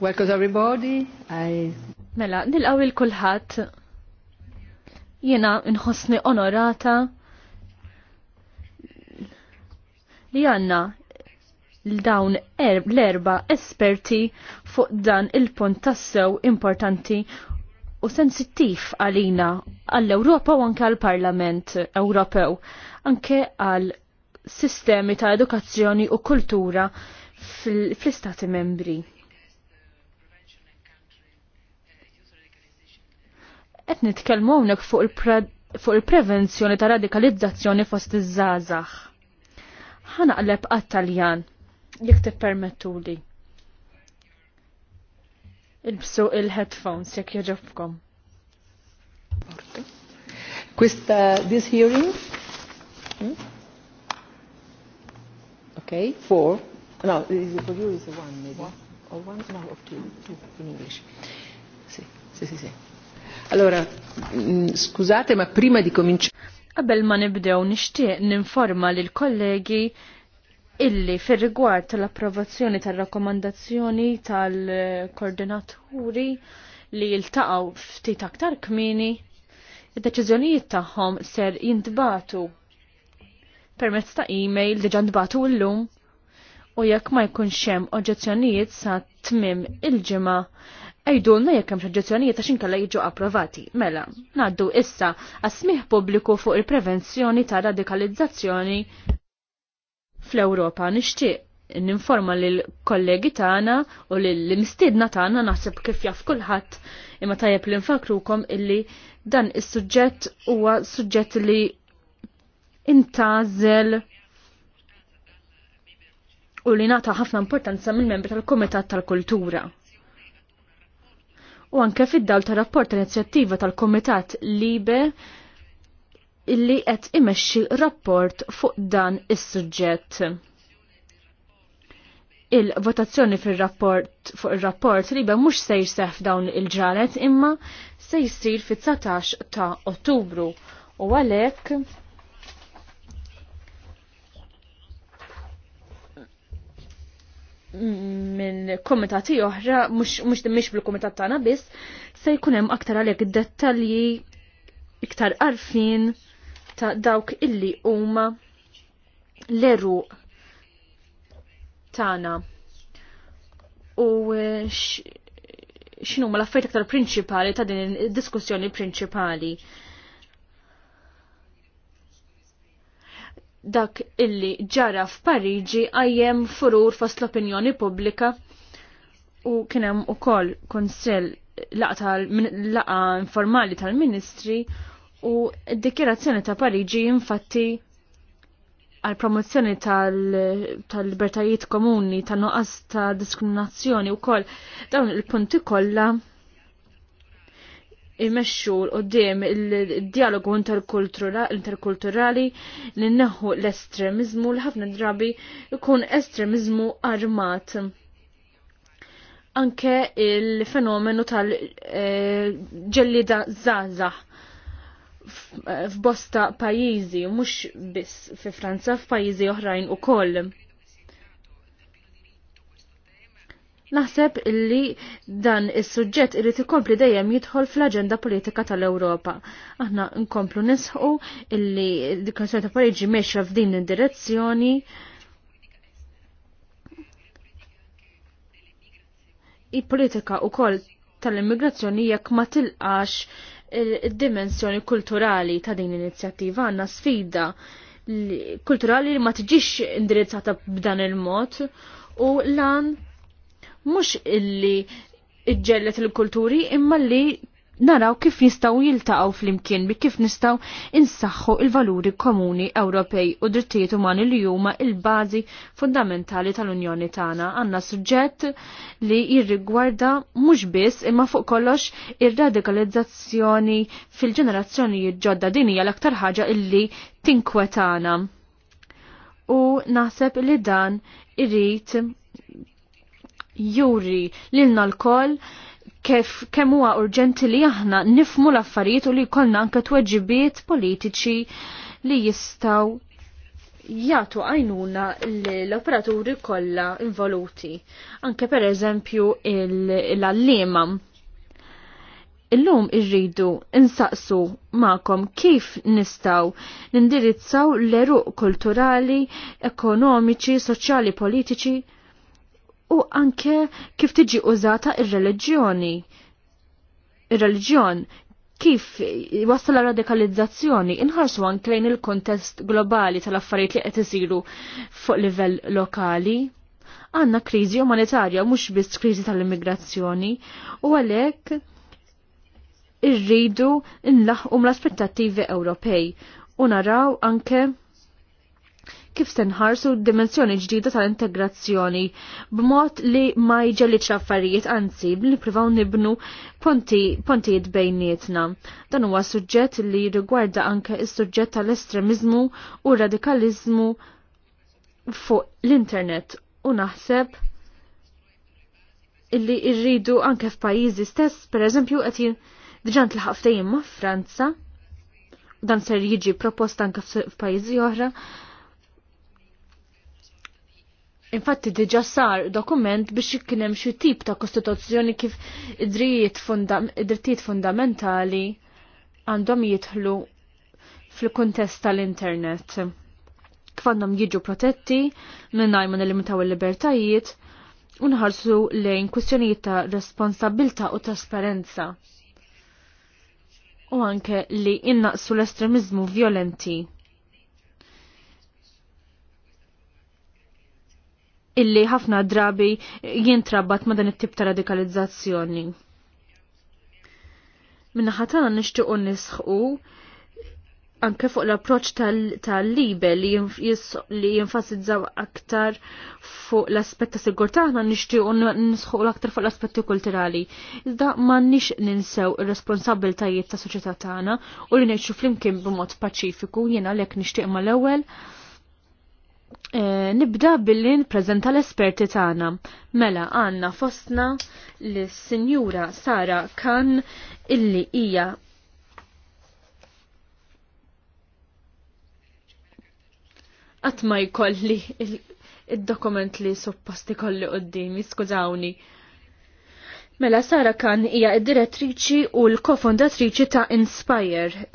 Welcome everybody. I... Mela, nilqaw il-kulħat. Jena nħossni onorata li għanna l-dawn l-erba esperti fuq dan il-punt tassew importanti u sensittiv għalina għall-Ewropa u anke għall-Parlament Ewropew, anke għal sistemi ta' edukazzjoni u kultura fl-istati membri. qed nitkellmu hawnhekk fuq il-prevenzjoni ta' radikalizzazzjoni fost iż-żgħażagħ. Ħanaqleb għat-Taljan jekk tippermettuli. Ilbsu il-headphones jekk jaġobkom. Questa this hearing hmm? Okay, four. No, for you is one maybe. Or oh, one? No, of two. Two in English. Sì, sì, sì, sì. Allora, mm, scusate, ma prima di cominciare... Qabel ma nibdew nixtieq ninforma lil kollegi illi fir rigward tal-approvazzjoni tal-rakkomandazzjoni tal-koordinaturi li jiltaqgħu ftit aktar kmini, id-deċiżjonijiet tagħhom ser jintbatu permezz ta' email diġà ntbatu llum u jekk ma jkunx hemm oġġezzjonijiet sa tmim il-ġimgħa Ejdulna jekk hemm x'oġġezzjonijiet għax inkella jiġu approvati. Mela, ngħaddu issa għasmih pubbliku fuq il-prevenzjoni ta' radikalizzazzjoni fl-Ewropa nixtieq ninforma lil kollegi tagħna u lil mistiedna tagħna naħseb kif jaf kulħadd imma tajjeb li nfakrukom illi dan is-suġġett huwa suġġett li intażel u li nata ħafna importanza mill membri tal-Kumitat tal-Kultura u anke fid-dawl ta' rapport inizjattiva tal-Komitat Libe illi qed imexxi rapport fuq dan is-suġġett. Il-votazzjoni fil-rapport fuq il rapport libe mhux se jseħ dawn il-ġranet imma se jsir fit-19 ta' Ottubru u għalhekk minn komitati oħra, mux dimmix bil-komitat tagħna biss, se jkun hemm aktar għalek dettalji iktar arfin ta' dawk illi huma l-eru tagħna. U eh, x'inhuma l-affarijiet aktar prinċipali ta' din id-diskussjoni prinċipali. dak illi ġara f'Pariġi għajjem furur fost l-opinjoni pubblika u kienem u koll konsell laqa la informali tal-ministri u d-dikjerazzjoni ta' Pariġi infatti għal promozzjoni tal-libertajiet komuni, tal-nuqqas ta' diskriminazzjoni u koll dawn il-punti kollha imexxu l-qoddim il-dialogu interkulturali li neħu l-estremizmu li ħafna drabi ikun estremizmu armat. Anke il-fenomenu tal-ġellida eh, zazah f'bosta pajizi, mux biss fi Franza, f'pajizi oħrajn u koll Naħseb illi dan is-suġġett irid ikompli dejjem jidħol fl-aġenda politika tal-Ewropa. Aħna nkomplu nisħu illi dikonsjoni ta' Pariġi mexxa f'din id-direzzjoni. Il-politika wkoll tal-immigrazzjoni jekk ma tilqax id-dimensjoni kulturali ta' din l-inizjattiva għandna sfida kulturali li ma tiġix indirizzata b'dan il-mod u lan mhux illi iġġellet il-kulturi imma li naraw kif nistaw jiltaqaw fl-imkien bi kif nistaw insaxħu il-valuri komuni Ewropej u drittijiet umani li huma il-bażi fundamentali tal-Unjoni tagħna għandna suġġett li jirrigwarda mhux biss imma fuq kollox ir-radikalizzazzjoni fil-ġenerazzjonijiet ġodda din hija l-aktar ħaġa illi tinkwetana. U naħseb li dan irrid juri lilna l-koll kif kemm huwa urġenti li aħna nifmu l-affarijiet u li jkollna anke tweġibiet politiċi li jistgħu jagħtu għajnuna l-operaturi kollha involuti. Anke pereżempju l-allima. Illum irridu insaqsu ma'kom kif nistaw nindirizzaw l-eruq kulturali, ekonomiċi, soċjali, politiċi u anke kif tiġi użata ir-reliġjoni. Ir-reliġjon kif wassal la radikalizzazzjoni inħarsu anke il-kontest globali tal-affarijiet li qed isiru fuq livell lokali. Għanna kriżi umanitarja mhux biss kriżi tal-immigrazzjoni u għalhekk irridu nlaħqu l-aspettattivi Ewropej u naraw anke kif senħarsu dimensjoni ġdida tal-integrazzjoni b'mod li ma jġellitx affarijiet anzi li privaw nibnu pontijiet ponti bejnietna. Dan huwa suġġett li rigwarda anke is-suġġett tal-estremizmu u radikalizmu fuq l-internet u naħseb illi irridu anke f'pajjiżi stess, per eżempju, qed diġan tlaħaq ma' Franza, dan ser jiġi proposta anke f'pajjiżi oħra, Infatti diġa sar dokument biex kien xi tip ta' kostituzzjoni kif id-drittijiet funda fundamentali għandhom jidħlu fil-kuntest tal-internet. Kif għandhom jiġu protetti minn ma nilimitaw il-libertajiet u nħarsu lejn kwistjonijiet ta' responsabilta u trasparenza. U anke li innaqsu l-estremizmu violenti. illi ħafna drabi jintrabbat ma dan it-tip ta' radikalizzazzjoni. Minna ħatana nishtiqu nisħu anke fuq l-approċ tal-libel li jinfasizzaw aktar fuq l-aspetta sigurta ħna nishtiqu nisħu l-aktar fuq l-aspetti kulturali. Iżda ma nix ninsew ir-responsabiltajiet ta' soċjetà tagħna u li ngħixu flimkien b'mod paċifiku jiena lek nixtieq mal-ewwel Eh, nibda billi nprezenta l-esperti tagħna. Mela għanna fostna l-Sinjura Sara Kan illi hija qatt ma jkolli id-dokument li supposti kolli qoddimi, skużawni. Mela Sara Kan hija id-direttriċi u l-kofondatriċi ta' Inspire,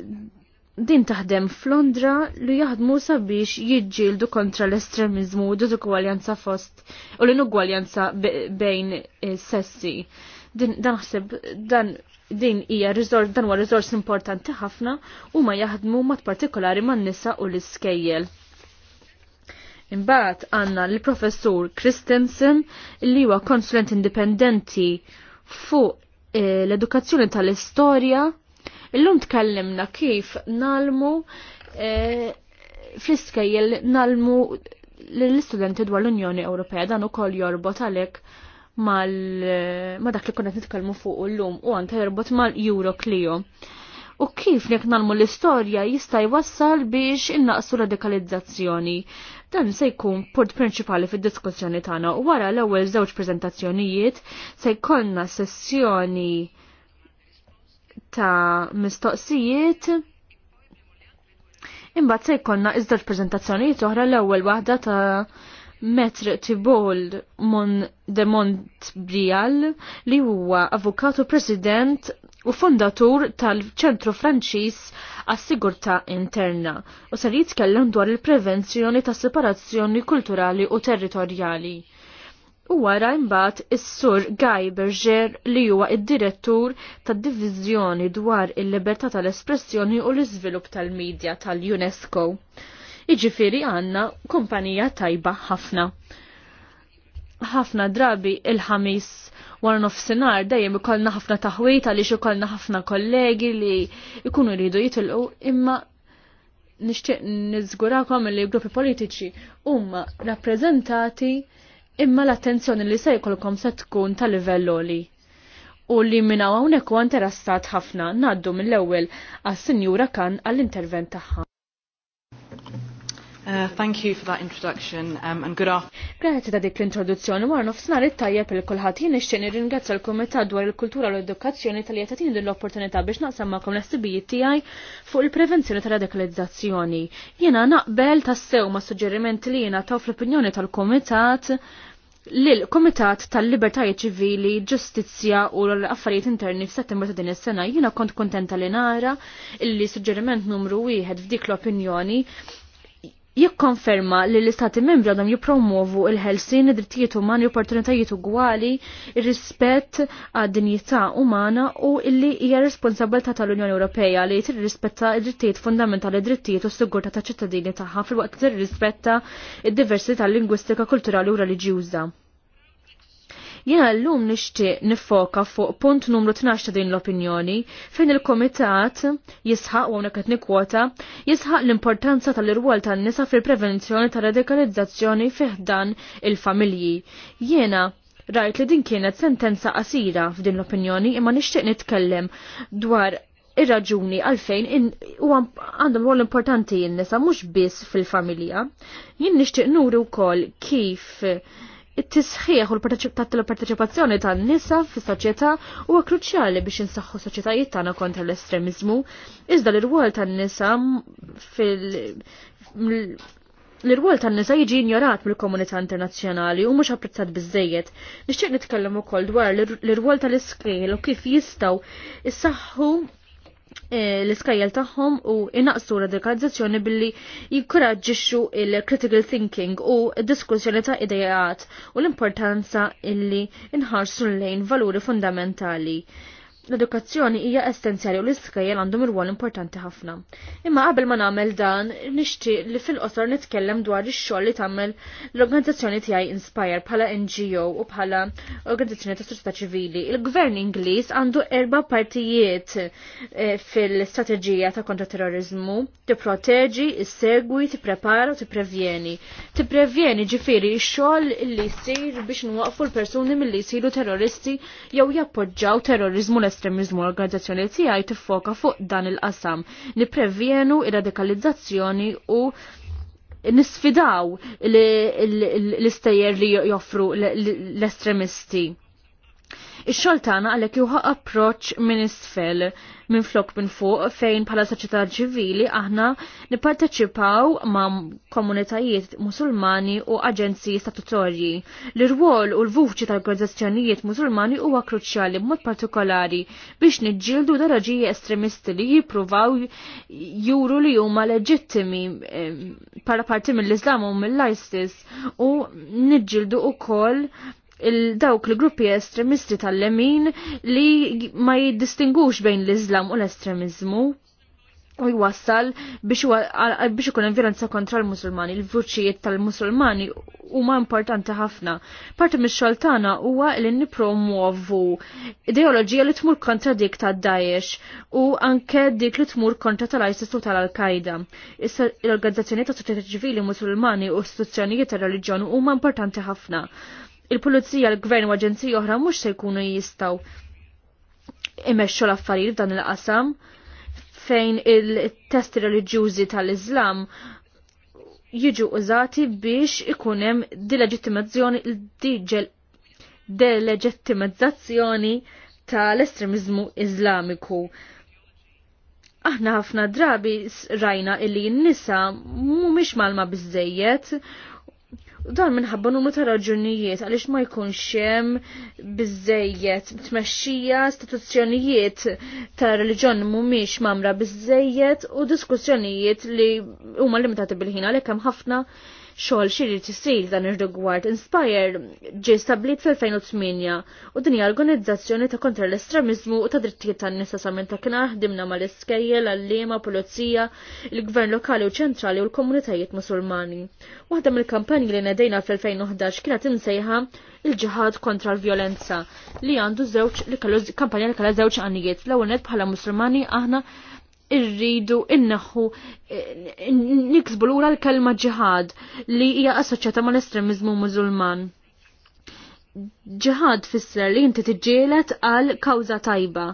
din taħdem f'Londra li jaħdmu sabiex jiġġieldu kontra l-estremizmu u l fost u l-inugwaljanza bejn eh, sessi. Din dan ħseb dan din hija riżors dan huwa riżors importanti ħafna u ma jaħdmu mat partikolari man-nisa u l-iskejjel. Imbagħad għandna l-professur Christensen li huwa konsulent indipendenti fuq eh, l-edukazzjoni tal-istorja Illum tkellimna kif nalmu e, fl-iskejjel nalmu l-istudenti dwar l-Unjoni Ewropea dan ukoll jorbot għalhekk mal ma dak li konna nitkellmu fuq illum u anke jorbot mal-Euroclio. U kif nek nalmu l-istorja jista' jwassal biex innaqsu radikalizzazzjoni. Dan se jkun punt prinċipali fid-diskussjoni tagħna u wara l-ewwel żewġ prezentazzjonijiet se jkollna sessjoni ta' mistoqsijiet. Imbagħad se jkollna iżda prezentazzjonijiet oħra l-ewwel waħda ta' Metr Tibol Mon de Brial li huwa avukatu president u fondatur tal-ċentru Franċis għas-sigurtà interna u ser jitkellem dwar il-prevenzjoni ta' separazzjoni kulturali u territorjali u wara imbat is-sur Guy Berger li huwa id-direttur tad-Diviżjoni dwar il-Libertà tal-Espressjoni u l-Iżvilupp tal medja tal-UNESCO. Iġifieri għandna kumpanija tajba ħafna. Ħafna drabi il-ħamis wara nofsinhar dejjem ikollna ħafna taħwit għaliex ikollna ħafna kollegi li jkunu jridu jitilqu imma nixtieq niżgurakom li gruppi politiċi huma rappreżentati imma l-attenzjoni li se jkollkom se tkun ta' livell oli. U li minna hawnhekk huwa interessat ħafna ngħaddu mill-ewwel għas-Sinjura Kan għall-intervent tagħha. Uh, thank you for that introduction um, and good afternoon. Grazie ta' dik l-introduzzjoni war nofsnar it-tajjeb il kulħadd jien nixtieq ringazza l-Kumitat dwar il-kultura u l-edukazzjoni tal jetatin din l-opportunità biex naqsamma magħkom l-estibijiet tiegħi fuq il-prevenzjoni tal radikalizzazzjoni. Jiena naqbel sew ma' suġġerimenti li jiena taw fl-opinjoni tal-Kumitat l komitat tal-Libertajiet ċivili, Ġustizzja u l-Affarijiet Interni f'Settembru ta' din is-sena jiena kont kontenta li nara illi suġġeriment numru wieħed f'dik l-opinjoni jikkonferma li l-istati membri għadhom jipromovu il-ħelsin, id-drittijiet umani, opportunitajiet ugwali, ir-rispett għad dinjità umana u illi hija responsabilta tal-Unjoni Ewropea li rispetta id-drittijiet fundamentali, id-drittijiet u s-sigurta ta' ċittadini tagħha filwaqt rispetta id-diversità lingwistika, kulturali u reliġjuża. Jena l-lum nishti nifoka fuq punt numru 12 ta' din l-opinjoni fejn il-komitat jisħaq u qed kwota, jisħaq l-importanza tal-irwol tan-nisa fil-prevenzjoni tal-radikalizzazzjoni fiħdan il-familji. Jena rajt li din kienet sentenza qasira f'din l-opinjoni imma nixtieq nitkellem dwar ir-raġuni għalfejn għandhom rol importanti jinnisa mhux biss fil-familja. Jien nixtieq nuru wkoll kif it-tisħiħ u l-parteċipazzjoni tan-nisa fis-soċjetà huwa kruċjali biex insaħħu soċjetajiet tagħna kontra l estremizmu iżda l-irwol tan-nisa fil L-irwol tan-nisa jiġi ignorat mill-komunità internazzjonali u mhux apprezzat biżejjed. Nixtieq nitkellem ukoll dwar l-irwol tal-iskejl u kif jistgħu issaħħu Eh, l-iskajjel tagħhom u inaqsu radikalizzazzjoni billi jikkoraġġixxu il-critical thinking u diskussjoni ta' idejat u l-importanza illi inħarsu lejn valuri fundamentali L-edukazzjoni hija essenzjali u l-iskajjel għandhom ir-rwol importanti ħafna. Imma qabel ma nagħmel dan, nixtieq li fil-qosor nitkellem dwar ix-xogħol li tagħmel l-organizzazzjoni tiegħi Inspire bħala NGO u bħala organizzazzjoni ta' soċjetà ċivili. Il-Gvern Ingliż għandu erba' partijiet eh, fil-strateġija ta' kontraterrorizmu tipproteġi, issegwi, tipprepara u tipprevjeni. Tipprevjeni ġifieri x-xogħol li jsir biex nwaqfu l-persuni milli jsiru terroristi jew jappoġġaw terrorizmu l l-estremizmu l-organizzazzjoni tiegħi tiffoka fuq dan il-qasam. prevjenu ir-radikalizzazzjoni u nisfidaw l-istejjer li joffru l-estremisti. Ix-xogħol tagħna għalhekk juha approċċ minn isfel minn flok minn fuq fejn bħala soċjetà ċivili aħna nipparteċipaw ma' komunitajiet musulmani u aġenziji statutorji. L-irwol u l-vuċi tal-organizzazzjonijiet musulmani huwa kruċjali b'mod partikolari biex niġġieldu daraġiji estremisti li jippruvaw juru li huma leġittimi para eh, parti mill-Islam u mill-ISIS u niġġieldu ukoll il-dawk l-gruppi estremisti tal-lemin li ma jiddistingux bejn l-Islam u l-estremizmu u jwassal biex ikun hemm violenza kontra l-Musulmani, il-vuċijiet tal-Musulmani huma importanti ħafna. Parti mix-xogħol huwa li nippromuovu ideoloġija li tmur kontra dik tad-Daesh u anke dik li tmur kontra tal-ISIS u tal-Al-Qaida. Issa l-organizzazzjoni ta' soċjetà ċivili Musulmani u istituzzjonijiet tar reliġjon huma importanti ħafna il-pulizija, l-gvern u aġenziji oħra mhux se jkunu jistgħu imexxu l-affarijiet f'dan il-qasam fejn il-testi reliġjużi tal-Iżlam jiġu użati biex ikun hemm dileġittimazzjoni diġel deleġittimizzazzjoni tal-estremizmu Iżlamiku. Aħna ħafna drabi rajna illi n-nisa mhumiex malma bizzejiet Dan minħabba numru ta' raġunijiet għaliex ma jkunx hemm biżejjed tmexxija istituzzjonijiet ta' reliġjon mhumiex mamra biżejjed u diskussjonijiet li huma limitati bil-ħin għalhekk hemm ħafna xogħol t isir dan ir-rigward. Inspire ġie stablit fil-2008 u din hija organizzazzjoni ta' kontra l-estremizmu u ta' drittijiet tan-nisa minn ta' kien ħdimna mal-iskejjel, għalliema, pulizija, il-gvern lokali u ċentrali u l-komunitajiet Musulmani. Waħda mill-kampanji li nedejna fil-2011 kienet insejħa il-ġihad kontra l-vjolenza li għandu zewċ li kampanja li kalla żewġ għannijiet l għunet bħala Musulmani aħna irridu innaħu niksbu lura l-kelma ġihad li hija assoċjata mal estremizmu mużulman. Ġihad fisser li inti tiġġielet għal kawża tajba.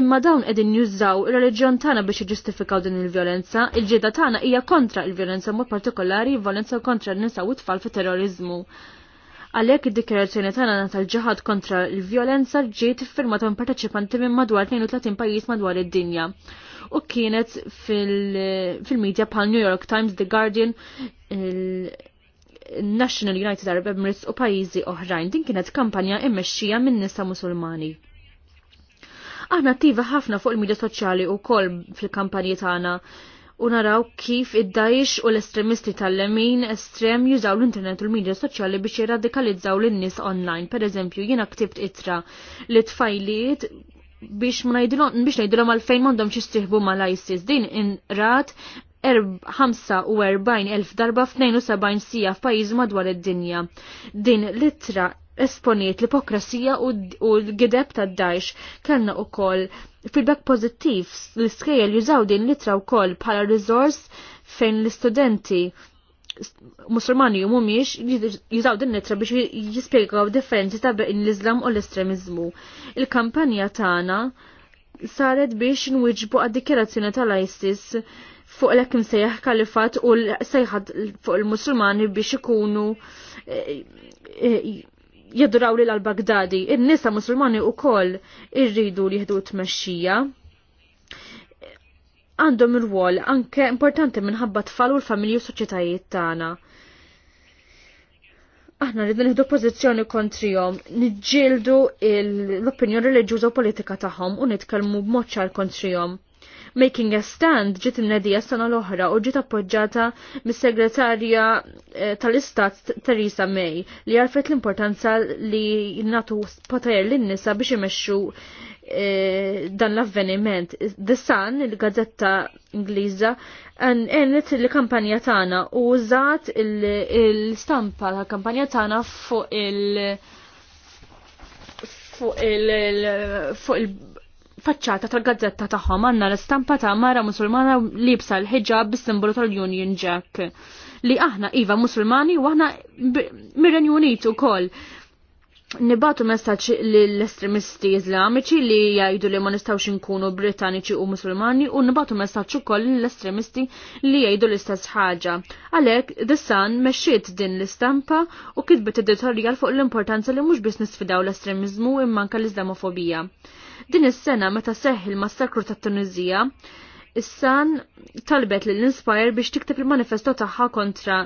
Imma dawn qegħdin jużaw ir-reliġjon tagħna biex jiġġustifikaw din il-vjolenza, il-ġieda tagħna hija kontra il-vjolenza mod partikolari violenza kontra n-nisa u tfal fit terrorizmu. Għalhekk id-dikjerazzjoni tagħna tal-ġihad kontra l-vjolenza ġiet iffirmata minn parteċipanti minn madwar 32 pajjiż madwar id-dinja u kienet fil-medja pal New York Times, The Guardian, il-National United Arab Emirates u pajjiżi oħrajn. Din kienet kampanja immexxija minn nisa Musulmani. Aħna tiva ħafna fuq il-medja soċjali u kol fil-kampanji tagħna u naraw kif id-dajx u l-estremisti tal-lemin estrem jużaw l-internet u l-medja soċjali biex jirradikalizzaw l-nis online. Per eżempju, jiena ktibt itra li tfajliet biex ma ngħidilhom biex najdilom għalfejn m'għandhom xistrieħbu mal-ISIS din inrat 45,000 darba f-72 sija f'pajjiż madwar id-dinja. Din litra esponiet l-ipokrasija u l-gideb ta' dajx kellna u koll feedback pozittiv l-iskejjel jużaw din litra u koll bħala resource fejn l-istudenti musulmani u miex jizaw din nitra biex jispiegaw differenzi ta' bejn l-Islam u l-estremizmu. Il-kampanja tagħna saret biex nwiġbu għad-dikjerazzjoni tal-ISIS fuq l sejħ kalifat u sejħad fuq il-musulmani biex ikunu eh, eh, jaduraw li l-Baghdadi. Il-nisa musulmani u koll irridu li jihdu t-mexxija għandhom ir-wol anke importanti minħabba tfal u l-familji u soċjetajiet tagħna. Aħna rridu nieħdu pożizzjoni kontrihom, niġġieldu l-opinjoni reliġjuża u politika tagħhom u nitkellmu b'mod ċar kontrihom. Making a Stand ġiet imnedija sena l-oħra u ġiet appoġġata mis-segretarja eh, tal-Istat Theresa May li għarfet l-importanza li jnatu poter lin nisa biex imexxu Eh, dan l-avveniment. The Sun, il-gazzetta Ingliża, għenet il-kampanja tagħna u użat il-stampa il tal-kampanja tagħna fuq il- fuq il- fuq il faċċata tal-gazzetta tagħhom għandna l-istampa ta' mara musulmana libsa l-ħiġab bis-simbolu tal-Union Jack li aħna iva musulmani u aħna mir-Renju Unit ukoll nibatu messaċ l-estremisti islamiċi li jgħidu li ma nistawx inkunu britanniċi u musulmani u nibbatu messaċ ukoll l-estremisti li jgħidu l-istess ħaġa. Għalhekk The Sun mexxiet din l-istampa u kitbet editorial fuq l-importanza li mhux biss nisfidaw l-estremizmu imman l-Islamofobija. Din is-sena meta seħħ il-massakru tat-Tunizija, Is-san talbet lill inspire biex tiktib il-manifesto tagħha kontra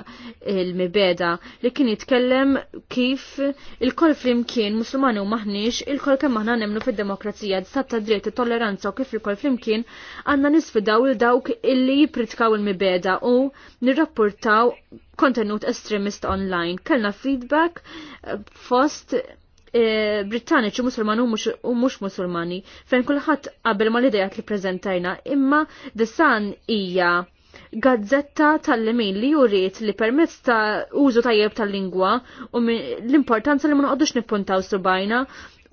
il-mibeda li kien jitkellem kif il-kol flimkien muslimani u maħniex il-kol kemm aħna nemnu fid-demokrazija d-sat ta' dritt tolleranza u kif il-kol flimkien għandna nisfidaw il dawk illi jipritkaw il-mibeda u nirrapportaw kontenut estremist online. Kellna feedback eh, fost Eh, Britanniċi musulmani u mhux musulmani fejn kulħadd qabel ma l-idejat li prezentajna, imma disan hija gazzetta tal-lemin li juriet li permezz ta' użu tajjeb tal-lingwa u l-importanza li ma noqgħodux nippuntaw subajna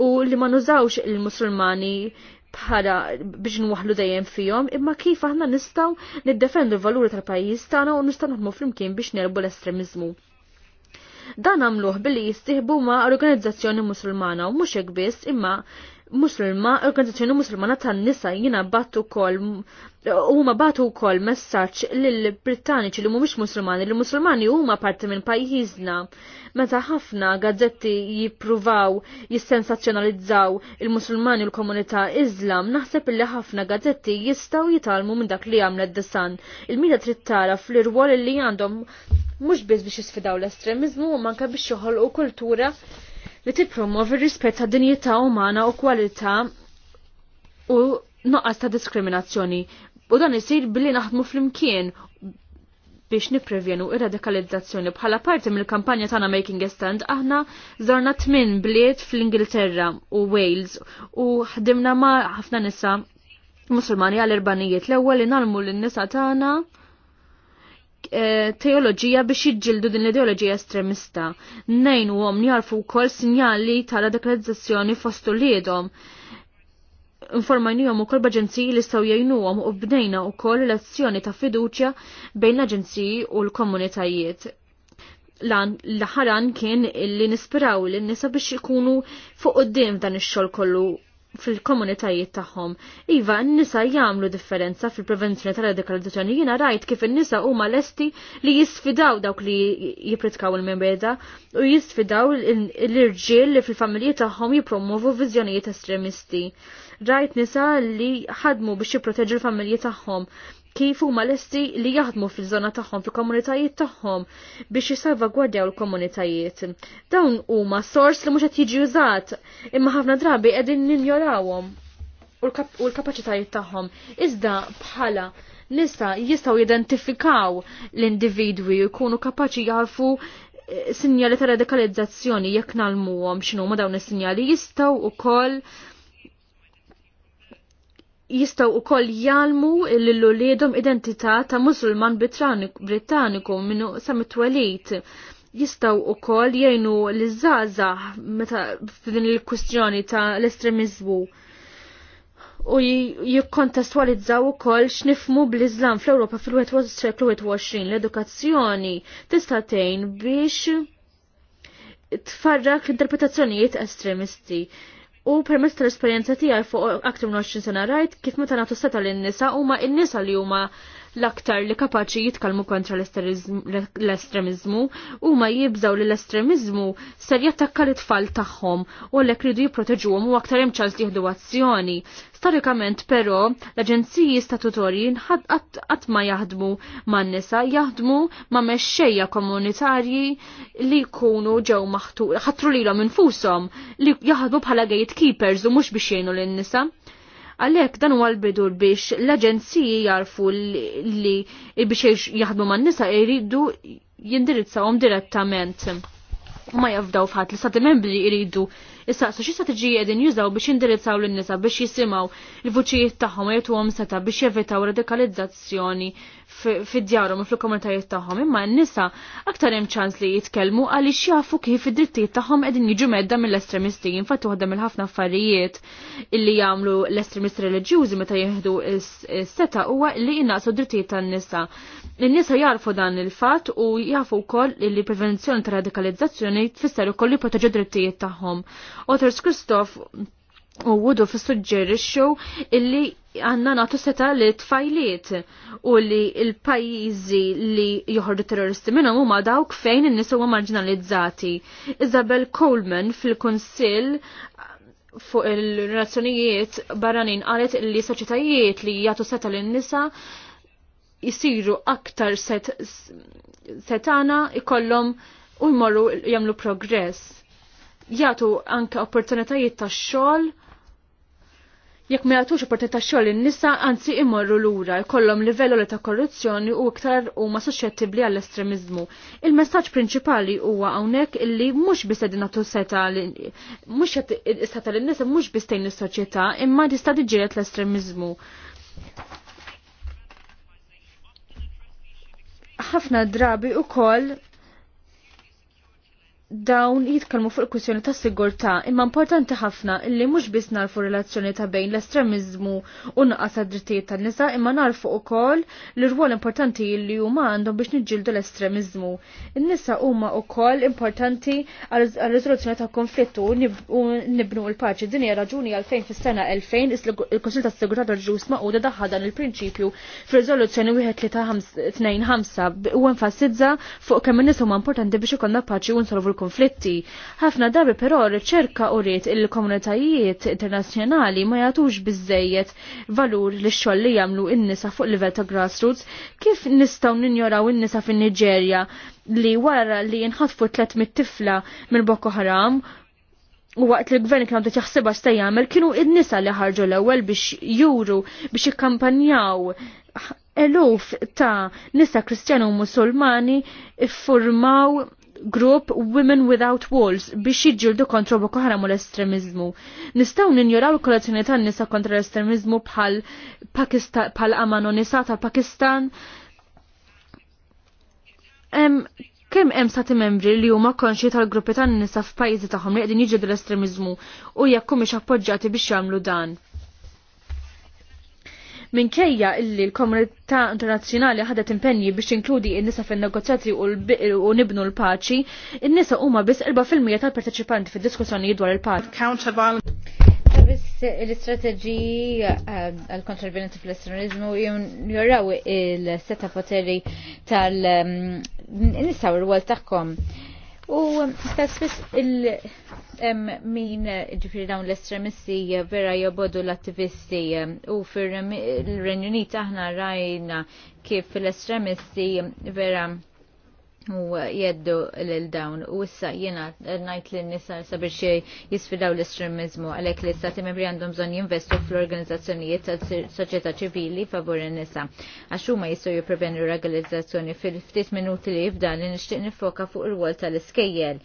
u li ma nużawx il-musulmani bħala biex nwaħlu dejjem fihom, imma kif aħna nistgħu niddefendu l-valuri tal-pajjiż tagħna u nistgħu naħdmu flimkien biex nerbu l-estremiżmu. Dan għamluh billi jistihbu ma' organizzazzjoni musulmana u mhux hekk biss imma muslima, organizzazzjoni musulmana tan-nisa jina battu kol ma batu kol messaġġ l-Britanniċi li mhumiex muslimani, li u huma parti minn pajjiżna. Meta ħafna gazzetti jippruvaw jissensazzjonalizzaw il muslimani u l-komunità Iżlam, naħseb li ħafna gazzetti jistgħu jitalmu minn dak li għamlet disan. Il-mida trid tara fl-irwol li għandhom mhux biss biex jisfidaw l-estremiżmu, manka biex joħolqu kultura li tippromovi rispett ta' dinjità umana u kwalità u noqqas ta' diskriminazzjoni. U dan isir billi naħdmu fl-imkien biex niprevjenu ir-radikalizzazzjoni bħala parti mill-kampanja tagħna Making a Stand aħna żarna tmien bliet fl-Ingilterra u Wales u ħdimna ma' ħafna nisa Musulmani għal-Irbanijiet l-ewwel nagħmlu lin-nisa tagħna Eh, teoloġija biex jġildu din l-ideoloġija estremista. Nejn u għom jarfu kol sinjali ta' radikalizzazzjoni fostu liedom. Informajni għom u kol b'aġenziji li staw jajnu għom u bnejna u kol relazzjoni ta' fiduċja bejn l-aġenziji u l-komunitajiet. Lan l-ħaran kien illi nispiraw l-nisa biex ikunu fuq qoddim dan ix-xogħol kollu fil-komunitajiet tagħhom. Iva, n-nisa jagħmlu differenza fil-prevenzjoni tal-radikalizzazzjoni. Jiena rajt kif in-nisa huma lesti li jisfidaw dawk li jipritkaw il-membeda u jisfidaw l-irġiel li fil-familji tagħhom jipromovu viżjonijiet estremisti. Rajt nisa li ħadmu biex jipproteġu l-familji tagħhom kif huma lesti li jaħdmu fil-żona tagħhom fil-komunitajiet tagħhom biex jisalvagwardjaw il-komunitajiet. Dawn huma sors li mhux qed jiġi użat imma ħafna drabi qegħdin ninjorawhom u l-kapaċitajiet tagħhom. Iżda bħala nista jistgħu jidentifikaw l-individwi u jkunu kapaċi jafu eh, sinjali ta' radikalizzazzjoni jekk nalmuhom x'inhuma dawn is-sinjali jistgħu ukoll jistaw u koll jalmu l-lulidom identità ta' musulman britanniku minnu samit walit. Jistaw u koll jajnu l meta f'din il-kustjoni ta' l-estremizmu u jikkontestualizzaw ukoll x'nifmu bl-Iżlam fl-Ewropa fil-21 seklu 21 l-edukazzjoni tista' tejn biex tfarrak interpretazzjonijiet estremisti. U permess tal-esperjenza tiegħi fuq aktar minn 20 sena rajt kif meta nagħtu seta' lin-nisa huma n-nisa li huma l-aktar li kapaċi jitkalmu kontra l-estremizmu u ma jibżaw li l-estremizmu ser jattakka l-tfal tagħhom u l ridu jipproteġuhom u aktar hemm ċans jieħdu azzjoni. Storikament però l-aġenziji statutorji qatt ma jaħdmu man-nisa, jaħdmu ma mexxejja komunitarji li jkunu ġew maħtu ħatru lilhom infushom li jaħdmu bħala gatekeepers u mhux biex jgħinu lin-nisa. Għalhekk dan huwa l-bidur biex l-aġenziji jarfu li biex jaħdmu man-nisa jridu jindirizzawhom direttament. U ma jafdaw fat li stati membri jridu issaqsu xi strateġiji qegħdin jużaw biex jindirizzaw lin-nisa biex jisimgħu il-vuċijiet tagħhom jagħtuhom seta' biex jevitaw radikalizzazzjoni fid-djarhom u fil-komunitajiet tagħhom, imma n-nisa aktar hemm ċans li jitkellmu għaliex jafu kif id-drittijiet tagħhom qegħdin jiġu medda mill-estremisti. Infatti waħda mill-ħafna affarijiet illi jagħmlu l-estremisti reliġjużi meta jieħdu s-seta huwa li jinnaqsu drittijiet tan-nisa. In-nisa jarfu dan il-fatt u jafu wkoll li prevenzjoni ta' radikalizzazzjoni tfisser ukoll li proteġu drittijiet tagħhom. Otters Kristof u Wudu fissuġġerixxew illi għanna natu seta li tfajliet u li il-pajizi li joħordu terroristi minnhom huma dawk fejn in-nies marginalizzati. Isabel Coleman fil-Kunsill fuq il-relazzjonijiet barranin qalet li soċetajiet li jagħtu seta lin nisa jisiru aktar set, setana ikollhom u jmorru jagħmlu progress. Jgħatu anke opportunitajiet tax-xogħol jekk ma jagħtux opportunità xogħol in-nisa anzi imorru lura jkollhom livell ta' korruzzjoni u iktar huma suċċettibbli għall estremiżmu Il-messaġġ prinċipali huwa hawnhekk illi mhux biss qegħdin nagħtu seta' mhux seta' lin-nisa mhux biss tgħin is-soċjetà imma tista' tiġġieled l-estremiżmu. Ħafna drabi ukoll dawn jitkellmu fuq il-kwistjoni ta' sigurtà imma importanti ħafna illi mhux biss narfu relazzjoni ta' bejn l-estremiżmu u nuqqas drittijiet tan-nisa imma narfu wkoll l-irwol importanti li huma għandhom biex niġġieldu l-estremiżmu. In-nisa huma wkoll importanti għal-riżoluzzjoni ta' konflittu u nibnu l-paċi. Din hija raġuni għalfejn fis-sena 2000 il-Kunsil ta' Sigurtà tal-Ġus maquda daħħa dan il-prinċipju fir-riżoluzzjoni 1325 u enfasizza fuq kemm in-nisa huma importanti biex ikollna paċi u nsolvu l-konflitti. Ħafna darbi però riċerka u rrit il-komunitajiet internazzjonali ma jagħtux biżejjed valur li xoll li jagħmlu in-nisa fuq livell ta' grassroots kif nistgħu ninjoraw in-nisa fin-Niġerja li wara li jinħatfu 300 tifla minn Boko Haram u waqt li l-gvern kienu taħsibha x'ta jagħmel kienu id-nisa li ħarġu l-ewwel biex juru biex ikkampanjaw eluf ta' nisa kristjanu u musulmani iffurmaw grupp Women Without Walls biex jiġġildu kontra Boko Haram u l-estremizmu. Nistgħu ninjoraw l-kolazzjoni ta' nisa kontra l-estremizmu bħal Pakistan bħal amano nisa ta' pakistan Kemm hemm stati membri li huma konxi tal-gruppi tan-nisa f'pajjiżi tagħhom li qegħdin jiġu l-estremizmu u jekk mhix appoġġjati biex jagħmlu dan. Minkejja illi l-komunità internazzjonali ħadet impenji biex inkludi n-nisa fin-negozjati u nibnu l-paċi, in-nisa huma biss 4% tal-parteċipanti fid-diskussjoni dwar il-paċi. Biss l-istrateġiji eh, għal-kontra l-violenza fl-estronizmu juraw il-seta poteri tal-nisa mm, u r-għal taħkom. U eh, stess il- Em min ġifiri dawn l-estremisti eh, vera jobodu l-attivisti eh, u fir-Renju Unit aħna rajna kif l-estremisti eh, vera u jeddu l-dawn u issa jena najt l nisa sabiex jisfidaw l-estremizmu għalek li stati membri għandhom bżon jinvestu fl-organizzazzjonijiet tal soċjetà ċivili favur n-nisa. Għaxu ma jistu jiprevenu regolizzazzjoni fil-ftit minuti li jibda li nishtiq nifoka fuq il-wol tal-iskejjel.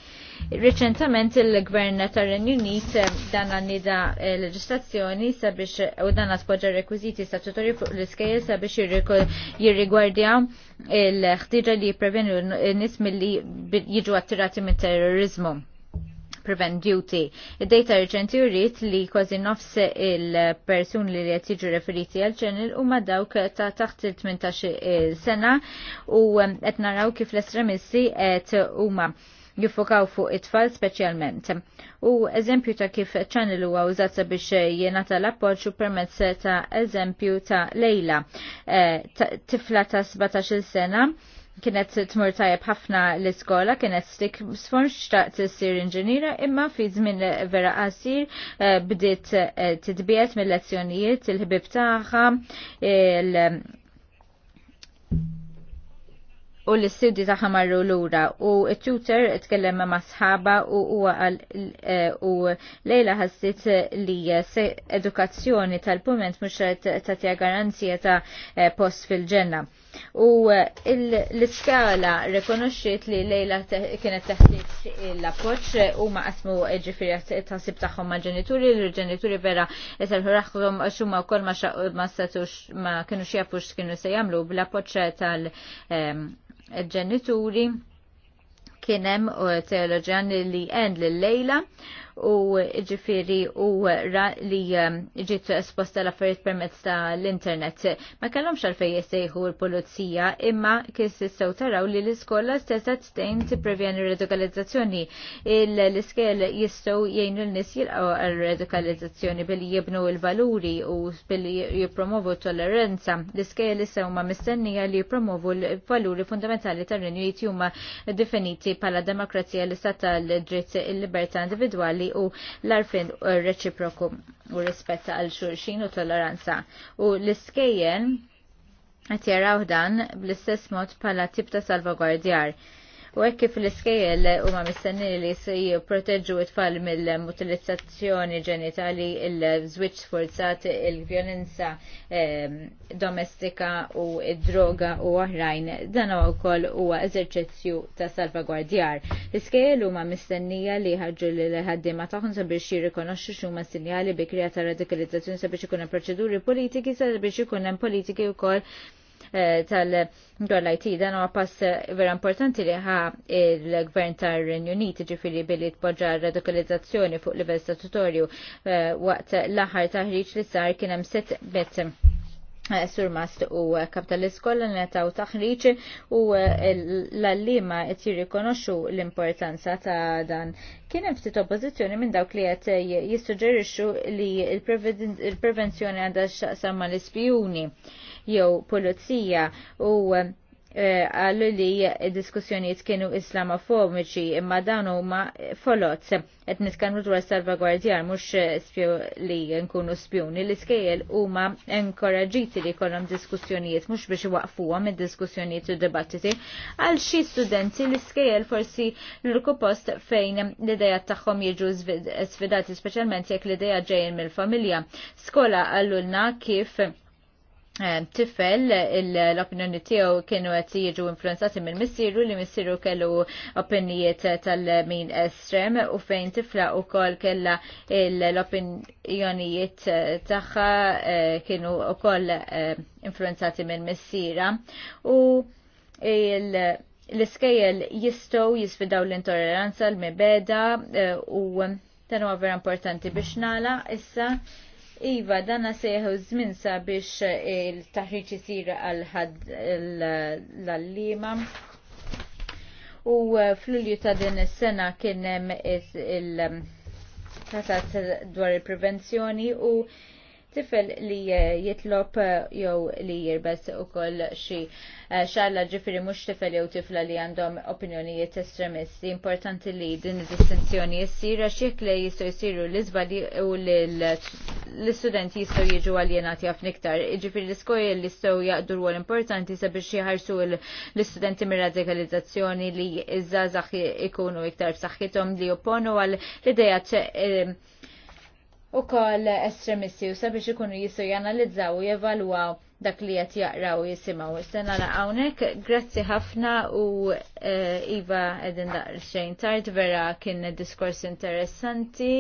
Reċentament il-gvern tar Unit eh, dan għannida eh, leġislazzjoni sabiex eh, u dan għaspoġa rekwiziti statutori fuq l-iskejjel sabiex jirrigwardja il-ħtiġa li jiprevenu nis mill-li jiġu attirati minn terrorizmu prevent duty. Id-data reċenti juriet li kważi nofs il person li li jtiġu referiti għal ċenil u dawk ta' taħt il-18 sena u um, qed naraw kif l estremissi qed huma jiffokaw fuq it-tfal speċjalment. U eżempju ta' kif ċanil huwa użat biex jenata l-appoġġ u permezz ta' eżempju ta' Lejla, eh, tifla ta' 17 sena kienet tmur tajab ħafna l-iskola, kienet stik ta' t sir inġenira, imma fi żmien vera qasir eh, bdiet eh, titbiet mill-lezzjonijiet, il-ħbib tagħha, u l-istudji taħħa marru lura u t-tutor tkellem ma' sħaba u eh, u lejla ħassit li edukazzjoni tal-pument mhux tagħtiha garanzija ta' post fil-ġenna U eh, l-iskala rekonoxxiet li lejla kienet teħtieġ l-appoġġ eh, u ma asmu eh, ġifiri tasib tagħhom mal-ġenituri, l-ġenituri vera jisalħu raħħhom għax huma wkoll ma setux ma kienu xjafu kienu se jagħmlu bl-appoġġ tal-ġenituri ehm, kienem teoloġjan li għend l-lejla u ġifiri u ra li um, ġiet esposta l-affarijiet permezz ta' l-internet. Ma kellhom xalfej jistejħu l-pulizija imma kif sew taraw li l-iskola stessa tstejn tipprevjeni radikalizzazzjoni. L-iskel jistgħu jgħinu l-nies jilqgħu radikalizzazzjoni billi jibnu l-valuri u billi jippromovu tolleranza. L-iskel issa huma mistennija li jippromovu l-valuri fundamentali tar-Renju Jitjuma definiti bħala demokrazija l-istat tal-dritt il-libertà individwali u l-arfin reċiproku u rispetta għal xulxin u tolleranza. U l-iskejjen għet jaraw dan bl-istess mod pala tib ta' salvagwardjar u hekk kif l-iskejjel huma mistenni li se jipproteġġu t-tfal mill-mutilizzazzjoni ġenitali il-żwiġġ sforzat il-vjolenza ehm, domestika u id-droga u oħrajn dan wkoll huwa eżerċizzju ta' salvagwardjar. L-iskejjel huma mistennija li ħarġu lil ħaddiema tagħhom sabiex jirrikonoxxu x'huma sinjali bikrija ta' radikalizzazzjoni sabiex ikun proċeduri politiki sabiex ikun hemm politiki wkoll Eh, tal-għal IT dan huwa pass eh, vera importanti li ħa il-gvern tar-Renju Unit ġifiri billi tpoġġa radikalizzazzjoni fuq livell statutorju eh, waqt l-aħħar taħriġ li sar kien hemm set Eh, Sur Mast u kap eh, tal-iskola netaw taħriċ u eh, l-allima qed jirrikonoxxu l-importanza ta' dan. Kien hemm ftit oppożizzjoni minn dawk li qed jissuġġerixxu li l-prevenzjoni għandha x'taqsam mal-ispjuni jew pulizija u għallu li diskussjoniet kienu islamofobiċi imma dan huma folot qed nitkellmu dwar salvagwardjar mhux spju li nkunu spjuni l-iskejjel huma inkoraġiti li jkollhom diskussjonijiet mhux biex iwaqfuhom id-diskussjonijiet u dibattiti għal xi studenti l-iskejjel forsi l-urku post fejn l idea tagħhom jiġu sfidati speċjalment jekk l idea ġejjin mill-familja. Skola għallulna kif tifel l-opinjoni tiegħu kienu qed jiġu influenzati minn missieru li missieru kellu opinjiet tal-min estrem u fejn tifla wkoll kellha l-opinjonijiet tagħha eh, kienu wkoll eh, influenzati minn missiera u l-iskejjel jistgħu jisfidaw l-intolleranza l-mibeda eh, u dan huwa vera importanti biex nagħlaq issa Iva, danna seħu zmin sabiex il-taħriċ jisir għal-għallima. l U uh, fl-ulju ta' din is-sena kien hemm il-tasat um, dwar il-prevenzjoni u tifel li eh, jitlob eh, jew li jirbes u koll xi eh, xalla ġifiri mux tifel jew tifla li għandhom opinjonijiet estremisti. Importanti li din distinzjoni jessira xiek li jistaw jessiru l-izbali u l-studenti jistaw jiġu għaljenati għaf niktar. Ġifiri l-iskoja li jistaw jaqdu għal importanti sabiex jħarsu l-studenti mir radikalizzazzjoni li iż ikunu iktar b'saħħithom li jopponu għal l-idejat u koll estremisti u sabiex ikunu jisu janalizzaw u jevalwaw dak li jett jaqraw jisimaw. Sena la għawnek, grazzi ħafna u eh, Iva edin daqr xejn tard vera kien diskors interessanti.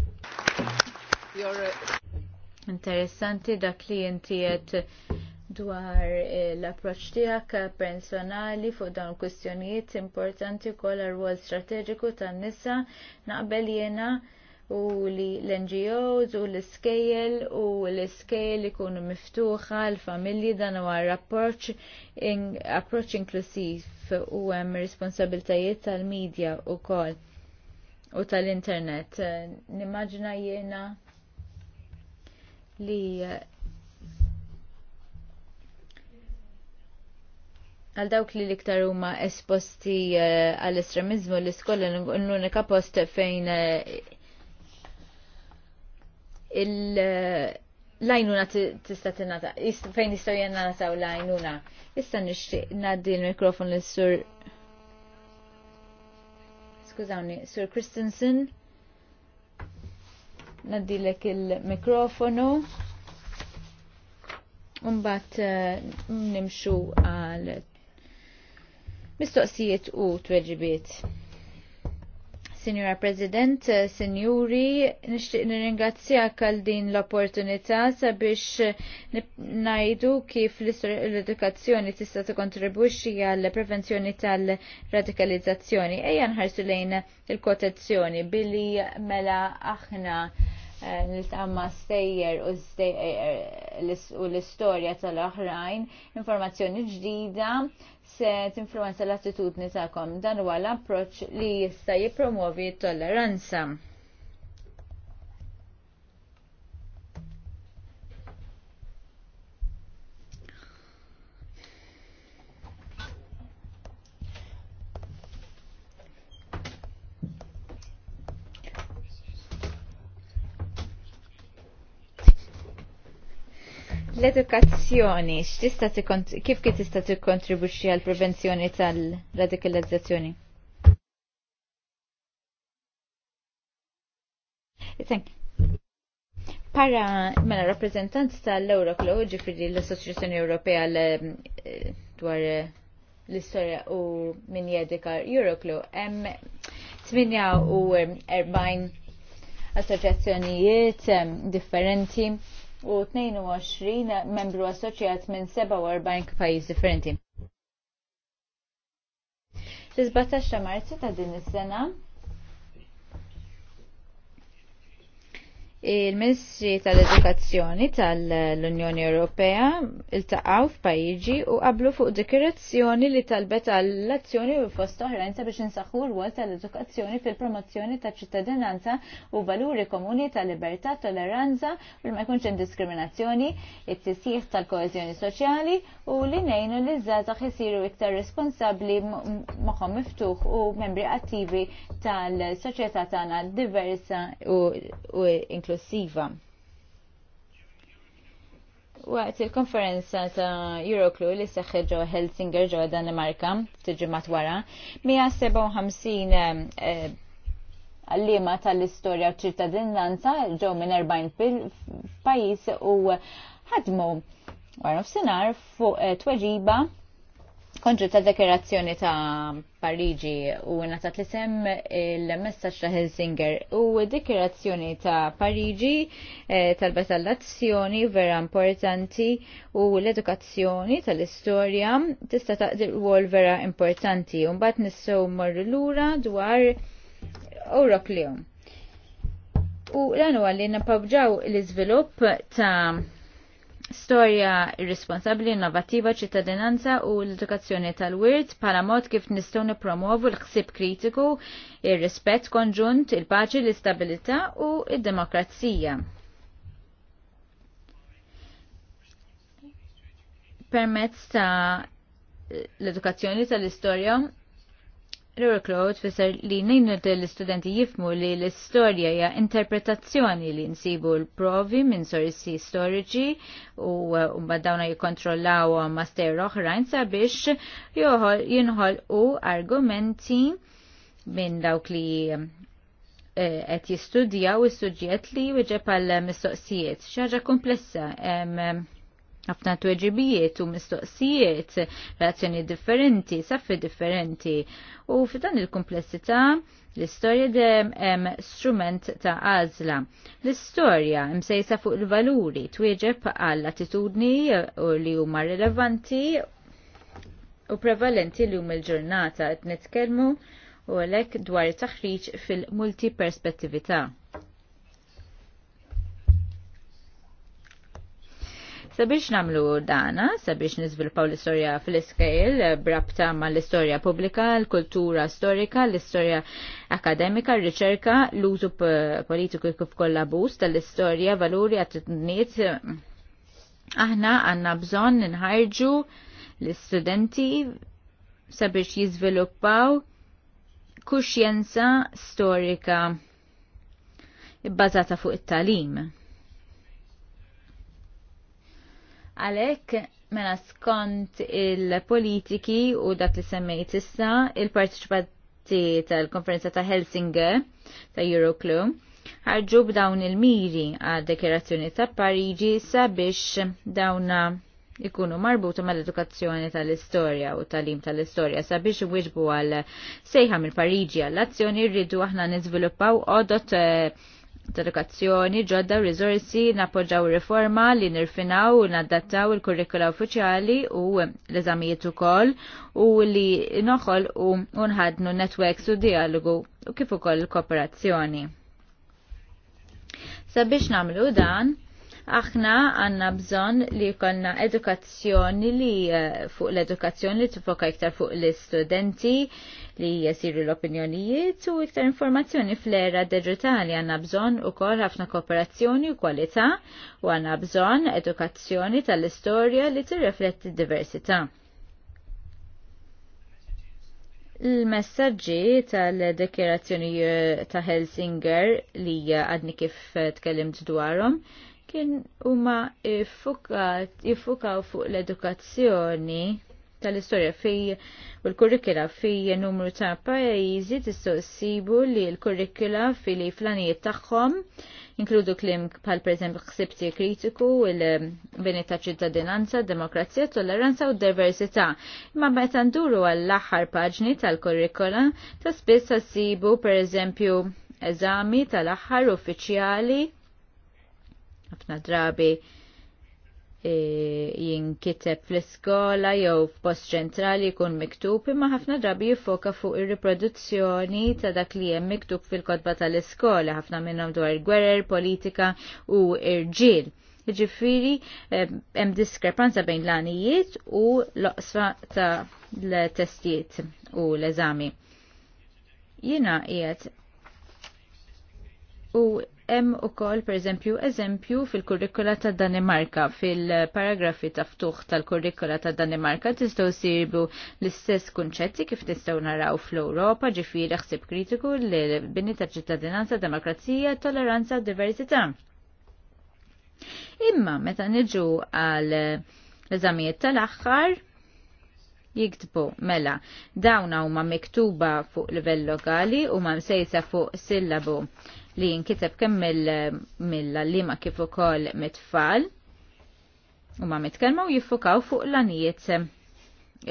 Eh, interessanti dak li jinti dwar eh, l-approċ tijak personali fuq dawn kwistjonijiet importanti kol għal strateġiku tan nisa naqbel jena u li l-NGOs u l scale u l scale ikunu miftuħa l-familji dan u approach, in, approach inklusif u hemm responsabiltajiet tal-medja wkoll u tal-internet. Nimmaġina jena li għal dawk li liktar huma esposti eh, għall estremizmu l-iskola l-unika post fejn eh, l-lajnuna tista t-nata, fejn jistaw jenna l lajnuna. Issa nishtiq naddi l-mikrofon l-sur. Skużawni, sur Christensen. Naddi l-ek il-mikrofonu. Umbat eh, nimxu għal mistoqsijiet u tweġibiet. Signora President, eh, Signori, nishtiq nirringrazzjak għal din l-opportunità sabiex eh, najdu kif l-edukazzjoni tista' tikkontribwixxi għall prevenzjoni tal-radikalizzazzjoni. Ejja nħarsu lejn il-kotezzjoni billi mela aħna eh, nil-tamma stejjer u l-istorja tal-oħrajn, informazzjoni ġdida se tinfluenza l-attitudni takom, Dan huwa l-approċċ li jista' jippromovi t-tolleranza. L-edukazzjoni, kif kif tista' tikkontribwixxi għall prevenzjoni tal-radikalizzazzjoni? Para mela rappresentant tal-Euroclo, ġifiri l-Assoċjazzjoni Ewropea eh, dwar eh, l-istorja u min jedika Euroclo, hemm erbajn assoċjazzjonijiet differenti u 22 membru assoċjat minn 47 pajjiż differenti. Fis-17 ta' Marzu ta' din is-sena Il-Ministri tal-Edukazzjoni tal-Unjoni Ewropea iltaqgħu f'pajjiġi u qablu fuq dikirazzjoni li talbet għall-azzjoni u fost oħrajn sabiex insaħħu l-wol tal-edukazzjoni fil-promozzjoni ta' ċittadinanza u valuri komuni ta' libertà, tolleranza, u ma jkunx hemm diskriminazzjoni, it-tisjih tal-koeżjoni soċjali u li ngħinu li żgħażagħ isiru iktar responsabbli magħhom miftuħ u membri attivi tal-soċjetà tagħna diversa u, u inklusiva. Waqt il-konferenza ta' Euroclu li seħħi ġo Helsinger ġo Danimarka tiġi matwara, 157 għallima eh, tal-istorja u ċittadinanza ġo minn 40 pajis u ħadmu għarnof sinar fuq eh, tweġiba konġu ta' dekorazzjoni ta' Parigi u natat li sem il-messaċ ta' Helsinger u dekorazzjoni ta' Parigi eh, tal azzjoni vera importanti u l-edukazzjoni tal-istoria tista' taqdir wol vera importanti un bat nissew marru lura dwar rok li U l-għanu għalli napabġaw l-izvilup ta' storja irresponsabbli, innovattiva, ċittadinanza u l-edukazzjoni tal-wirt bħala mod kif nistgħu nippromovu l-ħsieb kritiku, ir-rispett konġunt, il-paċi, l-istabilità u id-demokrazija. Permezz ta' l-edukazzjoni tal-istorja l Claude fisser li nejnu l-istudenti jifmu li l-istorja hija interpretazzjoni li nsibu l-provi minn sorsi storiċi u mbaddawna jikontrollaw jikkontrollaw master oħrajn sabiex jinħol u argumenti minn dawk li eh, qed jistudjaw is-suġġett li wieġeb għal mistoqsijiet. Xi ħaġa komplessa ħafna tweġibijiet u mistoqsijiet, reazzjoni differenti, saffi differenti. U f'dan il-komplessità l-istorja dem hemm strument ta' għażla. L-istorja msejsa fuq il-valuri twieġeb għall attitudni u li huma rilevanti u prevalenti li hum il-ġurnata qed nitkellmu u għalhekk dwar taħriġ fil-multi perspettività. Sabiex namlu dana, sabiex nizvilpaw l-istoria fil-iskejl, brabta ma l-istoria publika, l-kultura storika, l-istoria akademika, r-riċerka, l-użu politiku kif bus tal-istoria, valuri għat-tniet. Aħna għanna bżon nħarġu l-studenti sabiex jizviluppaw kuxjenza storika bbażata fuq it-talim Għalhekk mela skont il-politiki u dak li semmejt issa il-partiċipanti tal-konferenza ta' Helsinger ta' Euroclub ħarġu b'dawn il-miri għad dekirazzjoni ta' Pariġi sabiex dawna ikunu marbutu mal-edukazzjoni tal-istorja u tal tal-im tal-istorja sabiex wieġbu għal sejħa mill-Pariġi għall-azzjoni rridu aħna niżviluppaw għodot uh, delegazzjoni ġodda u rizorsi napoġġaw riforma li nirfinaw u nadattaw il-kurrikula uffiċjali u l-eżamijiet ukoll u li noħol u nħadnu networks u dialogu u kif ukoll kooperazzjoni. Sabiex namlu dan, aħna għanna bżon li konna edukazzjoni li eh, fuq l-edukazzjoni li tifoka iktar fuq l-istudenti li jesiru l-opinjonijiet u iktar informazzjoni fl-era digitali għanna bżon u kol ħafna kooperazzjoni u kwalità u għanna bżon edukazzjoni tal-istorja li t-rifletti diversità. Il-messagġi tal-dekjerazzjoni eh, ta' Helsinger li għadni kif tkellimt dwarhom kien huma jiffukaw fuq l-edukazzjoni tal-istorja fej u l-kurrikula fej numru ta' pajjiżi tistgħu ssibu li l-kurrikula fej li flanijiet tagħhom inkludu klim bħal pereżempju ħsibti kritiku, il-beni ta' ċittadinanza, demokrazija, tolleranza u diversità. Imma meta nduru għall-aħħar paġni tal-kurrikula ta' spiss ssibu pereżempju eżami tal-aħħar uffiċjali ħafna drabi E, jinkiteb fl-iskola jew f'post ċentrali jkun miktub imma ħafna drabi jiffoka fuq ir-riproduzzjoni ta' dak li hemm miktub fil-kotba tal-iskola ħafna minnhom dwar gwerer, politika u irġiel. Ġifiri, e, hemm diskrepanza bejn l-għanijiet u l-oqsfa ta' l-testijiet u l-eżami. Jina qiegħed u Hemm ukoll pereżempju eżempju fil-kurrikula ta' Danimarka fil-paragrafi ta' ftuħ tal-kurrikula ta' Danimarka tistgħu sirbu l-istess kunċetti kif tistgħu naraw fl-Ewropa ġifieri ħsieb kritiku l bini ta' ċittadinanza, demokrazija, tolleranza u diversità. Imma meta niġu għal l-eżamijiet tal-aħħar jiktbu mela dawna huma miktuba fuq livell lokali u ma msejsa fuq sillabu li jinkiteb kemm mill-allima kif ukoll mit-tfal u ma mitkellma u jiffukaw fuq l-anijiet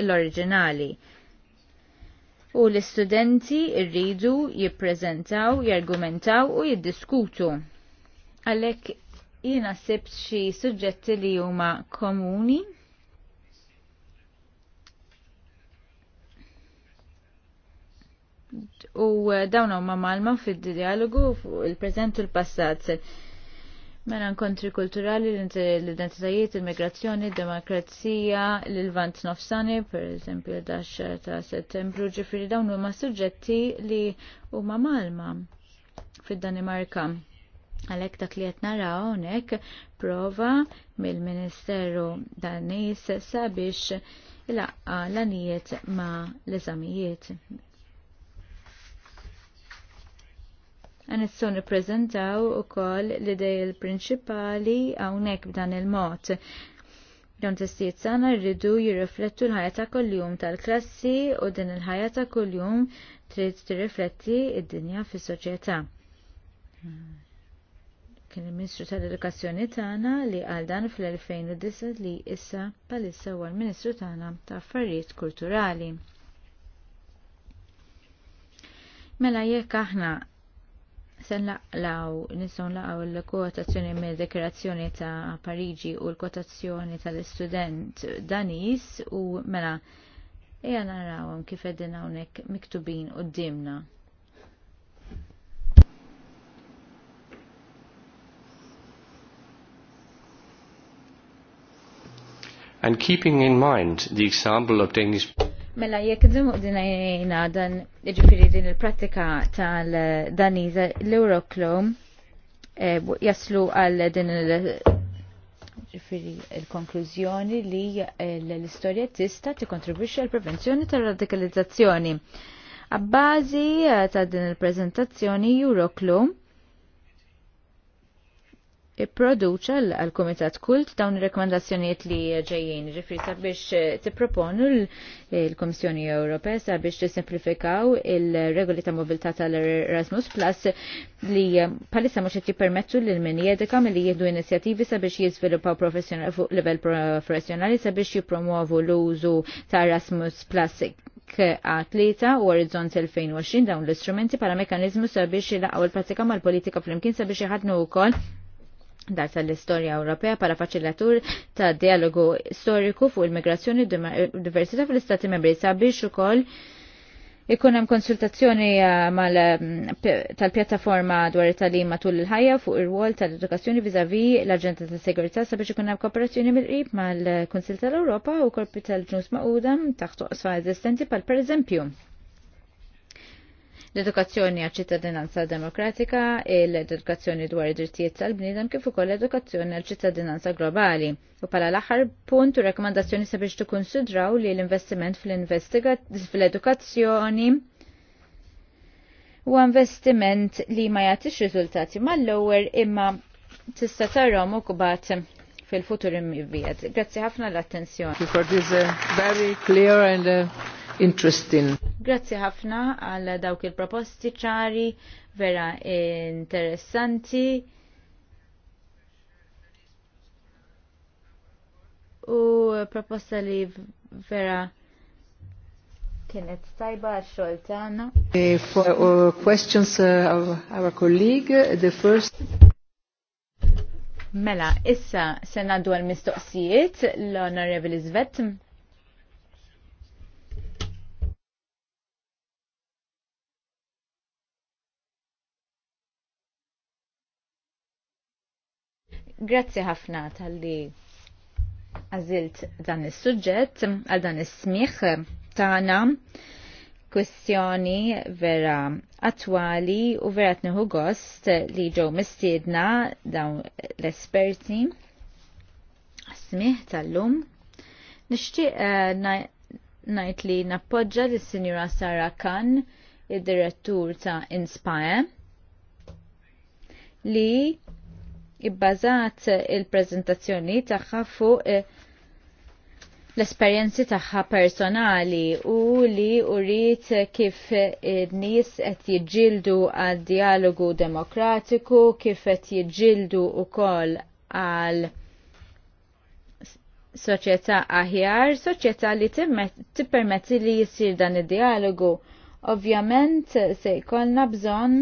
l-oriġinali. U l-istudenti rridu jippreżentaw, jargumentaw u jiddiskutu. Għalhekk jiena sibt xi suġġetti li huma komuni u eh, dawn huma malma fid-dialogu il-preżent u l-passat. Mela nkontri kulturali l-identitajiet, il-migrazzjoni, demokrazija, l-vant nofsani, per eżempju, 11 ta' settembru, ġifiri dawn huma suġġetti li huma malma fid-Danimarka għalek dak li jtnara għonek prova mill-Ministeru danis sabiex il-aqqa l-anijiet ma l-eżamijiet. Għanisson nippreżentaw ukoll l-idej il-prinċipali hawnhekk b'dan il-mod. Dawn testijiet sana rridu jirriflettu l-ħajja ta' kuljum tal-klassi u din il-ħajja ta' kuljum trid tirrifletti id-dinja fis-soċjetà kien il-Ministru tal-Edukazzjoni tagħna li għal dan fl-2009 li issa palissa huwa l-Ministru tagħna ta' Affarijiet Kulturali. Mela jekk aħna Sen laqlaw, nisun laqaw l-kotazzjoni me dekorazzjoni ta' Parigi u l-kotazzjoni tal-student Danis u mela, eja narawam kif eddin hawnhekk miktubin u dimna. And keeping in mind the example of Danish Mela jekk din dinajna dan iġifiri din il-prattika tal-Daniza l-Euroclom eh, jaslu għal din il-konklużjoni li eh, l istoria tista kontribuċi għal prevenzjoni tal-radikalizzazzjoni. Abbażi eh, ta' din il-prezentazzjoni Euroclom ipproduċa l kumitat Kult dawn ir-rekomendazzjonijiet li ġejjin. Ġifri sabiex eh, tipproponu l-Komissjoni Ewropea sabiex t-simplifikaw il-regoli ta' mobilità tal-Erasmus Plus li eh, palissa mhux qed jippermettu l min jedekam li jieħdu inizjattivi sabiex jiżviluppaw professjonali fuq livell professjonali sabiex jipromuovu l-użu ta' Erasmus Plus atleta u Orizzont 2020 dawn l-istrumenti pala mekanizmu sabiex il-għaw il-pratika mal-politika fl-imkien sabiex jħadnu u dar tal-istorja Ewropea para faċilatur ta' dialogu storiku fuq il-migrazzjoni u diversità fl-Istati Membri sabiex ukoll ikun hemm konsultazzjoni eh, mm, tal-pjattaforma dwar it tagħlim matul il-ħajja fuq ir-wol tal-edukazzjoni viżavi l-Aġenda tas Segurità sabiex ikun hemm kooperazzjoni mill-qrib mal-Kunsil tal-Ewropa u korpi tal-ġnus Maquda taħt oqsfa eżistenti pal pereżempju l-edukazzjoni għal ċittadinanza demokratika, l-edukazzjoni dwar id-drittijiet tal-bniedem kif ukoll l-edukazzjoni għal ċittadinanza globali. U pala l-aħħar punt u rekomandazzjoni sabiex tikkunsidraw li l-investiment fl-edukazzjoni u investiment li ma jagħtix riżultati mal-lower imma tista' tarhom ukbad fil-futur immibjed. Grazzi ħafna l-attenzjoni. Uh, very clear and uh... Interesting. Grazie Grazzi ħafna għal dawk il-proposti ċari, vera interessanti. U proposta li vera kienet tajba xoltana. tagħna. Eh, for uh, questions uh, of our colleague, uh, the first. Mela, issa se ngħaddu mistoqsijiet l-Honorable Izvet. Grazzi ħafna tal-li għazilt dan is-suġġett għal dan is-smiħ tagħna kwestjoni vera attwali u vera tniħu gost li ġew mistiedna dawn l-esperti smiħ tal-lum. Nixtieq eh, najt li nappoġġa l sinjura Sara Khan, id-direttur ta' Inspire, li ibbażat il-prezentazzjoni tagħha fuq eh, l-esperjenzi tagħha personali u li uriet kif n-nies qed jiġġieldu għad dialogu demokratiku, kif qed jiġġieldu wkoll għal soċjetà aħjar, soċjetà li tippermetti li jisir dan id-dialogu. Ovvjament se jkollna bżonn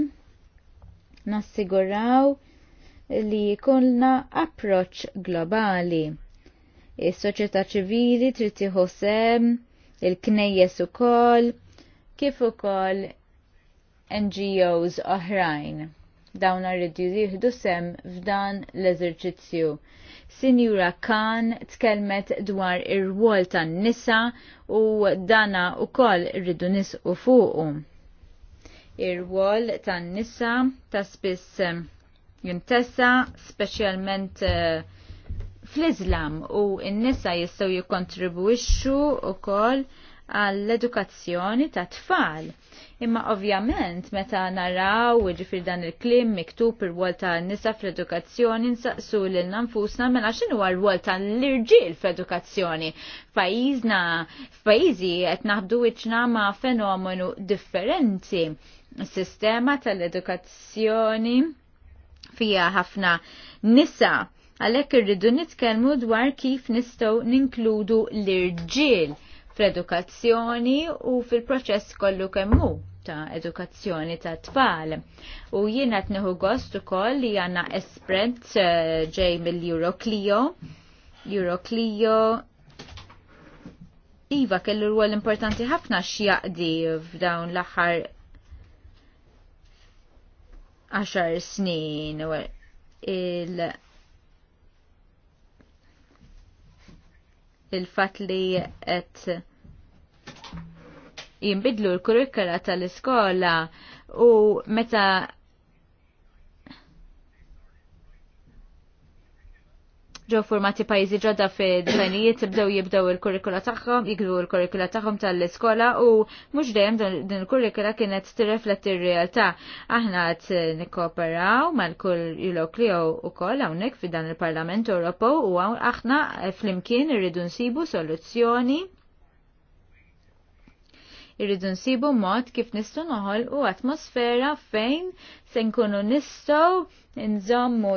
nassiguraw li jikunna approċ globali. Is-soċjetà ċivili trid tieħu il-knejjes ukoll, kif ukoll NGOs oħrajn. Dawn rridu jieħdu sem f'dan l-eżerċizzju. Sinjura Khan tkellmet dwar ir-rwol tan-nisa u dana ukoll rridu nisqu fuqu. Ir-rwol tan-nisa ta' spiss jintessa speċjalment eh, fl-Islam u n-nisa jistgħu jikkontribwixxu wkoll għall-edukazzjoni ta' tfal. Imma ovvjament meta naraw ġifir dan il-klim miktub ir wol ta' nisa fl-edukazzjoni nsaqsu lil nanfusna mela x'inhu r wol ta' l-irġiel fl-edukazzjoni. F'pajjiżna f'pajjiżi qed naħdu wiċċna ma' fenomenu differenti. Sistema tal-edukazzjoni fija ħafna nisa. Għalhekk irridu nitkellmu dwar kif nistgħu ninkludu l-irġiel fl-edukazzjoni u fil-proċess kollu kemmu ta' edukazzjoni ta' tfal. U jiena tneħu gost ukoll li għandna esprent eh, ġej mill-Euroclio. Euroclio Iva kellu rwol importanti ħafna x'jaqdi f'dawn l-aħħar għaxar snin il- il-fat li qed jimbidlu l kurikula tal-iskola u meta ġew formati pajjiżi ġodda fid-dvenijiet bdew jibdew il-kurrikula tagħhom, jikdu l-kurrikula tagħhom tal-iskola u mhux dejjem din il-kurrikula kienet tirrifletti r-realtà. Aħna qed nikkooperaw mal-kull jilokli ukoll hawnhekk dan il-Parlament Ewropew u aħna flimkien irridu nsibu soluzzjoni Irridu nsibu mod kif nistgħu noħolqu atmosfera fejn se nkunu nistgħu nżommu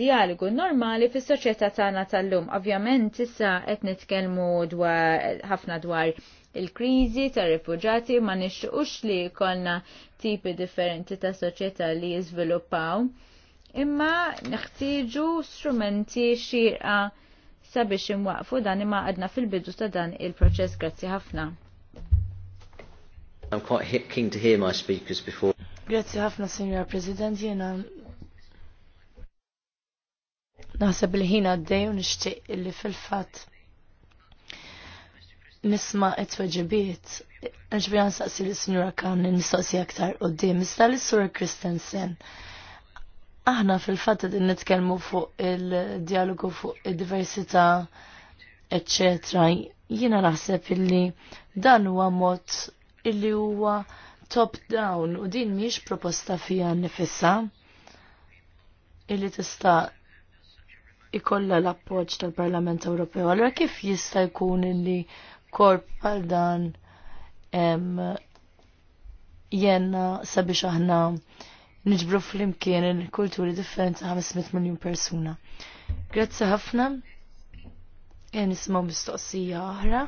dialogu normali fis-soċjetà tagħna tal-lum. Ovvjament issa qed nitkellmu ħafna dwar il-kriżi ta' rifuġati ma nixtuqux li jkollna tipi differenti ta' soċjetà li jiżviluppaw. Imma neħtieġu strumenti xirqa sabiex imwaqfu dan imma għadna fil-bidu ta' dan il-proċess. Grazzi ħafna. I'm quite keen to hear my speakers before. Grazzi ħafna, Signor President, jena naħseb li ħina għaddej u nixtieq li fil-fatt nisma it-tweġibiet. Nġbi saqsi li Signora sinjura Kanni nistaqsi aktar u d-dim. li sura Kristensen. Aħna fil-fat din nitkelmu fuq il-dialogu fuq il-diversita, etc. Jena naħseb illi dan huwa mod illi huwa top down u din miex proposta fija nifissa illi tista' ikolla l-appoġġ tal-Parlament Ewropew. Allora kif jista' jkun illi korp għal dan jenna sabiex aħna niġbru fl-imkien il-kulturi differenti 500 miljon persuna. Grazzi ħafna, jen nismaw mistoqsija oħra.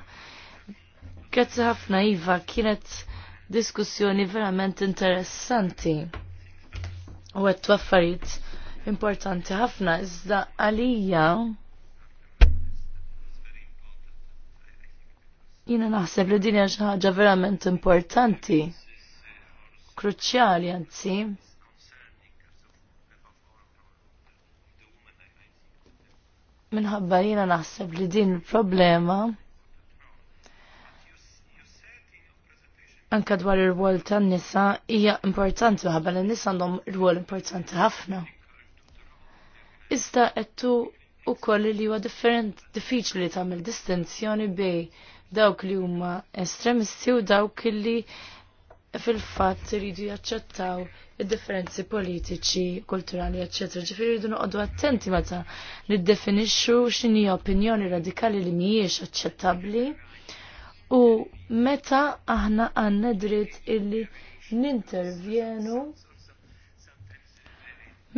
Grazzi ħafna Iva, kienet diskussjoni verament interessanti. U għed affarijiet importanti ħafna, iżda għalija. Jina naħseb li din hija xi ħaġa verament importanti, kruċjali anzi. Minħabba jina naħseb li din il-problema anka dwar ir-rwol tan-nisa hija importanti ħabba li nisa għandhom rwol importanti ħafna. Iżda qed wkoll li huwa different diffiċli tagħmel distinzjoni bej dawk li huma estremisti u dawk li fil-fatt iridu jaċċettaw id-differenzi politiċi, kulturali, ecc. Ġifieri rridu noqogħdu attenti meta niddefinixxu x'inhi opinjoni radikali li mhijiex aċċettabbli u meta aħna għanna dritt illi nintervjenu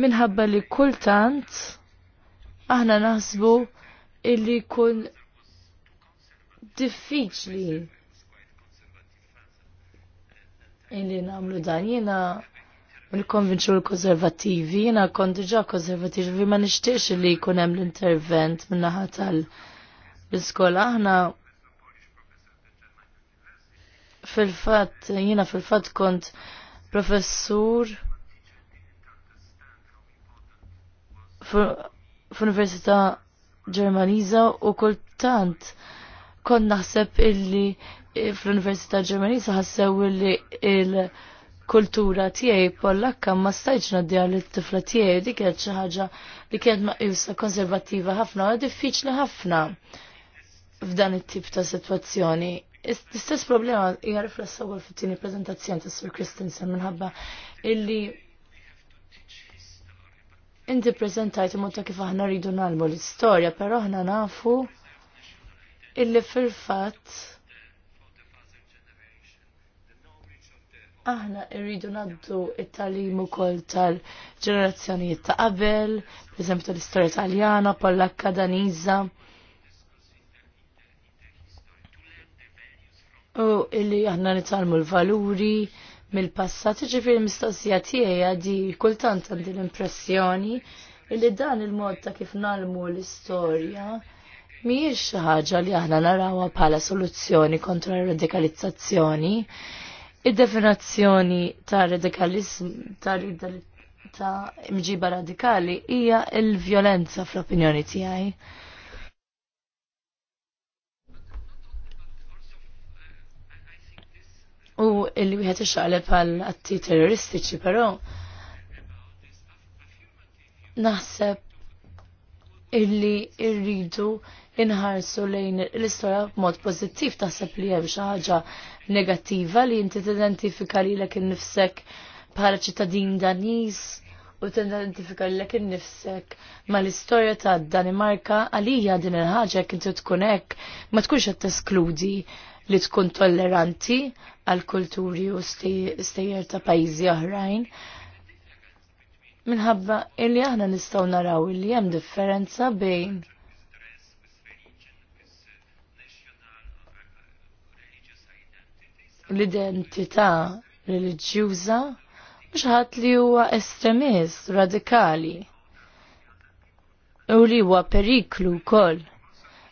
minħabba li kultant aħna naħsbu illi kun diffiċli illi namlu dan jena il-konvinċu l-konservativi, jena kont diġa konservativi, ma nishtiex li jkun hemm l-intervent minnaħa tal-iskola aħna fil-fatt, jiena fil-fatt kont professur f'Università Ġermaniża u kultant kon naħseb illi fl-Università Ġermaniza ħassew illi il-kultura tiegħi pollakka ma stajtx ngħaddiha lit-tifla tiegħi dik kienet xi ħaġa li kienet maqjusa konservattiva ħafna u diffiċli ħafna f'dan it-tip ta' sitwazzjoni. L-istess problema hija riflessa wkoll fit-tieni preżentazzjoni tas Sir Christensen minħabba illi inti preżentajt imod ta' kif aħna rridu nagħmlu l-istorja, però aħna nafu illi fil-fatt aħna rridu naddu it-talim ukoll tal-ġenerazzjonijiet ta' qabel, per tal-istorja Taljana, Pollakka, Daniża u illi aħna nitalmu l-valuri mill-passat, ġifiri mistoqsija tiegħi għadi kultant għandi l-impressjoni illi dan il-mod ta' kif nalmu l-istorja mhijiex xi ħaġa li aħna narawha bħala soluzzjoni kontra r-radikalizzazzjoni. Id-definazzjoni ta' radikalizm ta' ta' imġiba radikali hija l-vjolenza fl-opinjoni tiegħi. u illi wieħed ixaqleb għal atti terroristiċi però naħseb illi rridu inħarsu lejn l-istorja b'mod pożittiv taħseb li hemm xi ħaġa negattiva li inti tidentifika lilek innifsek bħala ċittadin Daniż u tidentifika lilek innifsek mal-istorja ta' Danimarka għalija din il-ħaġa kien tkun hekk ma tkunx qed teskludi li tkun tolleranti għal kulturi u stejjer ta' pajjiżi oħrajn. Minħabba illi aħna nistgħu naraw illi hemm differenza bejn l-identità reliġjuża mhux ħadd li huwa estremist radikali u li huwa periklu wkoll.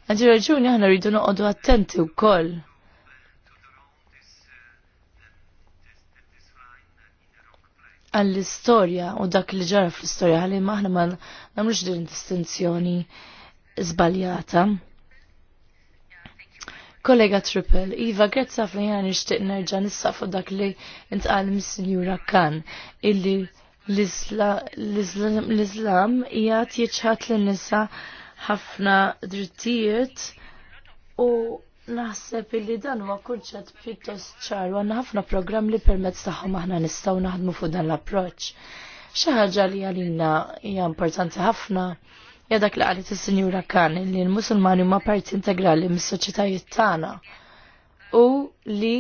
Għandi raġuni aħna rridu noqogħdu attenti wkoll għall-istorja u dak li ġara fl-istorja għalli maħna ma namlux din distinzjoni zbaljata. Kollega Triple, Iva, grazzi għafna jena nishtiq nerġa nissafu dak li intqal mis-Sinjura Kan, illi l-Islam jgħat jieċħat l-nisa ħafna drittijiet u Naħseb illi dan huwa kunċett pjuttost ċar u għandna ħafna programm li permezz tagħhom aħna nistgħu naħdmu fuq dan l-approċċ. Xi ħaġa li għalina hija importanti ħafna hija dak li qalet is-Sinjura Kan li l-Musulmani huma parti integrali mis-soċjetajiet tagħna u li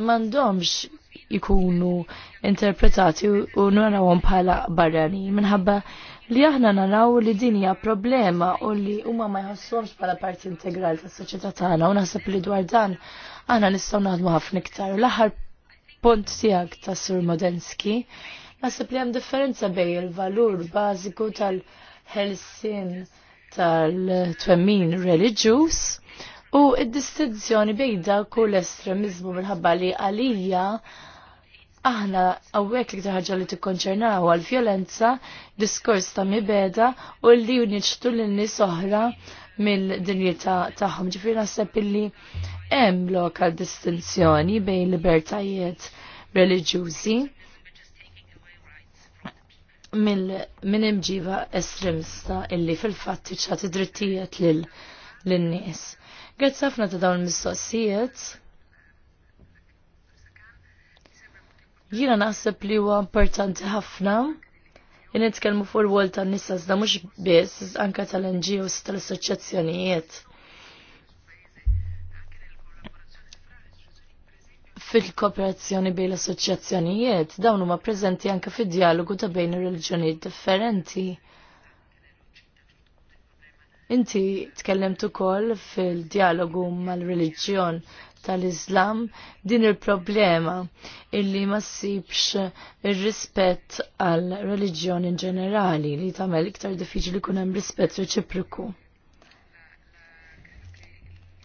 m'għandhomx ikunu interpretati u narawhom bħala barrani minħabba li aħna naraw li din hija problema u li huma ma jħossuhomx bħala parti integrali tas-soċjetà tagħna u naħseb li dwar dan aħna nistgħu naħdmu ħafna iktar. L-aħħar punt tiegħek ta' Sur Modenski, naħseb li hemm differenza bejn il-valur bażiku tal-ħelsin tal-twemmin reliġjuż u id-distinzjoni bejn dak u l-estremizmu minħabba li għalija aħna għawek li ħaġa li tikkonċernaw għal-violenza, diskors ta' mibeda u li uniċtu l-nis oħra mill dinjeta tagħhom. Ġifieri naħseb illi hemm loka distinzjoni bejn libertajiet reliġjużi minn imġiva estremista illi fil-fatt iċċati drittijiet lil nies Grazzi ħafna ta' dawn il-mistoqsijiet. Jiena naħseb li huwa importanti ħafna li nitkellmu fuq il-wol tan-nisa iżda mhux biss anke tal-NGOs tal-assoċjazzjonijiet. fil-kooperazzjoni bejn l-assoċjazzjonijiet dawn huma preżenti anke fid-dialogu ta' bejn ir-reliġjonijiet differenti. Inti tkellimt ukoll fil-dialogu mal-reliġjon tal-Islam din il-problema illi ma ssibx ir-rispett għal reliġjoni ġenerali li tagħmel iktar diffiċli kun hemm rispett reċiproku.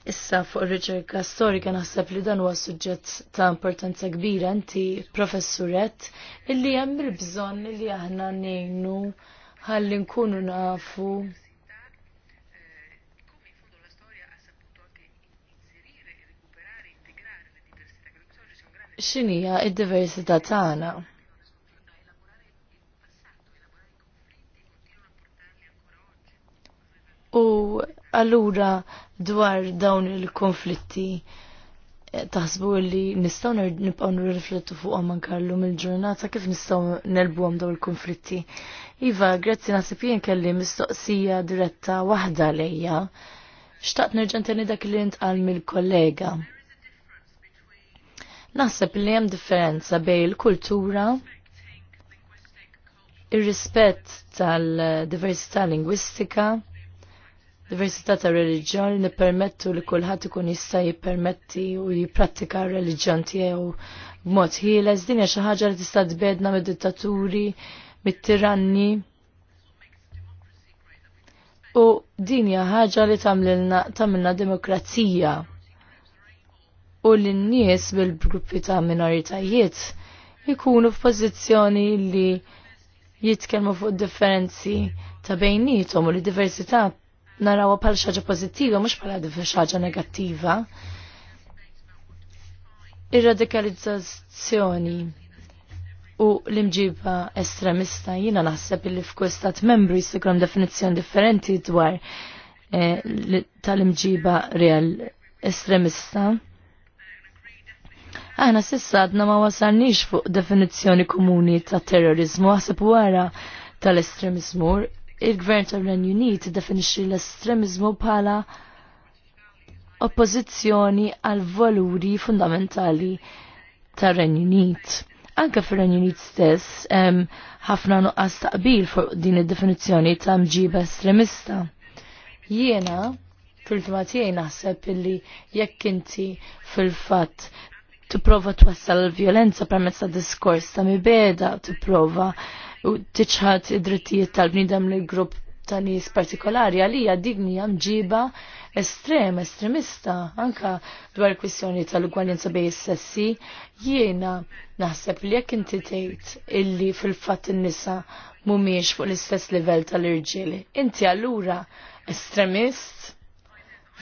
Issa fuq riċerka storika naħseb li dan huwa suġġett ta' importanza kbira inti professuret illi hemm il-bżonn li aħna ngħinu ħalli nkunu nafu xinija id-diversità tagħna. U allura dwar dawn il-konflitti eh, taħsbu li nistaw nibqaw nirriflettu fuq għaman kallu mill-ġurnata kif nistaw nelbu għam daw il-konflitti. Iva, grazzi nasib jien kelli mistoqsija diretta waħda lejja. Xtaqt nerġan tani dak li ntqal mill-kollega. Naħseb li hemm differenza bejn il-kultura, ir-rispett tal-diversità lingwistika, diversità ta' reliġjon li nippermettu li kulħadd ikun jista' jippermetti u jipprattika r-reliġjon tiegħu b'mod ħieles din hija xi ħaġa li tista' tbedna mid-dittaturi, mit-tiranni. U din hija ħaġa li tagħmilna demokrazija u l-nies bil-gruppi ta' minoritajiet ikunu f'pożizzjoni li jitkellmu fuq differenzi ta' bejnietom u li diversità narawa bħal xaġa pożittiva mhux bħala xaġa negattiva. Ir-radikalizzazzjoni u l-imġiba estremista jina naħseb li f'kustat membru jistikrom definizzjoni differenti dwar eh, tal-imġiba real estremista. Aħna sissa għadna ma wasalniex fuq definizzjoni komuni ta' terrorizmu, għasib wara tal-estremizmu. Il-gvern ta' renju Unit definixi l-estremizmu bħala oppożizzjoni għal valuri fundamentali tar renju Unit anka fir renju Unit stess ħafna nuqqas taqbil fuq din id-definizzjoni ta' mġiba estremista. Jiena fil-ultima tiegħi naħseb illi jekk inti fil-fatt tipprova twassal l-vjolenza permezz ta' diskors ta' mibeda, tipprova tiċħat id-drittijiet tal-bnidem li grupp ta' nies partikolari għalija digni mġiba estrem, estremista, anka dwar kwistjoni tal-ugwaljanza bej sessi jiena naħseb li jekk inti tgħid illi fil-fatt in-nisa mhumiex fuq l-istess livell tal-irġieli. Inti allura estremist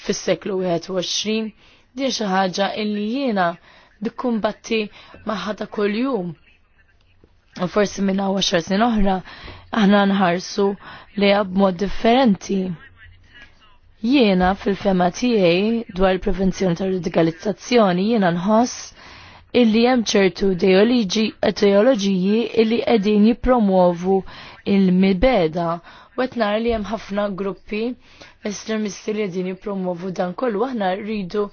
fis-seklu 21 di xi ħaġa illi jiena batti maħħata kol jum U forsi minn għawa xarsin oħra, aħna nħarsu li b'mod differenti. Jiena fil-fema tiegħi dwar il-prevenzjoni ta' radikalizzazzjoni jiena nħoss illi hemm ċertu teoloġiji illi qegħdin jippromuovu il-mibeda u qed nara li hemm ħafna gruppi estremisti li qegħdin jippromuovu dan kollu aħna rridu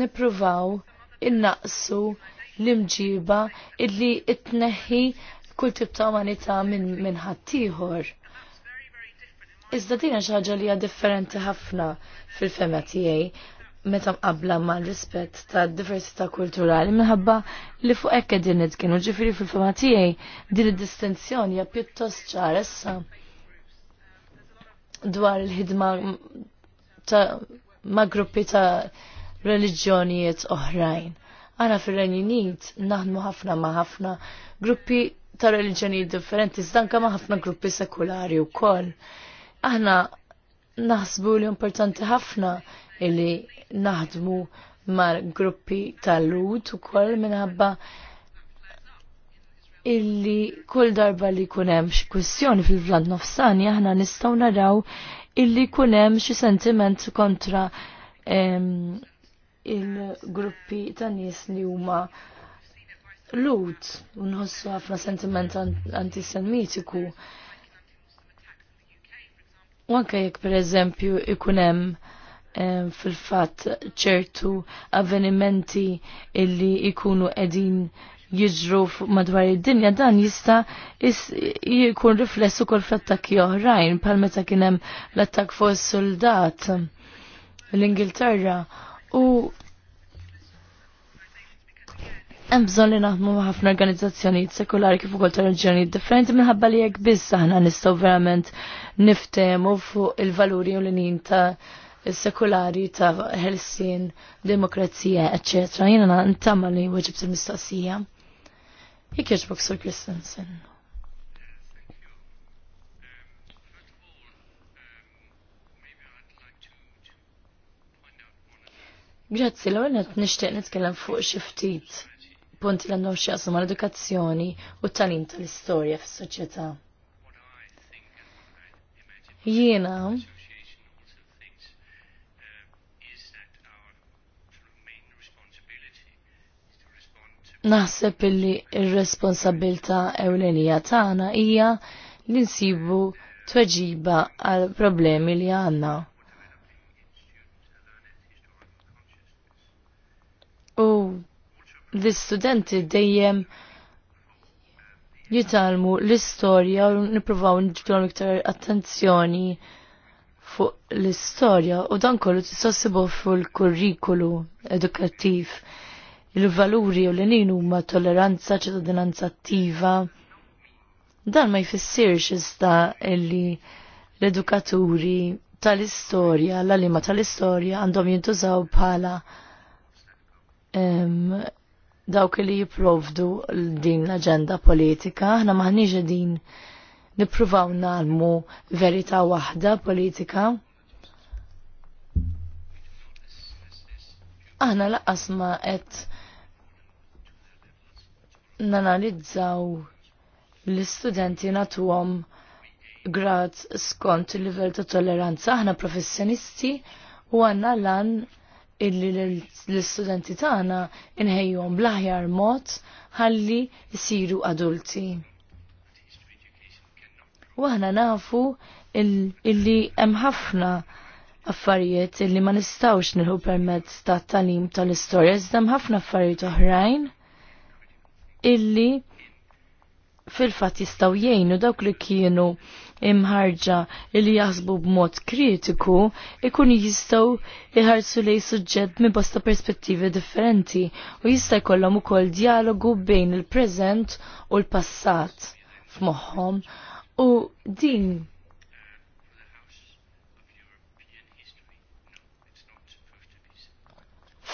nippruvaw innaqsu l-imġiba illi itneħi kull tip ta' umanità minn min ħaddieħor. Iżda din xi ħaġa li hija differenti ħafna fil-fema tiegħi meta mqabbla mal rispett ta' diversità kulturali minħabba li fuq hekk qegħdin nitkellmu ġifieri fil-fema tiegħi din id-distinzjoni hija pjuttost ċara issa dwar il-ħidma ta' ma' gruppi ta' reliġjonijiet oħrajn. Għana fil-Renjinit naħdmu ħafna ma' ħafna gruppi ta' reliġjonijiet differenti, zdanka ma' ħafna gruppi sekulari u koll. Aħna naħsbu li importanti ħafna illi naħdmu ma' gruppi tal-lut u koll minħabba illi kull darba li kunem xie kwestjoni fil-vlad nofsani aħna nistgħu naraw illi kunem xi sentiment kontra em, il-gruppi ta' nies li huma lut u nħossu ħafna sentiment antisemitiku. U anke jekk pereżempju ikun hemm eh, fil-fatt ċertu avvenimenti illi ikunu qegħdin jiġru madwar id-dinja dan jista' jkun riflessu kol fl-attakki oħrajn bħal meta kien hemm l-attakk fuq is-soldat l-Ingilterra u hemm bżonn li naħdmu ma' ħafna organizzazzjonijiet sekulari kif ukoll tal reġjonijiet differenti minħabba li jekk biss aħna nistgħu verament niftehmu fuq il-valuri u l-inin ta' sekulari ta' ħelsien, demokrazija, eċċetera. Jiena ntama li weġib il-mistoqsija. Jekk jogħġbok Sur Christensen. Grazzi, l-għol għed nishtiq nitkellem fuq xi ftit punti l-għandhom xieqsu mal edukazzjoni u t-talim tal-istorja fis soċjetà Jiena, naħseb illi il responsabilta ewlenija tagħna hija li nsibu tweġiba għal problemi li għandna. U l-istudenti dejjem jitalmu l-istorja u nipruvaw nġibdu iktar attenzjoni fuq l-istorja u dan kollu tistassibu fuq il-kurrikulu edukattiv. Il-valuri u l-inin huma tolleranza, ċittadinanza attiva. Dan ma jfissirx iżda illi l-edukaturi tal-istorja, l-alima tal-istorja għandhom jintużaw bħala dawk li jiprovdu din l-agenda politika, aħna maħniġ din nipruvaw nalmu verita waħda politika. Aħna laqas ma qed nanalizzaw l-istudenti natuhom grad skont il-livell ta' tolleranza aħna professjonisti u għanna lan illi l-istudenti tagħna inħejjhom bl-aħjar mod ħalli jsiru adulti. U aħna nafu illi hemm ħafna affarijiet illi ma nistgħux nilħu permezz ta' talim tal-istorja, iżda hemm ħafna affarijiet oħrajn illi fil-fatt jistgħu jgħinu dawk li kienu imħarġa li jaħsbu b'mod kritiku ikun jistgħu iħarsu lej suġġett minn bosta perspettivi differenti u jista' jkollhom ukoll dialogu bejn il-preżent u l-passat f'moħħhom u din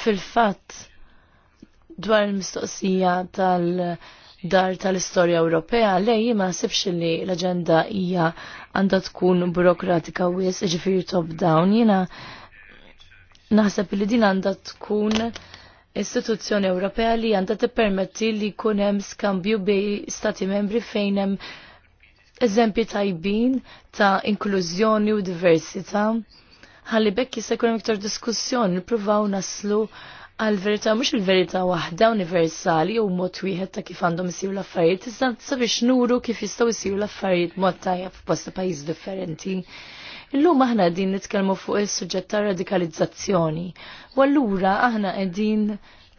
fil-fatt dwar il-mistoqsija tal- dar tal-istorja Ewropea lej ma sibx li l-agenda hija għandha tkun burokratika u jis ġifiri top-down jina naħseb li din għandha tkun istituzzjoni Ewropea li għandha tippermetti li jkun hemm skambju bej stati membri fejn hemm eżempji tajbin ta' inklużjoni u diversità. Ħalli bekk jista' jkun hemm iktar diskussjoni, nippruvaw naslu għal verità mhux il-verità waħda universali u mod wieħed ta' kif għandhom isiru l-affarijiet, iżda sabiex nuru kif jistgħu jsiru l-affarijiet mod tajjeb f'posta pajjiż differenti. Illum aħna qegħdin nitkellmu fuq is-suġġett ta' radikalizzazzjoni. U allura aħna qegħdin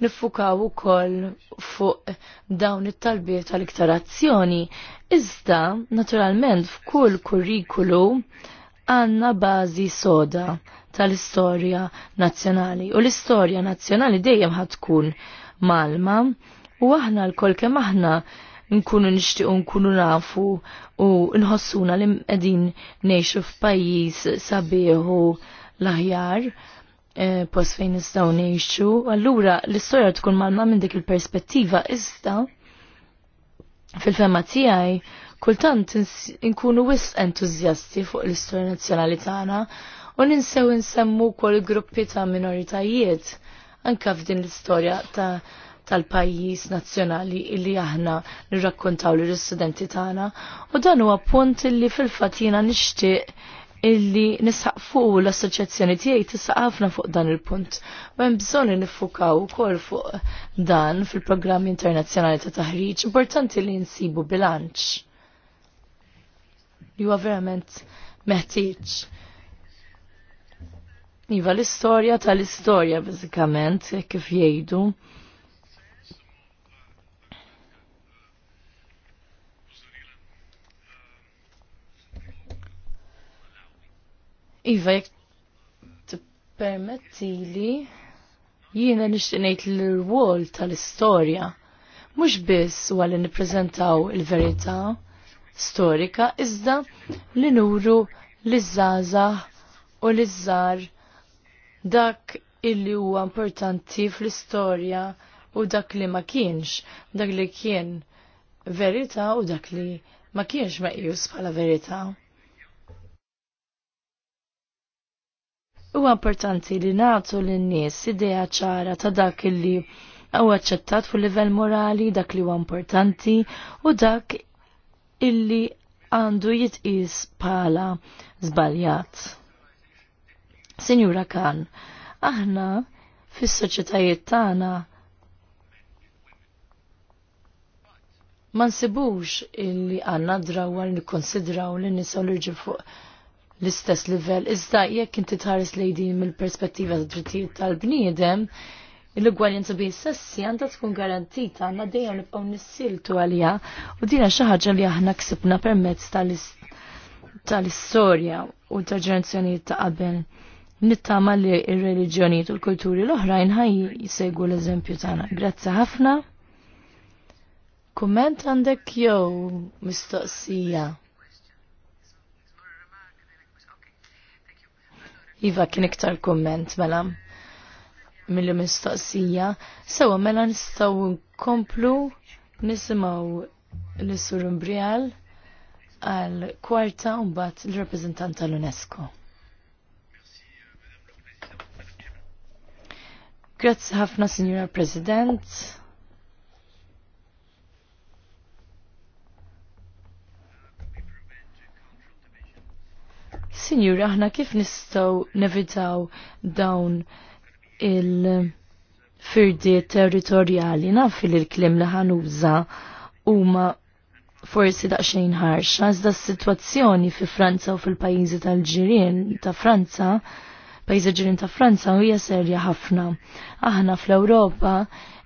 nifukaw ukoll fuq dawn it-talbiet tal-iktar azzjoni. Iżda, naturalment, f'kull kurrikulu għandna bażi soda tal-istorja nazzjonali. U l-istorja nazzjonali dejjem ħatkun tkun malma u aħna l-kol kemm aħna nkunu nixtiequ nkunu nafu u nħossuna li qegħdin ngħixu f'pajjiż sabiħu l-aħjar eh, post fejn nistgħu ngħixu. Allura l-istorja tkun malma minn dik il-perspettiva ista fil femma tiegħi kultant nkunu wisq entużjasti fuq l-istorja nazzjonali tagħna u ninsew insemmu kol gruppi ta' minoritajiet anka f'din l-istorja ta' tal-pajjiż nazzjonali illi aħna nirrakkontaw lir-istudenti tagħna u dan huwa punt illi fil-fatt jiena nixtieq illi nisaq fuq l-assoċjazzjoni tiegħi tisaq ħafna fuq dan il-punt. U hemm bżonn li niffukaw ukoll fuq dan fil-programm internazzjonali ta' taħriġ importanti li nsibu bilanċ. Li huwa verament meħtieġ Iva l-istorja tal-istorja bażikament kif jgħidu. Iva jekk tippermettili jiena nixtieq ngħid l-rwol tal-istorja mhux biss huwa li nippreżentaw il-verità storika iżda li nuru l żgħażagħ u l-izzar dak illi huwa importanti fl-istorja u dak li ma kienx, dak li kien verita u dak li ma kienx jus bħala verita. Huwa importanti li nagħtu lin-nies idea ċara ta' dak illi għaw aċċettat fu livell morali dak li huwa importanti u dak illi għandu jitqis bħala zbaljat. Sinjura Kan, aħna fis-soċjetajiet tagħna ma nsibux illi għanna drawa għal nikkonsidraw li nisa l fuq l-istess livell. Iżda jekk inti tħares lejdi mill-perspettiva ta' drittijiet tal-bniedem, l-ugwaljanza bejn sessi għandha tkun garantita għandna dejjem nibqgħu nissiltu għalija u dina xi ħaġa li aħna ksibna permezz tal-istorja u tal-ġenerazzjonijiet ta' qabel nittama li il reliġjonijiet u l-kulturi l-oħrajn ħaj jisegwu l-eżempju tagħna. Grazzi ħafna. Kumment għandek jew mistoqsija. Iva kien iktar kumment mela mill mistoqsija. Sewa mela nistgħu nkomplu nisimgħu l-sur Imbrial għal kwarta u mbagħad l reprezentant tal-UNESCO. Grazzi ħafna, Signora President. Signor, aħna kif nistaw nevitaw dawn il-firdi territorjali? Naf li l-klim li ħanuża huma forsi daqsxejn ħarxa, iżda s-sitwazzjoni fi Franza u fil-pajjiżi tal-ġirien ta' Franza pajjiżi ġirin ta' Franza hija serja ħafna. Aħna fl-Ewropa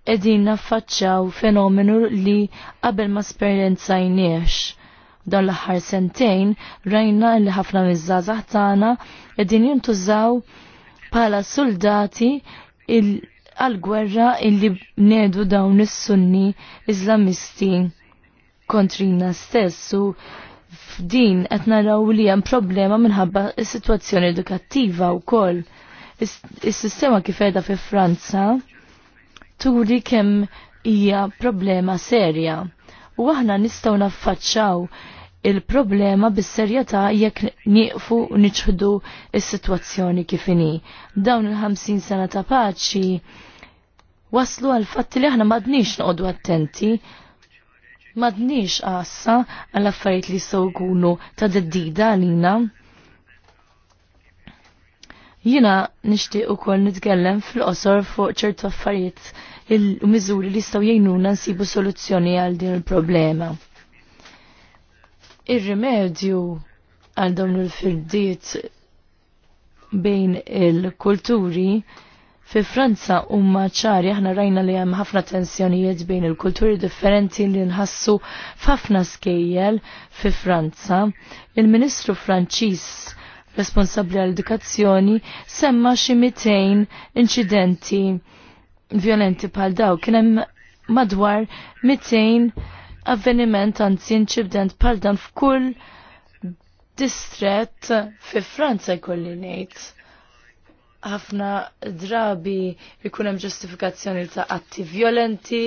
qegħdin naffaċċaw fenomenu li qabel ma sperjenzajniex dan l-aħħar sentejn rajna li ħafna miż-żgħażagħ tagħna qegħdin jintużaw bħala soldati għal-gwerra illi bnedu dawn is-sunni Iżlamisti kontrina stess f'din qed naraw li hemm problema minħabba s-sitwazzjoni edukattiva wkoll. Is-sistema kif qiegħda fi Franza turi kemm hija problema serja. U aħna nistgħu naffaċċaw il-problema bis-serjetà jekk nieqfu niċħdu s sitwazzjoni kif inhi. Dawn il-50 sena ta' paċi waslu għal fatt li aħna m'għadniex noqogħdu attenti madniex għassa għall-affarijiet li sogunu ta' d-dida għalina. Jina nishtiq u kol nitkellem fil-qosor fuq ċertu affarijiet il-mizuri li staw jgħinuna nsibu soluzzjoni għal din il-problema. Ir-rimedju għal dawn il-firdiet bejn il-kulturi fi Franza umma ċari aħna rajna li hemm ħafna tensjonijiet bejn il-kulturi differenti li nħassu f'ħafna skejjel fi Franza. Il-Ministru Franċiż responsabbli għall edukazzjoni semma xi 200 inċidenti violenti bħal daw. Kien hemm madwar 200 avveniment anzi inċident bħal dan f'kull distret fi Franza jkolli ngħid ħafna drabi ikun hemm ġustifikazzjoni ta' atti violenti,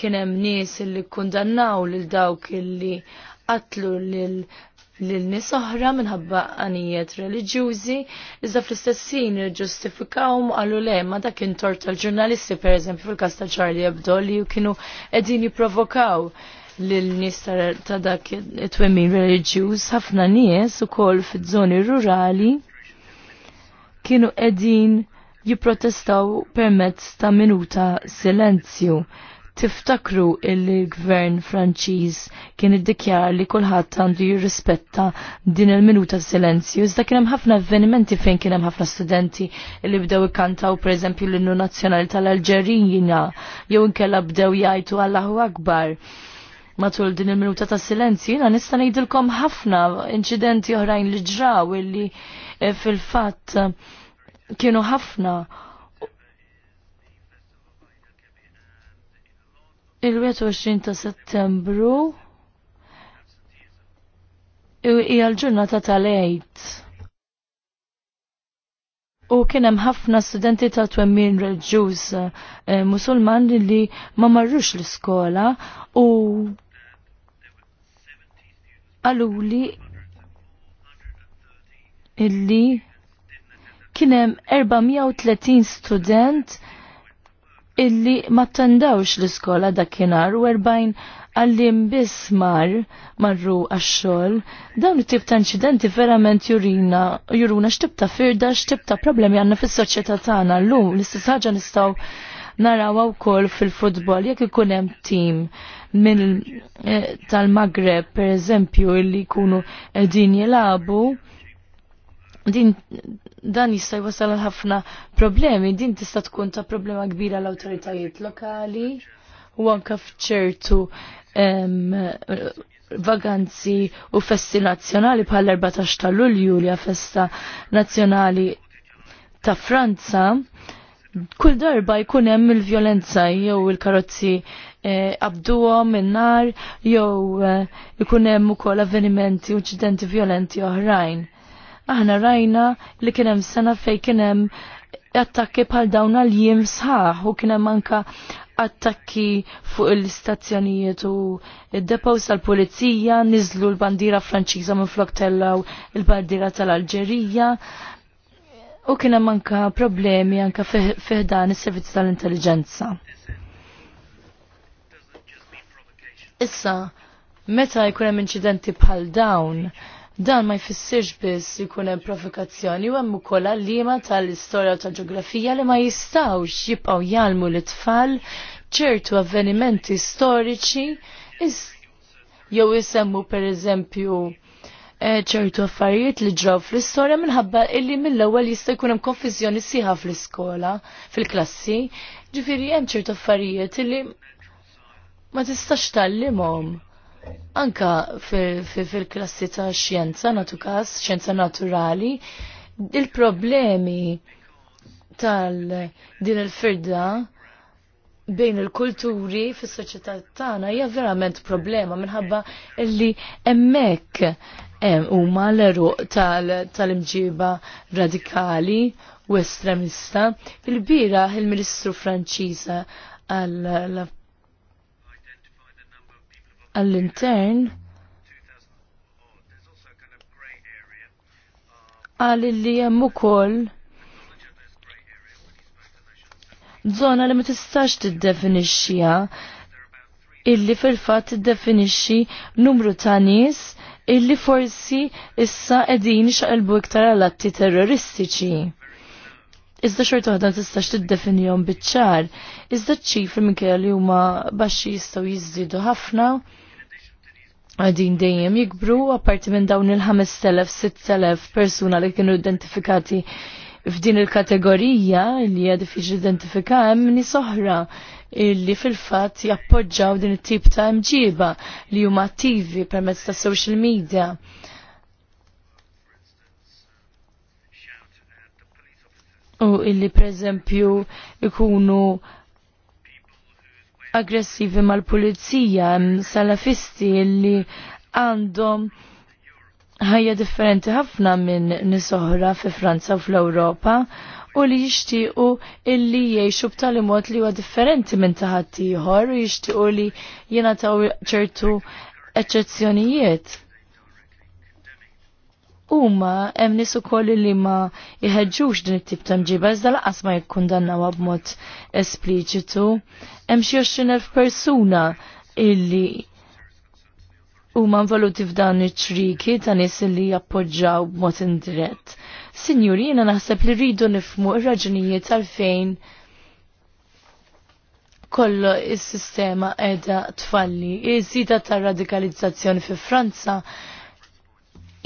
kien hemm nies li kundannaw lil dawk li qatlu lil lil nies oħra minħabba għanijiet reliġjużi, iżda fl-istess sin ġustifikawhom qalu le ma dak intort tal-ġurnalisti pereżempju fil-każ ta' Charlie Hebdo li kienu qegħdin jipprovokaw lil nies ta' dak it-twemmin reliġjuż ħafna nies ukoll fiż-żoni rurali kienu edin jiprotestaw permezz ta' minuta silenzju. Tiftakru il-gvern Franċiż kien iddikjar li kulħadd għandu jirrispetta din il-minuta silenzju. Iżda kien hemm ħafna avvenimenti fejn kien hemm ħafna studenti li bdew ikkantaw pereżempju l-innu nazzjonali tal-Alġerina jew inkella bdew jgħidu Allahu Akbar matul din il-minuta ta' silenzju, jina nista' ngħidilkom ħafna inċidenti oħrajn li ġraw illi Eh, fil-fatt eh, kienu ħafna il-21 ta' settembru hija l-ġurnata tal lejt U kien hemm ħafna studenti ta' twemmin reġjuż eh, musulman li ma marrux l-iskola u għaluli illi kienem 430 student illi ma tandawx l-iskola dakinhar u 40 għallim biss mar marru għax-xogħol, dawn it-tip ta' incidenti verament jurina juruna x'tib ta' firda, x'tib ta' problemi għandna fis-soċjetà tagħna llum l-istess ħaġa nistgħu naraw wkoll fil-futbol jekk ikun hemm tim eh, tal-Magreb pereżempju illi jkunu qegħdin jilagħbu din dan jista' jwassal ħafna problemi, din tista' tkun ta' problema kbira l-awtoritajiet lokali u anke f'ċertu vaganzi u festi nazzjonali bħal 14 ta' Lulju li festa nazzjonali ta' Franza. Kull darba jkun hemm il-vjolenza jew il-karozzi eh, abduhom eh, in-nar jew eh, ikun hemm ukoll avvenimenti u inċidenti vjolenti oħrajn aħna rajna li kien hemm sena fejn kienem hemm attakki bħal dawn għal jiem sħaħ u kien hemm anka attakki fuq l-istazzjonijiet u id-depows tal-pulizija niżlu l-bandira Franċiża minn flok tellaw il-bandira tal-Alġerija u kien hemm anka problemi anka feħdan is-servizzi tal-intelligenza. Issa, meta jkun hemm inċidenti bħal dawn, Dan ma jfissirx biss jkun hemm provokazzjoni u hemm ukoll għalliema tal-istorja u tal-ġeografija li ma jistgħux jibqgħu jgħalmu l-tfal ċertu avvenimenti storiċi jew isemmu pereżempju eh, ċertu affarijiet li ġraw fl-istorja minħabba illi mill-ewwel jista' jkun hemm konfiżjoni sieħa fl-iskola, fil-klassi, ġifieri hemm ċertu affarijiet illi ma tistax tallimhom anka fil-klassi fil ta' xjenza natu kas, xjenza naturali, il-problemi tal-din il-firda bejn il-kulturi fis soċjetà tagħna hija verament problema minħabba li hemmhekk eh, huma l-eruq tal-imġiba radikali u estremista. Il-bira il-Ministru Franċiża għal għall-intern għal li hemm ukoll zona li ma tistax tiddefinixxiha illi fil-fatt tiddefinixxi numru ta' nies illi forsi issa qegħdin xaqilbu iktar għal atti terroristiċi. Iżda xorta waħda tistax tiddefinihom biċ-ċar, iżda ċifri minn li huma baxxi jistgħu jiżdiedu ħafna għadin dejjem jikbru, apparti minn dawn il-5,000-6,000 persuna li kienu identifikati f'din il-kategorija li għad fiġ identifika hemm nies oħra li fil-fatt jappoġġaw din it-tip ta' mġiba li huma attivi permezz ta' social media. U illi per eżempju ikunu aggressivi mal-pulizija, salafisti li għandhom ħajja differenti ħafna minn nisoħra fi Franza u fl-Ewropa u li jixtiequ illi jgħixu b'tali mod li huwa differenti minn taħat ħaddieħor u jixtiequ li jingħataw ċertu eċċezzjonijiet huma hemm nies ukoll li ma jħeġġux din it-tip ta' mġiba iżda laqas ma jikkundannawha b'mod espliċitu. Hemm xi 20,000 persuna illi huma involuti f'dan iċ-ċriki ta' nies li jappoġġaw b'mod indirett. Sinjuri, jiena naħseb li rridu nifmu ir-raġunijiet għalfejn kollu is-sistema qiegħda tfalli. Iż-żida tar-radikalizzazzjoni fi Franza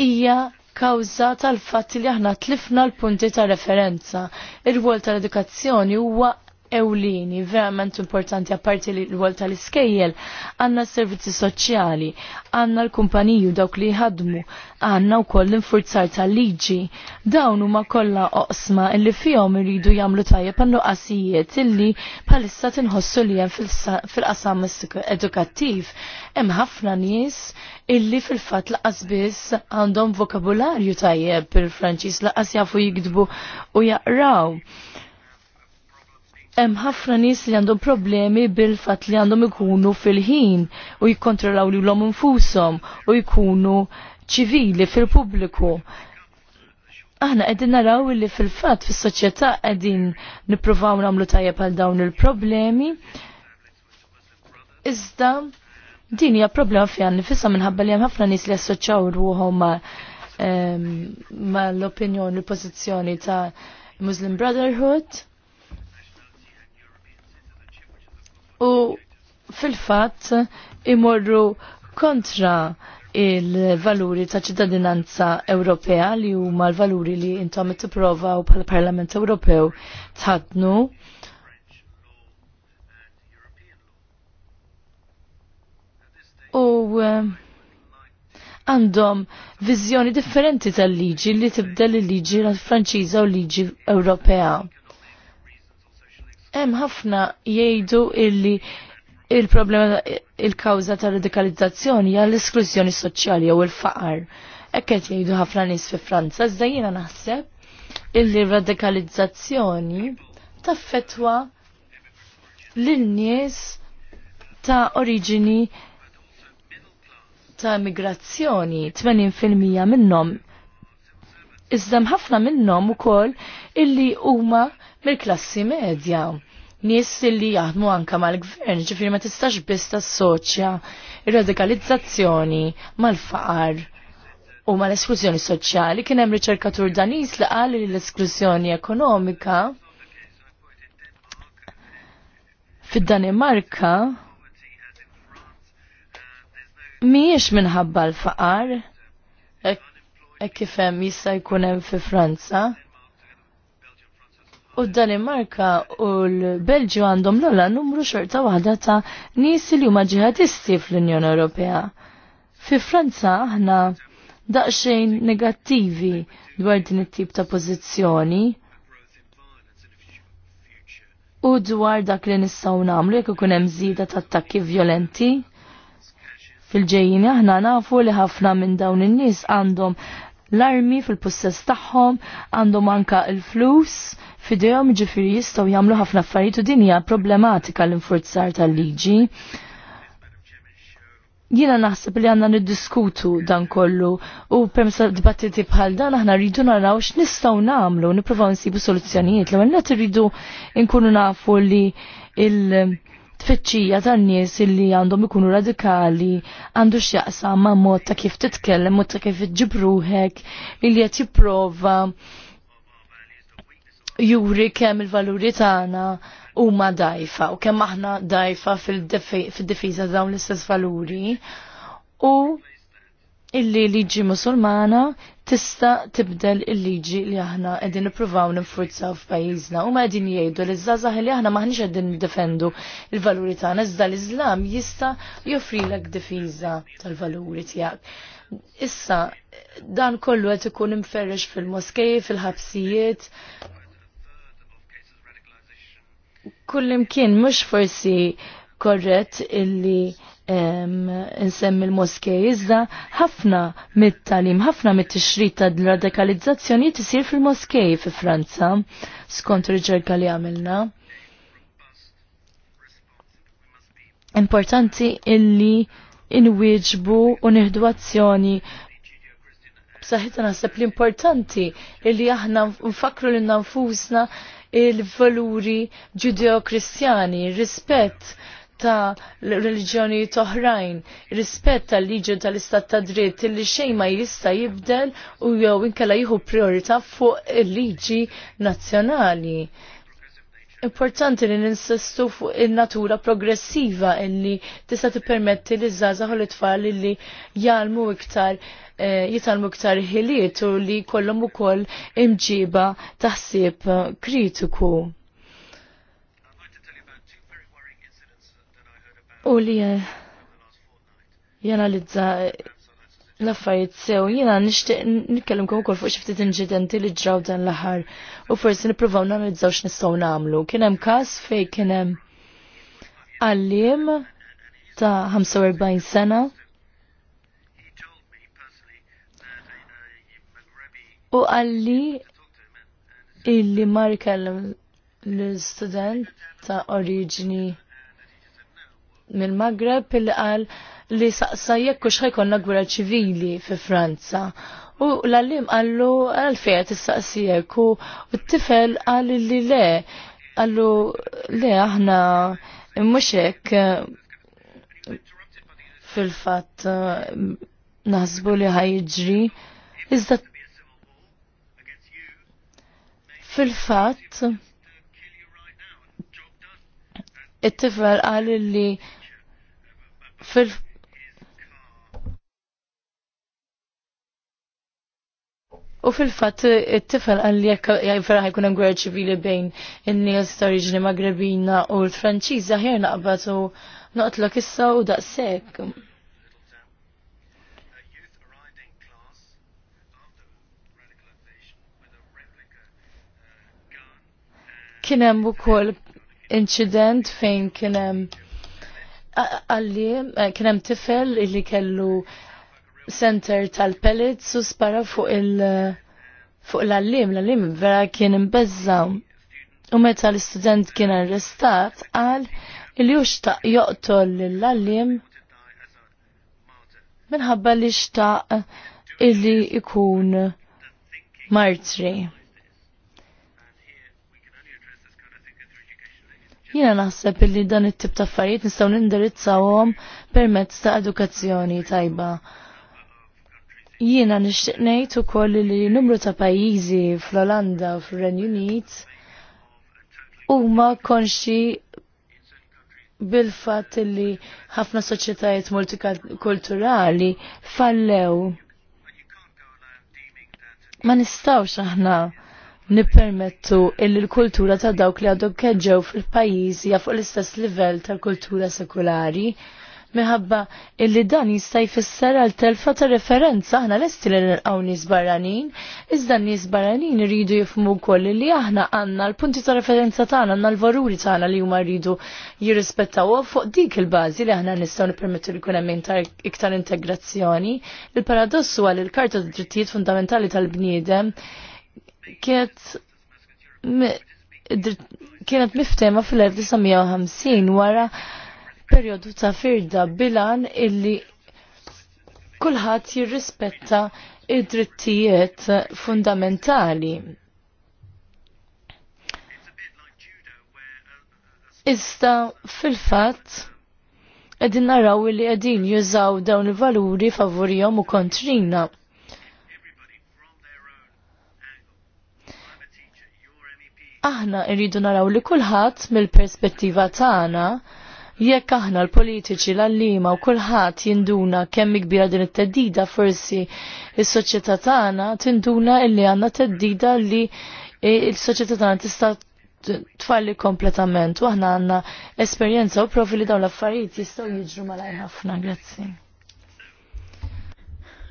hija kawza tal-fatt li aħna tlifna l-punti ta' referenza. ir wol tal-edukazzjoni huwa ewlini, verament importanti apparti li l-wol tal-iskejjel, għanna servizzi soċjali, għanna l-kumpaniju dawk li jħadmu, għanna u koll l-infurzar tal-liġi. Dawn huma kollha oqsma illi fihom iridu jagħmlu tajjeb għandu qasijiet illi bħalissa tinħossu li hemm fil-qasam edukattiv. Hemm ħafna nies illi fil-fat laqas biss għandhom vokabularju tajjeb bil-Franċis laqas jafu jikdbu u jaqraw hemm ħafna nies li għandhom problemi bil-fatt li għandhom ikunu fil-ħin u jikkontrollaw li lilhom infushom u jkunu ċivili fil-pubbliku. Aħna qegħdin naraw li fil-fatt fis-soċjetà qegħdin nippruvaw nagħmlu tajjeb għal dawn il-problemi. Iżda din hija problema għandi nifisha minħabba li hemm ħafna nies li assoċjaw ruhom ma' ehm, mal-opinjoni, l-pożizzjoni ta' Muslim Brotherhood u fil-fatt imorru kontra il-valuri ta' ċittadinanza Ewropea li huma l-valuri li intom it u bħala Parlament Ewropew tħadnu. U eh, għandhom viżjoni differenti tal-liġi li tibda l-liġi Franċiża u liġi Ewropea. Hemm ħafna jgħidu illi il-problema il-kawża ta' radikalizzazzjoni hija l isklużjoni soċjali jew il-faqar. Hekk qed jgħidu ħafna nies fi Franza, iżda jiena naħseb illi radikalizzazzjoni taffetwa lil nies ta' oriġini ta' migrazzjoni, 80% minnhom iżda ħafna minnhom ukoll illi huma mill-klassi medja. Nies li jaħdmu anka mal-gvern, ġifieri ma tistax biss tassoċja ir-radikalizzazzjoni mal-faqar u mal-esklużjoni soċjali. Kien hemm riċerkatur Danis li qal li l-esklużjoni ekonomika fid-Danimarka mhijiex minħabba l-faqar, e, e kif hemm jista' jkun hemm fi Franza. U d-Danimarka u l-Belġu għandhom l-ola numru xorta waħda ta' nis li huma ġihadisti fl-Unjoni Ewropea. Fi Franza aħna daqsxejn negattivi dwar din it-tip ta' pożizzjoni u dwar dak li nistgħu nagħmlu jekk ikun hemm żieda ta' attakki vjolenti. fil ġejjini aħna nafu li ħafna minn dawn in-nies għandhom l-armi fil-possess tagħhom, għandhom anka l-flus fidejhom ġifiri jistgħu jagħmlu ħafna affarijiet u din hija problematika l-infurzar tal-liġi. Jiena naħseb li għandna niddiskutu dan kollu u permessa dibattiti bħal dan aħna rridu naraw x'nistgħu nagħmlu, nippruvaw nsibu soluzzjonijiet l qed irridu nkunu nafu li il- tfittxija tan-nies illi għandhom ikunu radikali għandu x'jaqsam ma' mod ta' kif titkellem, mod ta' kif iġibruħek, ili qed jipprova juri kemm il-valuri tagħna huma dajfa u kemm aħna dajfa fil-difiża dawn l-istess valuri u illi liġi musulmana tista tibdel il-liġi li aħna qegħdin nippruvaw ninfurzaw f'pajjiżna u ma qegħdin jgħidu li żgħażagħ li aħna maħniex qegħdin niddefendu il-valuri tagħna iżda l-Iżlam jista' joffrilek difiża tal-valuri tiegħek. Issa dan kollu qed ikun imferrex fil moskej fil-ħabsijiet, kullimkien mhux forsi korret illi nsemmi l-moskej, iżda ħafna mit-talim, ħafna mit-tixrit ta' radikalizzazzjoni tisir fil-moskej fi Franza, skont riġerka li għamilna. Importanti illi inwieġbu u nieħdu azzjoni b'saħħitha naħseb l-importanti illi aħna nfakru lil nanfusna il-valuri ġudeo-kristjani, rispett ta' reliġjoni toħrajn, rispett tal liġi tal-istat ta' dritt li xejn ma jista' jibdel u jew inkella jieħu priorità fuq il-liġi nazzjonali. Importanti li ninsistu fuq il-natura progressiva illi tista' tippermetti li żgħażagħ u l-itfal illi jgħalmu iktar Eh, jitalmu ktar ħiliet u li u ukoll imġiba taħsib eh, kritiku. U li eh, janalizza l-affarijiet sew, jiena nixtieq nitkellem ukoll fuq xi ftit li ġraw dan l-aħħar u forsi niprofaw nanalizzaw x'nistgħu nagħmlu. Kien hemm każ fejn kien hemm għalliem ta' 45 sena u għalli illi mar kellem l-student ta' oriġini mill magreb illi qal li saqsa jekk hux ħajkonna gwerra ċivili fi Franza. U l għallim għallu għalfejn tissaqsijek u t-tifel għal li le għallu le aħna mhux hekk fil-fatt naħsbu li ħajġri iżda Fil-fatt, it-tifel għal li fil U fil-fat, it-tifel li jekk jajfra ħajkun hemm ċivili bejn in-nies ta' Riġni Magrebina u l-Franċiża ħjer naqbad u noqtlok issa u daqshekk. kien hemm ukoll incident fejn kien hemm għalli eh, kien hemm tifel illi kellu center tal pellet u spara fuq il- fuq l-allim, l-allim vera kien imbezza. U meta l-student kien arrestat, għal li xtaq joqtol l-allim minħabba li xtaq illi ikun martri. Jiena naħseb illi dan it-tip ta' affarijiet nistgħu nindirizzawhom permezz ta' edukazzjoni tajba. Jiena nixtieq ngħid ukoll li numru ta' pajjiżi fl-Olanda u fir-Renju Unit huma konxi bil-fatt li ħafna soċjetajiet multikulturali fallew. Ma nistawx aħna nippermettu illi l-kultura ta' dawk li għadhom keġġew fil-pajjiż hija fuq l-istess livell tal-kultura sekulari minħabba illi dan jista' jfisser għal telfa ta' referenza aħna lesti li nilqgħu nies barranin, iżda nies barranin iridu jifhmu wkoll li aħna għandna l-punti ta' referenza tagħna għandna l-valuri tagħna li huma rridu jirrispettaw fuq dik il-bażi li aħna nistgħu nippermettu li jkun hemm iktar integrazzjoni. Il-paradossu għal il-Karta tad Drittijiet Fundamentali tal-Bniedem kienet kienet miftema fil-1950 wara periodu ta' firda bilan illi kulħadd jirrispetta id-drittijiet fundamentali. Issa fil-fatt qegħdin naraw li qegħdin jużaw dawn il-valuri favorijom u kontrina. aħna rridu naraw li kulħadd mill-perspettiva tagħna jekk aħna l-politiċi l-allima u kulħadd jinduna kemm kbira din it-teddida forsi is-soċjetà tagħna tinduna illi għandna teddida li il-soċjetà tagħna tista' tfalli kompletament u aħna għandna esperjenza u profi li dawn l-affarijiet jistgħu jiġru malajr ħafna, grazzi.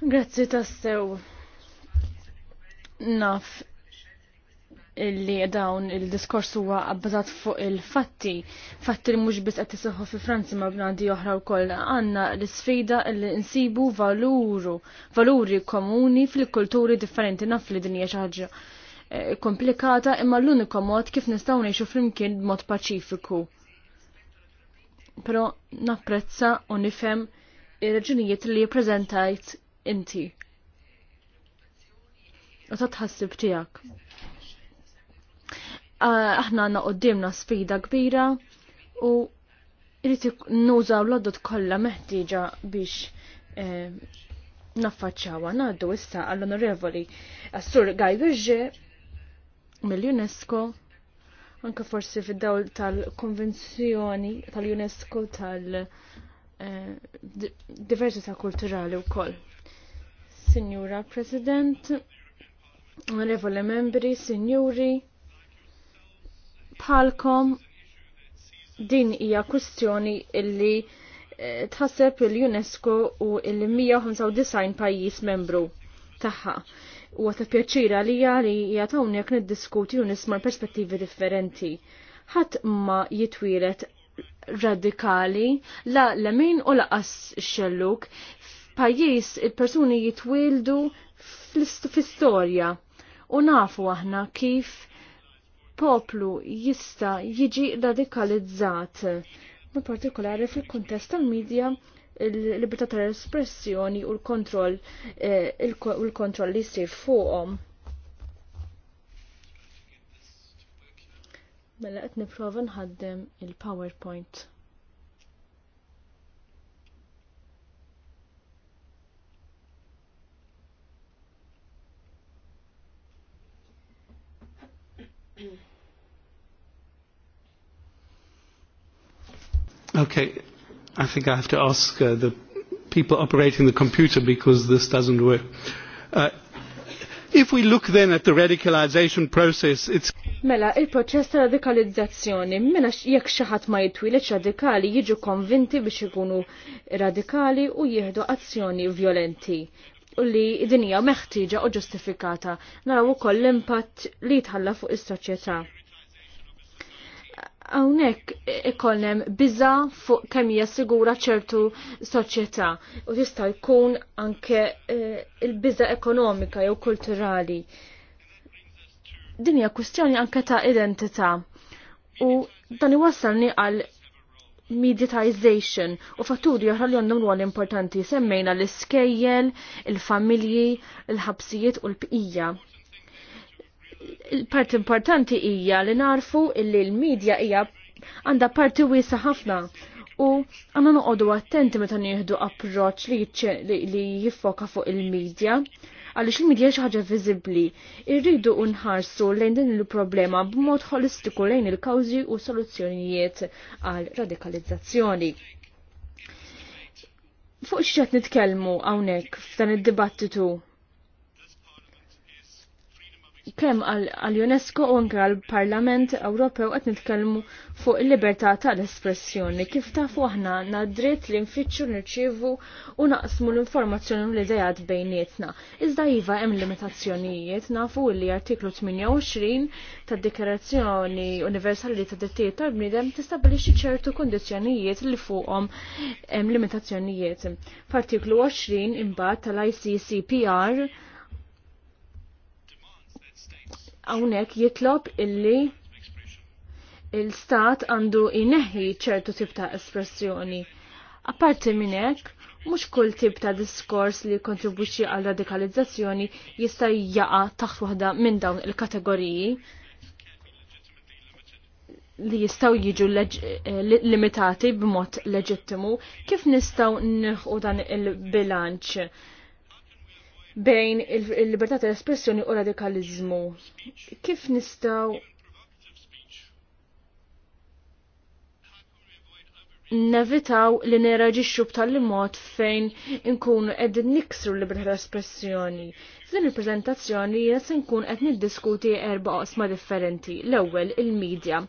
Grazzi tassew. Naf li dawn il-diskors huwa abbażat fuq il-fatti, fatti li mhux biss qed isiħħu fi Franzi ma' bnadi oħra wkoll għandna l-isfida li nsibu valuru, valuri komuni fil-kulturi differenti naf li dinja xi ħaġa eh, komplikata imma l-uniku mod kif nistgħu ngħixu flimkien b'mod paċifiku. Però napprezza u nifhem ir-raġunijiet li jippreżentajt inti. U ta' tħassib tiegħek aħna għanna qoddimna sfida kbira u irrit nużaw l-oddot kollha meħtieġa biex eh, naffaċċawa ngħaddu issa għall-Onorevoli Assur Gaj Virġe mill-UNESCO anke forsi fid-dawl tal-konvenzjoni tal-UNESCO tal-diversità eh, kulturali wkoll. Signora President, onorevoli membri, signori, Palkom din hija kwistjoni illi eh, tħasseb il-UNESCO u il-195 pajjiż membru tagħha. U għata pjaċira li jari jgħatawnek niddiskuti u nisma perspettivi differenti. ħadd ma jitwilet radikali la lemin u laqas xelluk f'pajjiż il-persuni jitwildu fl-istorja u nafu aħna kif il-poplu jista jiġi radikalizzat, ma partikolari fil-kontest tal-medja il-libertà tal-espressjoni u l-kontroll eh, u l-kontroll li jsir fuqhom. Mela qed nipprova nħaddem il-PowerPoint. Mm-hmm. Okay, I think I have to ask uh, the people operating the computer because this doesn't work. Uh, if we look then at the radicalization process, it's... Mela, il-proċess ta' radikalizzazzjoni, mela jekk xi ħadd ma jitwilex radikali jiġu konvinti biex ikunu radikali u jieħdu azzjoni violenti u li din hija meħtieġa u ġustifikata naraw ukoll l-impatt li jitħalla fuq is-soċjetà. Hawnhekk ikollem biża fuq kemm hija sigura ċertu soċjetà u jista' jkun anke e, il-biża ekonomika jew kulturali. Din hija kwistjoni anke ta' identità u dan iwassalni għal mediatization u fatturi oħra li għandhom rwol importanti semmejna l-iskejjel, il-familji, il-ħabsijiet u l-bqija il-part importanti hija li narfu illi l-medja hija għandha parti wiesa ħafna u għanna noqogħdu attenti meta nieħdu approċċ li jiffoka fuq il-medja għaliex il-medja xi ħaġa viżibbli. Irridu nħarsu lejn din il-problema b'mod holistiku lejn il-kawżi u soluzzjonijiet għal radikalizzazzjoni. Fuq x'qed nitkellmu hawnhekk f'dan id-dibattitu kemm għal-UNESCO u anke għal-Parlament Ewropew qed nitkellmu fuq il-libertà tal-espressjoni. Kif tafu aħna għandna dritt li nfittxu nirċievu u naqsmu l-informazzjoni u l-idejat bejnietna. Iżda iva hemm limitazzjonijiet nafu li artiklu 28 tad-Dikarazzjoni Universali tad Drittijiet tal-Bniedem tistabilixxi ċertu kondizzjonijiet li fuqhom hemm limitazzjonijiet. F'artiklu 20 imbagħad tal-ICCPR hawnhekk jitlob illi il-stat għandu ineħi ċertu tip ta' espressjoni. Apparti minn hekk, mhux kull tip ta' diskors li kontribuċi għal radikalizzazzjoni jista' jaqa' taħt waħda minn dawn il-kategoriji li jistaw jiġu eh, limitati b'mod leġittimu, kif nistaw nħu dan il-bilanċ bejn il-libertà tal-espressjoni u radikalizmu. Kif nistaw nevitaw li neraġixxu b'tali mod fejn inkunu qegħdin niksru l-libertà tal-espressjoni. F'din il-preżentazzjoni jes se nkun qed niddiskuti erba' qosma differenti. L-ewwel il-medja.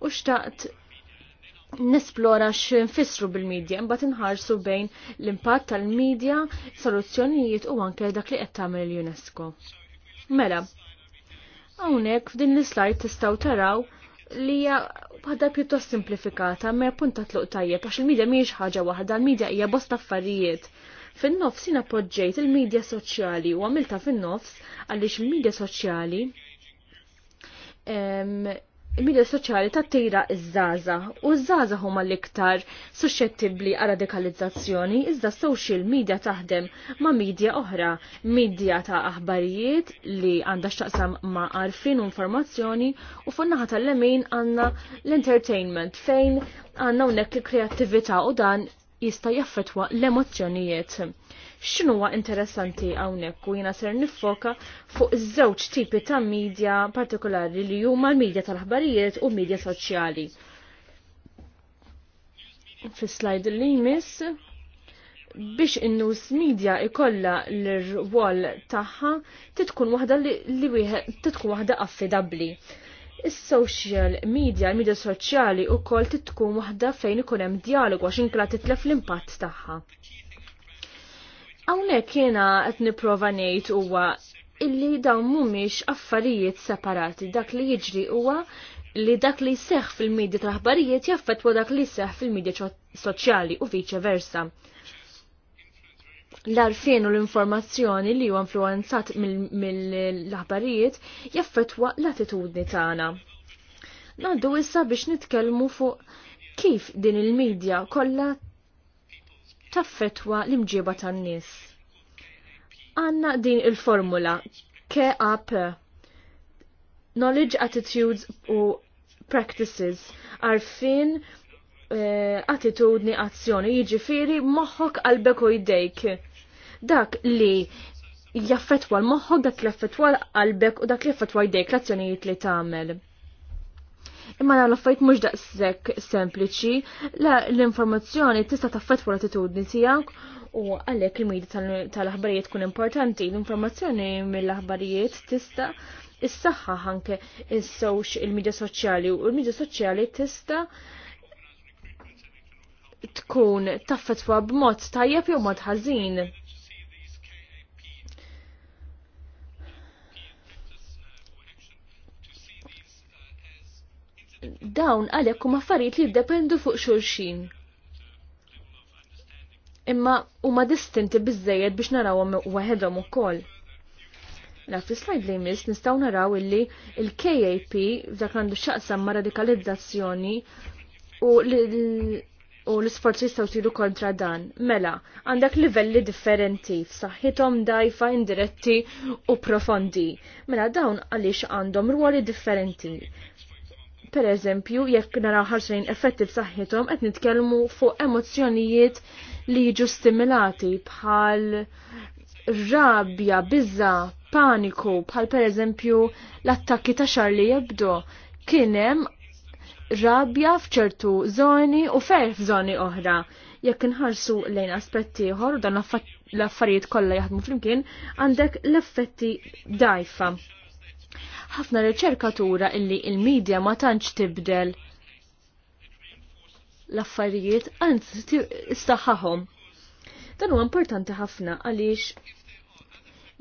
U xtaqt nesplora nfissru bil-medja imbagħad inħarsu bejn l-impatt tal-medja, soluzzjonijiet u anke dak li qed tagħmel l-UNESCO. Mela, hawnhekk f'din l-slide tistgħu taraw li hija waħda pjuttost simplifikata me punta tluq tajjeb għax il-medja mhijiex ħaġa waħda, il-medja hija bosta affarijiet. Fin-nofs jien appoġġejt il-medja soċjali u għamilta fin-nofs għaliex il-medja soċjali il-midja soċjali tattira iż-żaza u ż-żaza huma l-iktar suscettibbli għal radikalizzazzjoni iżda social media taħdem ma' media oħra, media ta' aħbarijiet li għandha x'taqsam ma' għarfien u informazzjoni u fun-naħa tal-lemin għandna l-entertainment fejn għandna hawnhekk il-kreattività u dan jista' jaffetwa l-emozzjonijiet. X'inhuwa interessanti hawnhekk u jiena ser niffoka fuq iż-żewġ tipi ta' medja partikolari li huma l-medja tal-aħbarijiet u medja soċjali. Fi slide li jmiss biex in-news media ikolla l-rwol tagħha titkun waħda li wieħed titkun waħda affidabbli. Is-social media, il media soċjali u kol titkun waħda fejn ikun hemm dialogu għax inkla titlef l-impatt tagħha. Hawnhekk jiena qed nipprova ngħid huwa illi dawn mhumiex affarijiet separati dak li jiġri huwa li dak li seħħ fil-medja tal-aħbarijiet jaffettwa dak li seħħ fil-medja soċjali u viċi versa l-arfien u l-informazzjoni li huwa influenzat mill-aħbarijiet jaffetwa l-attitudni tagħna. Naddu issa biex nitkellmu fuq kif din il-medja kollha taffetwa l-imġieba tan-nies. Għanna din il-formula KAP Knowledge Attitudes u Practices għarfin Eh, attitudni azzjoni, jiġifieri moħħok qalbek u jdejk. Dak li jaffetwa l-moħħok, dak li jaffetwa qalbek u dak li jaffetwa jdejk l-azzjonijiet li tagħmel. Imma l-affajt mhux daqshekk sempliċi, l-informazzjoni tista' taffetwa l-attitudni tiegħek u għalhekk il midi tal-aħbarijiet tkun importanti, l-informazzjoni mill-aħbarijiet tista' is-saħħa anke il-medja soċjali u l-medja soċjali tista' tkun taffetwa b'mod tajjeb jew mod ħażin. Dawn għalhekk huma affarijiet li jiddependu fuq xulxin. Imma huma distinti biżejjed biex narawhom waħedhom ukoll. Naf fi slide li jmiss nistgħu naraw illi il-KAP f'dak għandu x'aqsam ma' radikalizzazzjoni u u l-sforzi jistgħu jsiru kontra dan. Mela, għandek livelli differenti f'saħħithom dajfa indiretti u profondi. Mela dawn għaliex għandhom ruoli differenti. Per eżempju, jekk naraw ħarxejn effetti f'saħħithom qed nitkellmu fuq emozzjonijiet li jiġu stimilati bħal rabja, bizza, paniku, bħal per eżempju l-attakki ta' xar li jibdu. Kienem rabja f'ċertu zoni u fer f'żoni oħra. Jekk inħarsu lejn aspetti ieħor u dan l-affarijiet kollha jaħdmu flimkien, għandek l-effetti dajfa. Ħafna riċerkatura illi il-medja ma tantx tibdel l-affarijiet anzi istaħħahom. Dan huwa importanti ħafna għaliex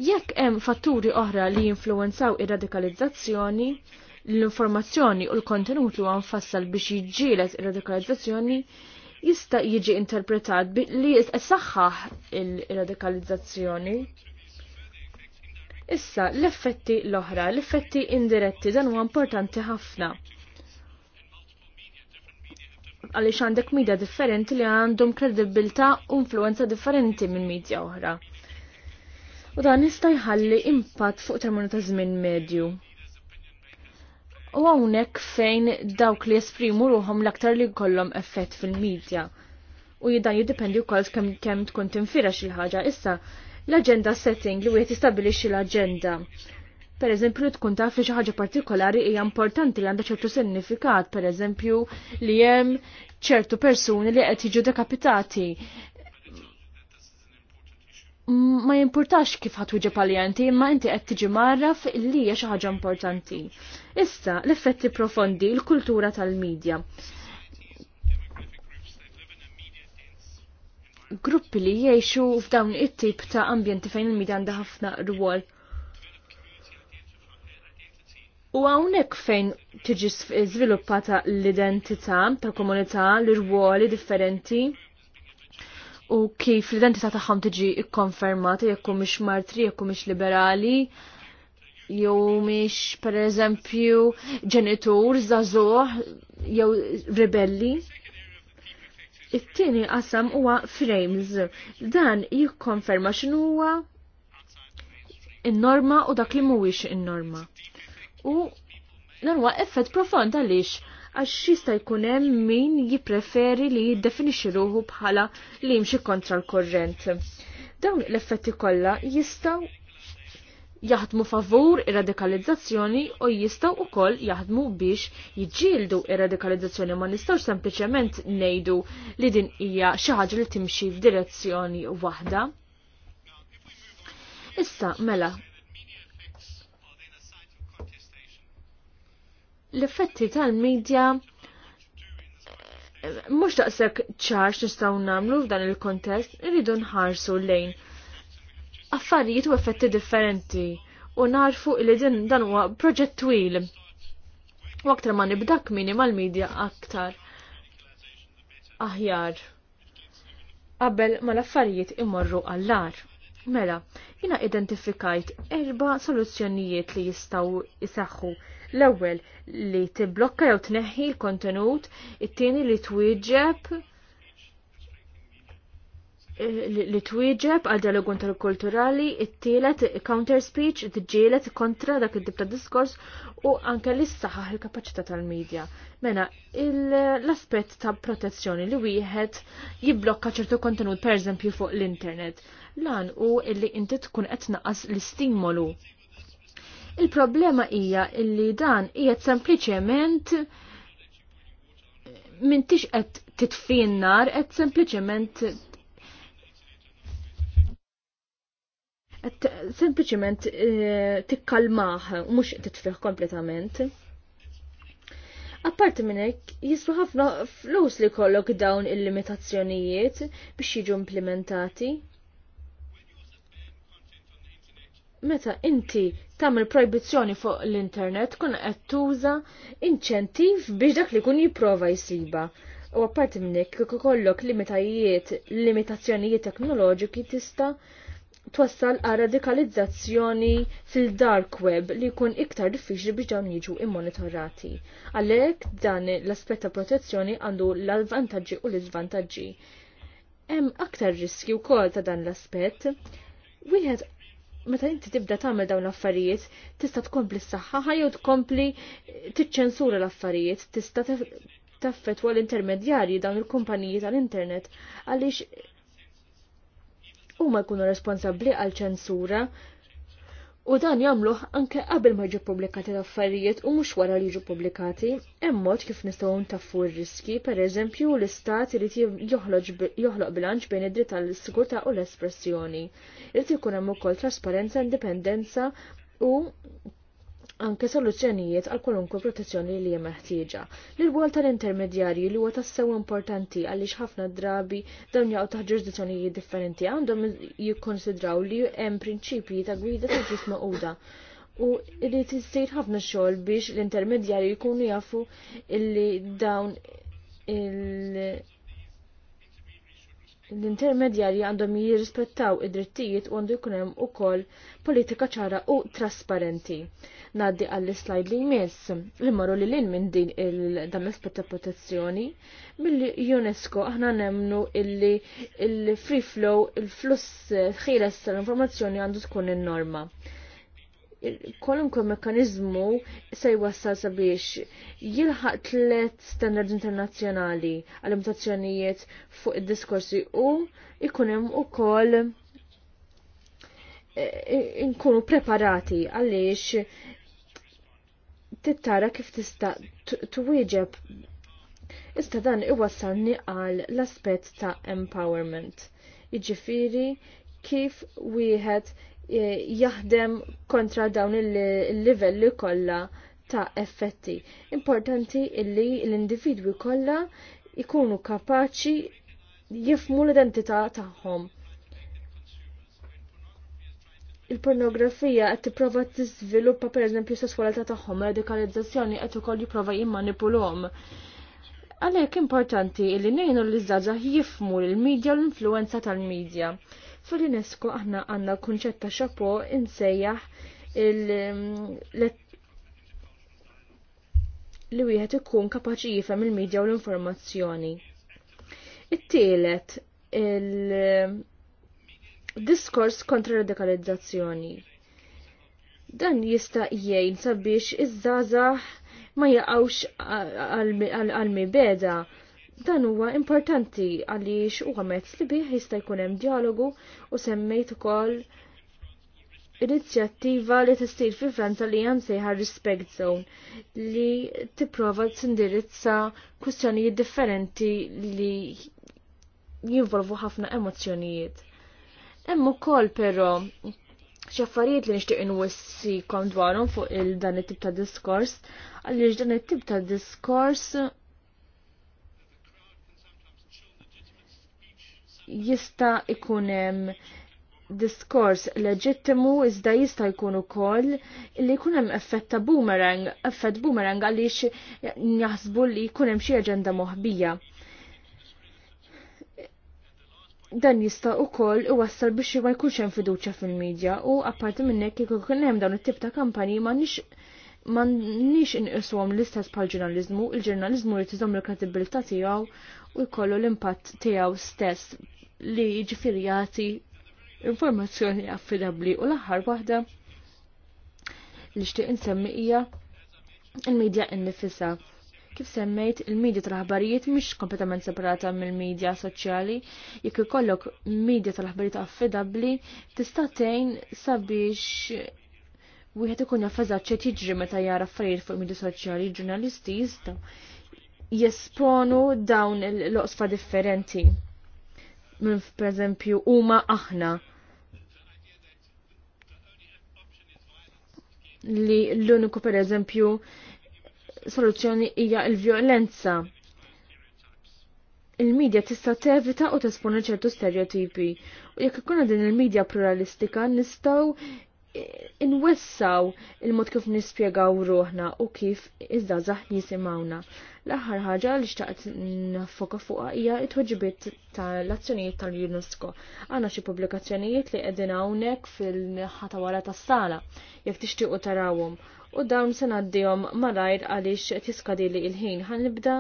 jekk hemm fatturi oħra li jinfluwenzaw ir-radikalizzazzjoni, l-informazzjoni u l-kontenut li għan mfassal biex jiġġielet ir-radikalizzazzjoni jista' jiġi interpretat li saħħaħ il-radikalizzazzjoni. Issa, l-effetti l-oħra, l-effetti indiretti, dan huwa importanti ħafna. Għaliex għandek media differenti li għandhom kredibilta u influenza differenti minn media oħra. U dan jista' jħalli impatt fuq terminu ta' żmien medju. U hawnhekk fejn dawk li jesprimu ruhom l-aktar li kollom effett fil-medja. U jidan jiddependi wkoll kemm kemm tkun timfira xi ħaġa. Issa l-aġenda setting li wieħed istabilixi l-aġenda. Per eżempju tkun taf li xi ħaġa partikolari hija importanti li għandha ċertu sinifikat, per eżempju li hemm ċertu persuni li qed jiġu dekapitati, ma jimpurtax kif ħatwiġi paljenti, imma inti qed tiġi marraf li hija xi ħaġa importanti. Issa, l-effetti profondi, l-kultura tal-medja. Gruppi li jgħixu f'dawn it-tip ta' ambjenti fejn il-medja għandha ħafna rwol. U hawnhekk fejn tiġi żviluppata l-identità tal komunità, l-irwoli differenti u kif l-identità tagħhom tiġi ikkonfermata jekk mhux martri, jekk mhux liberali, jew mhix pereżempju ġenitur, żagħżugħ jew ribelli. It-tieni qasam huwa frames. Dan jikkonferma x'inhuwa in-norma u dak li mhuwiex in-norma. U dan huwa effett profond għaliex għax jista' jkun hemm min jippreferi li jiddefinixxi ruħu bħala li jimxi kontra l-korrent. Dawn l-effetti kollha jistgħu jaħdmu favur ir-radikalizzazzjoni u jistgħu wkoll jaħdmu biex jiġġieldu ir-radikalizzazzjoni ma nistgħux sempliċement ngħidu li din hija xi ħaġa li timxi f'direzzjoni waħda. Issa, mela, l-effetti tal-medja eh, mux taqsek ċarx nistaw namlu f'dan il-kontest, irridu nħarsu lejn affarijiet u effetti differenti u narfu li din dan huwa proġett twil. U aktar ma nibdak kmini mal-medja aktar aħjar. Qabel ma l-affarijiet imorru għallar. Mela, jina identifikajt erba soluzzjonijiet li jistaw jisaxħu L-ewwel li tibblokka jew tneħħi l-kontenut, it-tieni li twieġeb eh, li twieġeb għal dialogu interkulturali, it-tielet counter speech, it-ġielet kontra dak id-dib ta' diskors u anke li s il-kapacità tal-medja. Mena, l-aspett ta' protezzjoni li wieħed jibblokka ċertu kontenut, per fuq l-internet. Lan u illi inti tkun qed naqas l-istimolu Il-problema hija illi dan qiegħed sempliċement m'intix qed titfin nar qed sempliċement sempliċement eh, tikkalmah u mhux titfih kompletament. Apparti minn hekk jisru ħafna flus li kollok dawn il-limitazzjonijiet biex jiġu implementati meta inti tagħmel proibizzjoni fuq l-internet kun qed tuża inċentiv biex dak li kun jipprova jsiba. U apparti minn hekk kollok, limitajiet, limitazzjonijiet teknoloġiki tista' twassal għal radikalizzazzjoni fil-dark web li jkun iktar diffiċli biex dawn jiġu immonitorati. Għalhekk dan l-aspett ta' protezzjoni għandu l avvantaġġi u l-iżvantaġġi. Hemm aktar riskju wkoll ta' dan l-aspett wieħed meta inti tibda tagħmel dawn l-affarijiet, tista' tkompli s-saħħa jew tkompli tiċċensura l-affarijiet, tista' taffet l-intermedjarji dawn il-kumpaniji tal-internet għaliex huma jkunu responsabbli għal ċensura U dan jagħmluh anke qabel ma jiġu publikati l-affarijiet u mhux wara li jiġu publikati, hemm mod kif nistgħu ntaffu r-riski, pereżempju l-istat irid joħloq bilanċ bejn id-dritt tal-sigurtà u l-espressjoni. Irid ikun hemm ukoll trasparenza, indipendenza u anke soluzzjonijiet għal kwalunkwe protezzjoni li hija meħtieġa. L-irwol tal-intermedjarji li huwa tassew importanti għaliex ħafna drabi dawn jaqgħu taħt ġurisdizzjonijiet differenti għandhom jikkonsidraw li hemm prinċipji ta' gwida ta' ġis maquda u li tissir ħafna xogħol biex l-intermedjarji jkunu jafu illi dawn il- L-intermedjarji għandhom jirrispettaw id-drittijiet u għandu jkun hemm ukoll politika ċara u trasparenti. Naddi għall slajd li jmiss li marru li l-in minn din il-dam l-aspetta protezzjoni mill-UNESCO aħna nemnu illi il-free flow, il-fluss ħieles tal-informazzjoni għandu tkun in-norma kolonku mekanizmu se jwassal sabiex jilħaq tlet standard internazzjonali għal-imitazzjonijiet fuq id-diskorsi u ikunem u kol eh, inkunu preparati għaliex tittara kif tista' twieġeb Ista dan iwassalni għal l-aspett ta' empowerment. Iġifiri kif wieħed Eh, jaħdem kontra dawn il-livelli kollha ta' effetti. Importanti illi l-individwi kollha ikunu kapaċi jifmu l-identità tagħhom. Il-pornografija qed tipprova tiżviluppa pereżempju sesswalità tagħhom, radikalizzazzjoni qed ukoll jipprova jimmanipulhom. Għalhekk importanti li ngħinu l-iżgħaġa jifmu l-medja u l-influenza tal-medja. Fil-UNESCO aħna għanna l-kunċett ta' xapo insejjaħ mm, li wieħed ikun kapaċi jifhem il-medja u l-informazzjoni. It-tielet il-diskors kontra radikalizzazzjoni. Dan jista' jgħin sabiex iż-żgħażagħ ma jaqgħux għal-mibeda. -għal Dan huwa importanti għaliex huwa għamet li bih jista' jkun hemm dialogu u semmejt ukoll inizjattiva li tistir fi Franza li għan sejħa Respect Zone li tipprova tindirizza kwistjonijiet differenti li jinvolvu ħafna emozzjonijiet. Hemm ukoll però xi affarijiet li nixtieq inwissikom dwarhom fuq il dan it-tip ta' diskors għaliex dan it-tip ta' diskors jista' ikun hemm diskors leġittimu iżda jista' jkun ukoll li jkun hemm effett ta' boomerang, effett boomerang għaliex jaħsbu li jkun hemm xi aġenda moħbija. Dan jista' ukoll iwassal biex ma jkunx hemm fiduċja fil-medja u apparti minn hekk jekk ikun hemm dawn it-tip ta' kampanji m'għandniex m'għandniex inqishom l-istess bħal-ġurnaliżmu, il-ġurnaliżmu jrid iżomm il-kredibilità tiegħu u jkollu l-impatt tiegħu stess li ġifirjati informazzjoni affidabbli u l-aħħar waħda li xtieq insemmi hija il-medja innifisha. Kif semmejt il-medja tal-aħbarijiet mhix kompletament separata mill-medja soċjali, jekk ikollok medja tal-aħbarijiet affidabbli tista' tgħin sabiex wieħed ikun jaf ċet jiġri meta jara affarijiet fuq il-medja soċjali, ġurnalisti jista' jesponu dawn l-oqsfa differenti minn pereżempju huma aħna li l-uniku pereżempju soluzzjoni hija l-vjolenza. Il-medja tista' tevita u tesponi ċertu stereotipi u jekk ikun din il-medja pluralistika nistgħu inwissaw il-mod kif nispjegaw ruħna u kif iż jisimawna. L-aħħar ħaġa li xtaqt nfoka fuqha hija t-tweġibiet tal-azzjonijiet tal-UNESCO. Għandna xi pubblikazzjonijiet li qegħdin hawnhekk fil-ħata wara tas-sala jekk tixtiequ tarawhom. U dawn se ngħaddihom malajr għaliex tiskadili il-ħin. nibda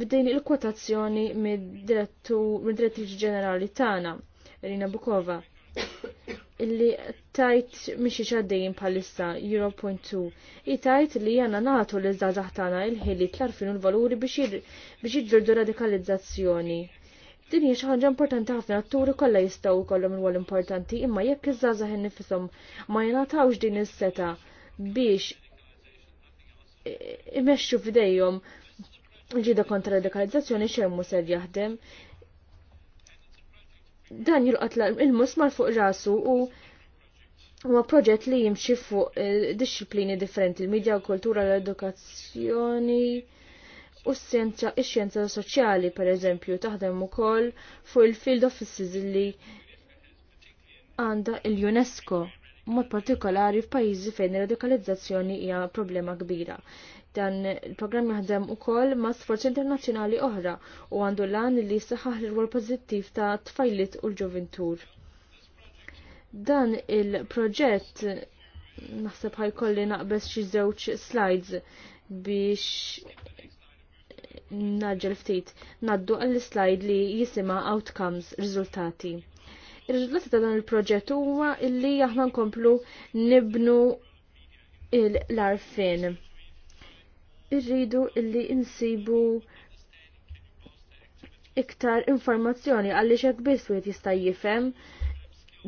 b'din il-kwotazzjoni mid-direttriċi ġenerali tagħna, Irina Bukova illi tajt mixi ċaddejn palissa Euro.2 i tajt li jana natu li zazah tana il-ħili tlarfin l-valuri biex jġurdu radikalizzazzjoni. Din hija xi ħaġa importanti ħafna atturi kollha jistgħu jkollhom il-wol importanti imma jekk iż-żgħażagħ innifishom ma jingħatawx din is-seta biex imexxu f'idejhom ġieda kontra radikalizzazzjoni xemmu ser jaħdem dan jilqatla il mal fuq rasu u huwa proġett li jimxi fuq eh, disċiplini differenti, il-medja, kultura, l-edukazzjoni u s-sjenza, ix-xjenza soċjali per eżempju taħdem ukoll fuq il-field offices li għanda il-UNESCO mod partikolari f'pajjiżi fejn ir-radikalizzazzjoni hija problema kbira. Dan il-programm jaħdem ukoll ma' sforzi internazzjonali oħra u għandu lan li saħaħ l-rwol pożittiv ta' tfajlit u l-ġoventur. Dan il-proġett naħseb ħajkolli naqbes xi żewġ slides biex naġġel ftit naddu għall-slide li jisima outcomes, riżultati. Ir-riżultati ta' dan il-proġett huwa illi aħna nkomplu nibnu l-arfin. Il irridu illi insibu iktar informazzjoni għalli xek biss wieħed jista' jifhem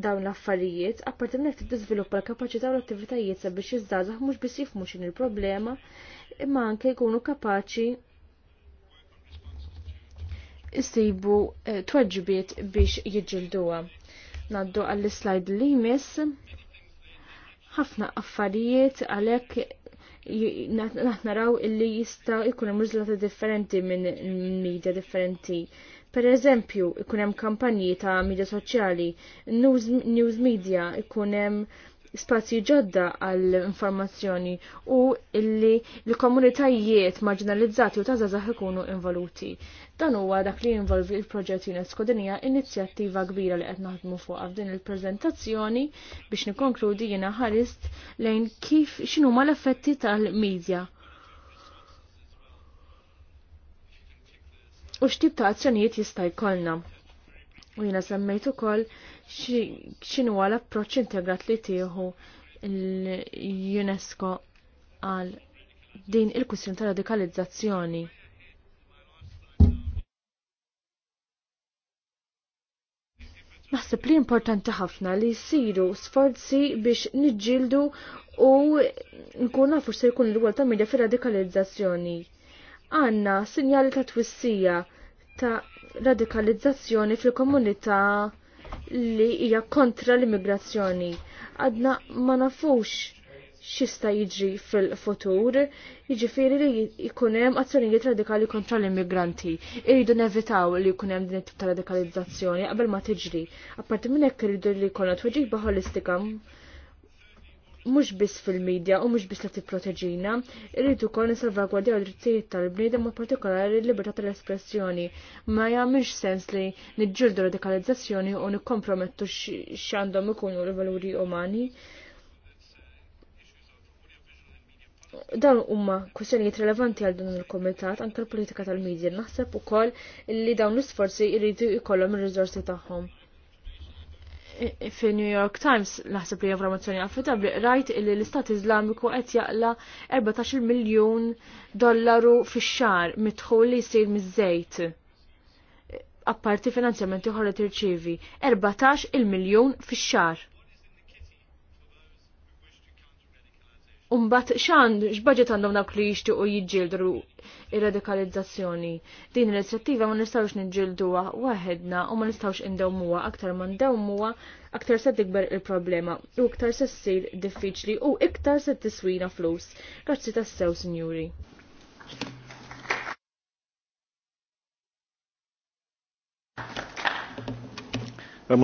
dawn l-affarijiet, apparti minnek t tiżviluppa l kapacita u l-attivitajiet sabiex iż-żgħażagħ mhux biss jifmu x'in il-problema, imma anke jkunu kapaċi jisibu eh, tweġbiet biex jiġġilduha. Naddu għall-slide li jmiss ħafna affarijiet għalhekk naħnaraw illi jista' jkun hemm riżultati differenti minn media differenti. Per eżempju, ikun hemm kampanji ta' media soċjali, news, news media ikun hemm spazji ġodda għall informazzjoni u illi l-komunitajiet marginalizzati u ta' ikunu involuti. Dan huwa dak li jinvolvi il-proġett UNESCO din hija inizjattiva kbira li qed naħdmu fuqha f'din il-preżentazzjoni biex nikkonkludi jiena ħarist lejn kif x'inhuma l-effetti tal-medja. U x'tip ta' azzjonijiet jista' jkollna. U jiena semmejt ukoll x'inhuwa l-approċċ integrat li tieħu l-UNESCO għal din il-kwistjoni ta' radikalizzazzjoni. Naħseb li importanti ħafna li jsiru sforzi biex niġġieldu u nkun nafu se jkun l-ewwel ta' media fir-radikalizzazzjoni. Għandna sinjali ta' twissija ta' radikalizzazzjoni fil-komunità li hija kontra l-immigrazzjoni. Għadna ma nafux xista jiġri fil-futur, jiġifieri li jikunem azzjonijiet radikali kontra l-immigranti. Iridu nevitaw li jikunem din it-tip ta' radikalizzazzjoni qabel ma tiġri. Apparti minn hekk iridu li jkollna tweġiba holistika mhux biss fil-medja u mhux biss li tipproteġina, irridu wkoll nisalvagwardjaw u drittijiet tal-bniedem u partikolari l-libertà tal-espressjoni. Ma jagħmilx sens li niġġieldu radikalizzazzjoni u nikkompromettu x'għandhom ikunu l-valuri umani Dan huma kwistjonijiet relevanti għal dan il-komitat anka l-politika tal-medja naħseb ukoll li dawn l-isforzi jridu jkollhom ir-riżorsi tagħhom. Fil New York Times naħseb li informazzjoni affidabli, rajt li l-Istat Iżlamiku qed jaqla 14 miljun dollaru fix-xar midħul li jsir miż-żejt apparti finanzjamenti ħolet tirċivi 14 il-miljon fix-xar. Umbat xan, xbaġet għandhom dawk li jixtiequ jiġġieldru ir-radikalizzazzjoni. Din l-inizjattiva ma nistgħux niġġielduha waħedna u ma nistgħux indewmuha aktar ma ndewmuha aktar se tikber il-problema u aktar se ssir diffiċli u iktar se tiswina flus. Grazzi tassew, Sinjuri.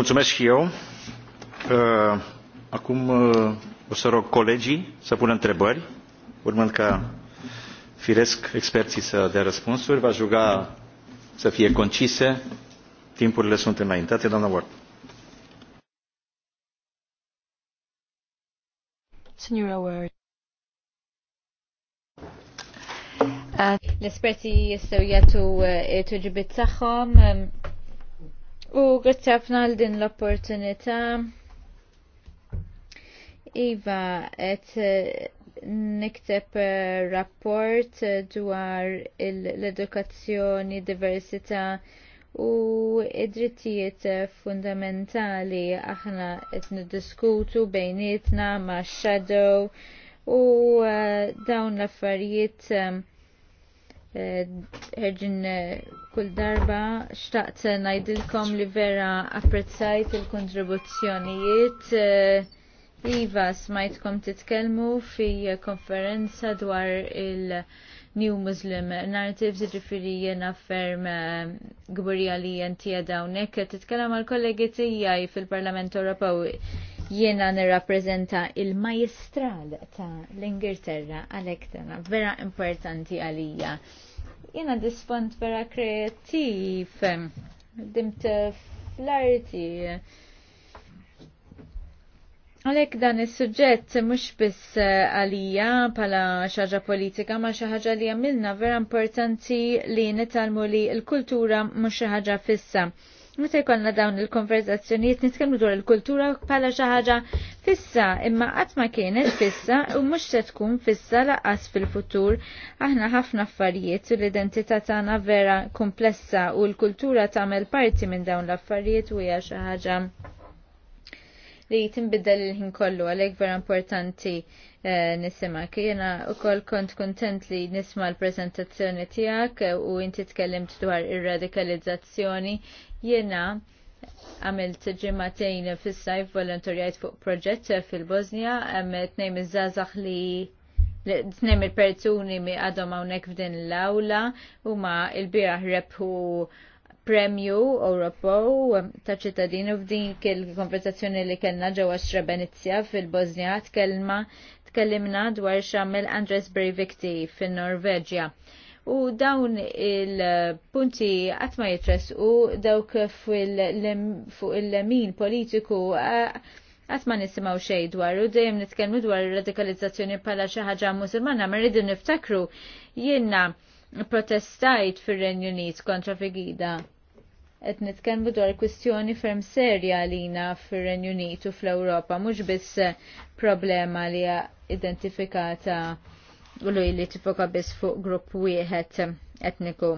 Mulțumesc și eu. Uh, Acum uh, o să rog colegii să pună întrebări, urmând ca firesc experții să dea răspunsuri. Va juga să fie concise. Timpurile sunt înaintate. Doamna Ward. Signora Ward. Uh, l-esperti jistaw jgħatu uh, it-tuġibit taħħom um, u għattafna l-din l-opportunita. Iva, et eh, nikteb eh, rapport eh, dwar l-edukazzjoni, diversità u id-drittijiet fundamentali aħna qed niddiskutu bejnietna ma' shadow u dawn l-affarijiet ħerġin kull darba xtaqt najdilkom li vera apprezzajt il-kontribuzzjonijiet Iva, smajtkom titkelmu fi konferenza dwar il-New Muslim Narratives, ġifiri jena ferm eh, gburija li jentija dawnek. Titkellem għal kollegi tijaj fil-Parlament Ewropew jena nirrapprezenta il-majestral ta' l-Ingilterra għal tana vera importanti għalija. Jena dispont vera kreativ, dimt fl-arti Għalek dan is suġġett mux biss eh, għalija pala xaġa politika ma xaħġa li għamilna vera importanti li nitalmu li l-kultura mux xaħġa fissa. Meta jkollna dawn il-konverzazzjonijiet nitkellmu dwar il-kultura bħala xi ħaġa fissa, imma qatt ma kienet fissa u mhux se tkun fissa laqas fil-futur. Aħna ħafna affarijiet u l-identità tagħna vera komplessa u l-kultura tagħmel parti minn dawn l-affarijiet u hija xi ħaġa li timbiddel l ħin kollu għalhekk vera importanti eh, nisima. Jena u koll kont kontent li nisma l-prezentazzjoni tijak eh, u inti tkellimt dwar ir-radikalizzazzjoni. Jena għamilt ġimmatejn fis-sajf volontorijajt fuq proġett eh, fil-Bosnia, għamilt nejm iż-żazax li Tnem il-persuni mi għadhom hawnhekk f'din l-awla huma l-bieraħ rebħu premju Ewropew um, ta' ċittadini f'din il-konversazzjoni li kellna ġewwa Srebrenica fil bosnia tkellma tkellimna dwar xammel Andres Breivikti fin-Norveġja. U dawn il-punti qatt ma jitresqu dawk fuq il-lemin politiku qatt ma nisimgħu xejn dwar u dejjem nitkellmu dwar radikalizzazzjoni bħala xi ħaġa Musulmana ma rridu niftakru jiena protestajt fir-Renju Unit kontra Fegida. Qed nitkellmu dwar kwistjoni ferm serja għalina fir-Renju Unit u fl-Ewropa mhux biss problema li identifikata u li li tifoka biss fuq grupp wieħed etniku.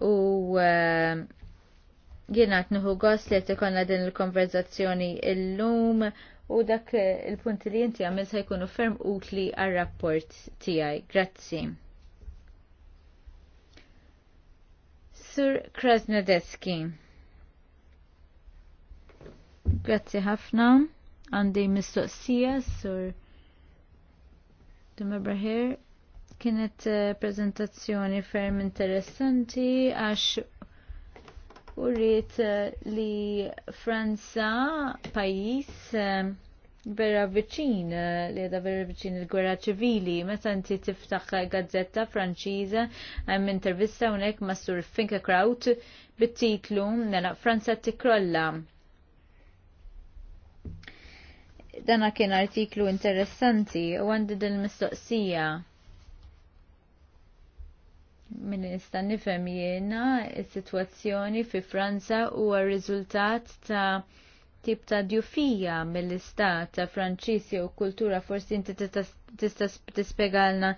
U uh, jiena tnuħu gos li tikonna din il-konverzazzjoni il-lum u dak il-punti li jinti għamil jkunu ferm utli għal-rapport tijaj. Grazzi. Sur Krasnodeski. Grazzi ħafna. Għandi mistoqsija sur here Kienet eh, prezentazzjoni ferm interessanti għax urrit eh, li Franza pajis eh, vera viċin eh, li da vera viċin il-gwerra ċivili. Meta inti tiftaħ gazzetta franċiża hemm intervista hawnhekk ma' Sur Finke Kraut bit-titlu nela Franza tikrolla. Dana kien artiklu interessanti u għandi din mistoqsija Min nista' nifhem jiena s-sitwazzjoni fi Franza huwa riżultat ta' tip ta' djufija mill-istat ta' Franċis jew kultura forsi inti tista' tispjegalna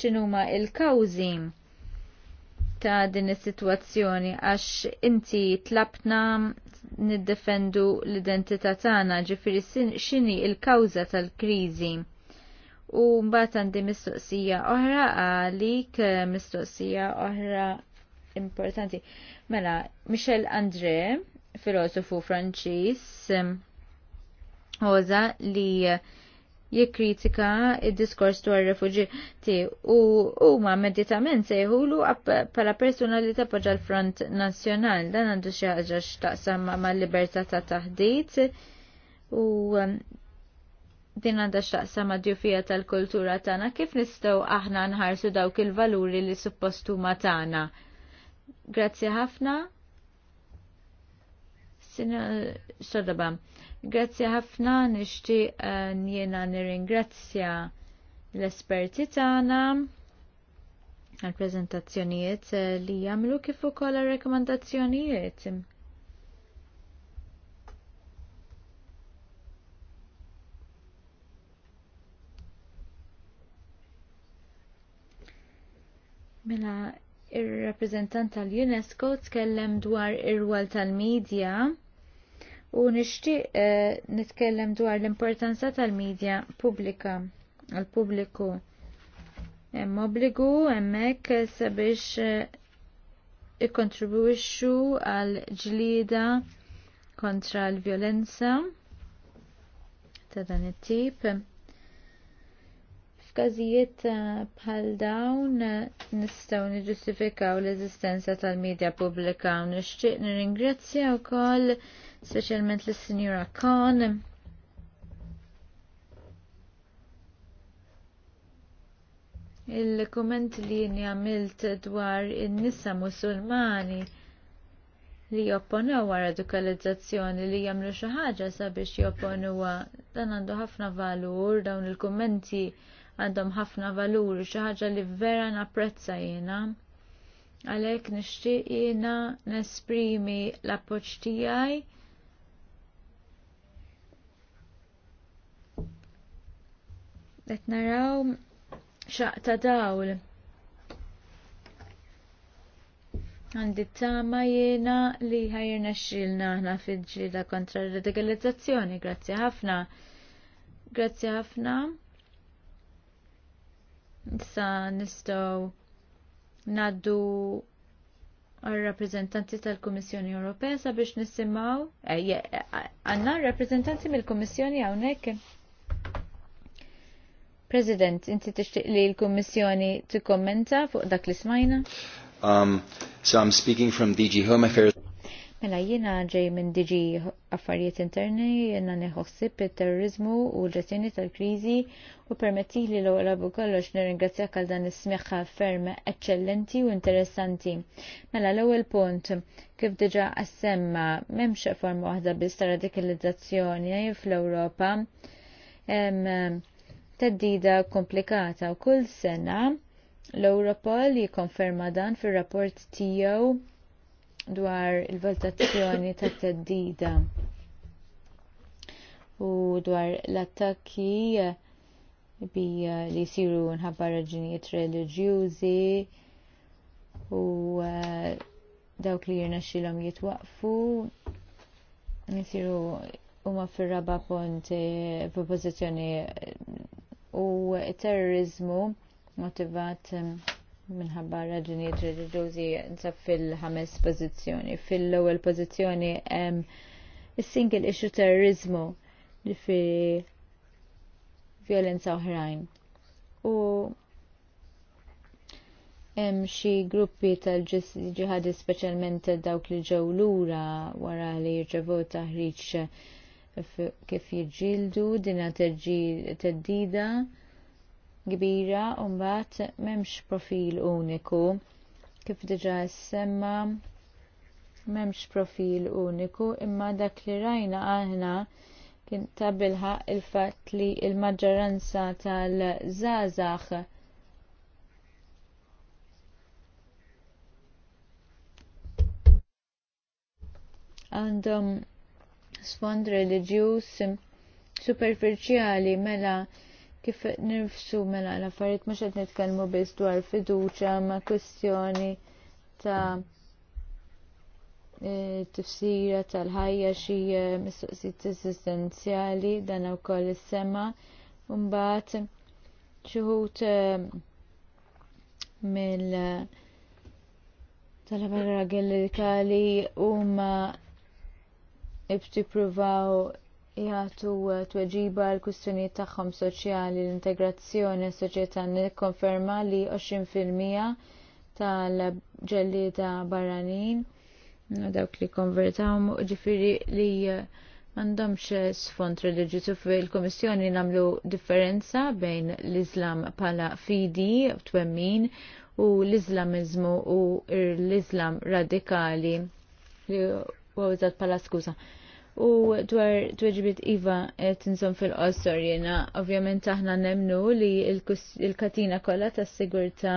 x'inhuma il-kawżi ta' din is-sitwazzjoni għax inti tlabtna niddefendu l-identità tagħna ġifieri x'inhi il-kawża tal-kriżi. U mbagħad għandi mistoqsija oħra għalik mistoqsija oħra importanti. Mela, Michel Andre, filosofu Franċiż um, oza li jikkritika id-diskors dwar refuġiti u huma meditament sejħulu pala persuna li tappoġġa l-Front Nazzjonal dan għandu xi ħaġa x'taqsam mal-libertà ta' taħdit u um, din għandha x'taqsam mad-djufija tal-kultura tagħna kif nistgħu aħna nħarsu dawk il-valuri li suppostu ma tagħna. Grazzi ħafna. Sina sodaba, grazzi ħafna nishti eh, njena nirringrazzja l-esperti tagħna għal-prezentazzjonijiet eh, li jagħmlu kif ukoll għal-rekomandazzjonijiet. Mela, ir rappreżentant tal-UNESCO tkellem dwar ir-rwal tal-medja u nixtieq eh, nitkellem dwar l-importanza tal-medja pubblika għal pubbliku hemm obbligu hemmhekk sabiex eh, ikkontribwixxu għal ġlieda kontra l-vjolenza ta' dan it-tip f'każijiet eh, bħal dawn nistgħu niġġustifikaw l-eżistenza tal-medja pubblika u nixtieq nirringrazzja wkoll specialment l-Sinjura Khan. Il-komment li għamilt dwar in-nisa musulmani li jopponu radikalizzazzjoni li jagħmlu xi ħaġa sabiex jopponuha dan għandu ħafna valur dawn il-kummenti għandhom ħafna valur xi ħaġa li vera napprezza jiena. Għalhekk nixtieq jiena nesprimi l-appoġġ tiegħi Qed naraw xaq ta' dawl. Għandi tama jena li ħajrna xilna ħna fil-ġila kontra radikalizzazzjoni. Grazzi ħafna. Grazzi ħafna. Sa nistow naddu għal-rappresentanti tal-Komissjoni Ewropea sabiex nisimaw, eh, eh, għanna rappresentanti mill-Komissjoni għawnek. President, inti tixtieq li l-Kummissjoni kommenta fuq dak li smajna? Um, so I'm speaking from DG Home Affairs. Mela jiena ġej minn DG Affarijiet Interni jiena neħossib it-terrorizmu u l-ġestjoni tal-kriżi u permetti li l rabu kollox nirringrazzjak għal dan is-smieħa ferm eċċellenti u interessanti. Mela l-ewwel punt kif diġà assemma m'hemmx forma waħda biss ta' radikalizzazzjoni fl-Ewropa teddida komplikata u kull sena l-Europol jikkonferma dan fir-rapport tiegħu dwar il-valutazzjoni ta' teddida u dwar l-attakki bi li jsiru nħabba raġunijiet reliġjużi u eh, dawk li jirna xilom jitwaqfu jsiru huma fir-raba' punt propożizzjoni eh, u terrorizmu motivat um, minħabba raġuni reliġjużi nsab fil-ħames pożizzjoni. Fil-ewwel pożizzjoni hemm um, is-single issue terrorizmu li fi violenza oħrajn. U hemm xi gruppi tal-ġihadi speċjalment dawk li ġew lura wara li jirċevu taħriġ kif jġildu din teddida kbira u mbagħad m'hemmx profil uniku kif diġà semma m'hemmx profil uniku imma dak li rajna aħna kien ta' il-fatt li l maġġoranza tal-żgħażagħ għandhom um, sfond reliġjuż superfiċjali mela kif nirfsu mela l-affarijiet mhux qed nitkellmu biss dwar fiduċja ma' kwestjoni ta' e, tifsira tal-ħajja xi e, mistoqsijiet esistenzjali dan ukoll is-sema mbagħad xi e, mill tal-paragragi huma ibti pruvaw jgħatu uh, tweġiba l-kustjoniet tagħhom soċjali l-integrazzjoni soċjetà nikkonferma li 20% tal-ġellieda barranin uh, dawk li konvertaw ġifiri li uh, m'għandhomx sfond reliġjuż il komissjoni nagħmlu differenza bejn l-Iżlam bħala fidi twemmin u l-Iżlamiżmu u l-Iżlam radikali li u għawizat pala skuza. U dwar tweġbit Iva tinżom fil qosor jena, ovvjament aħna nemnu li il-katina kollha tas-sigurtà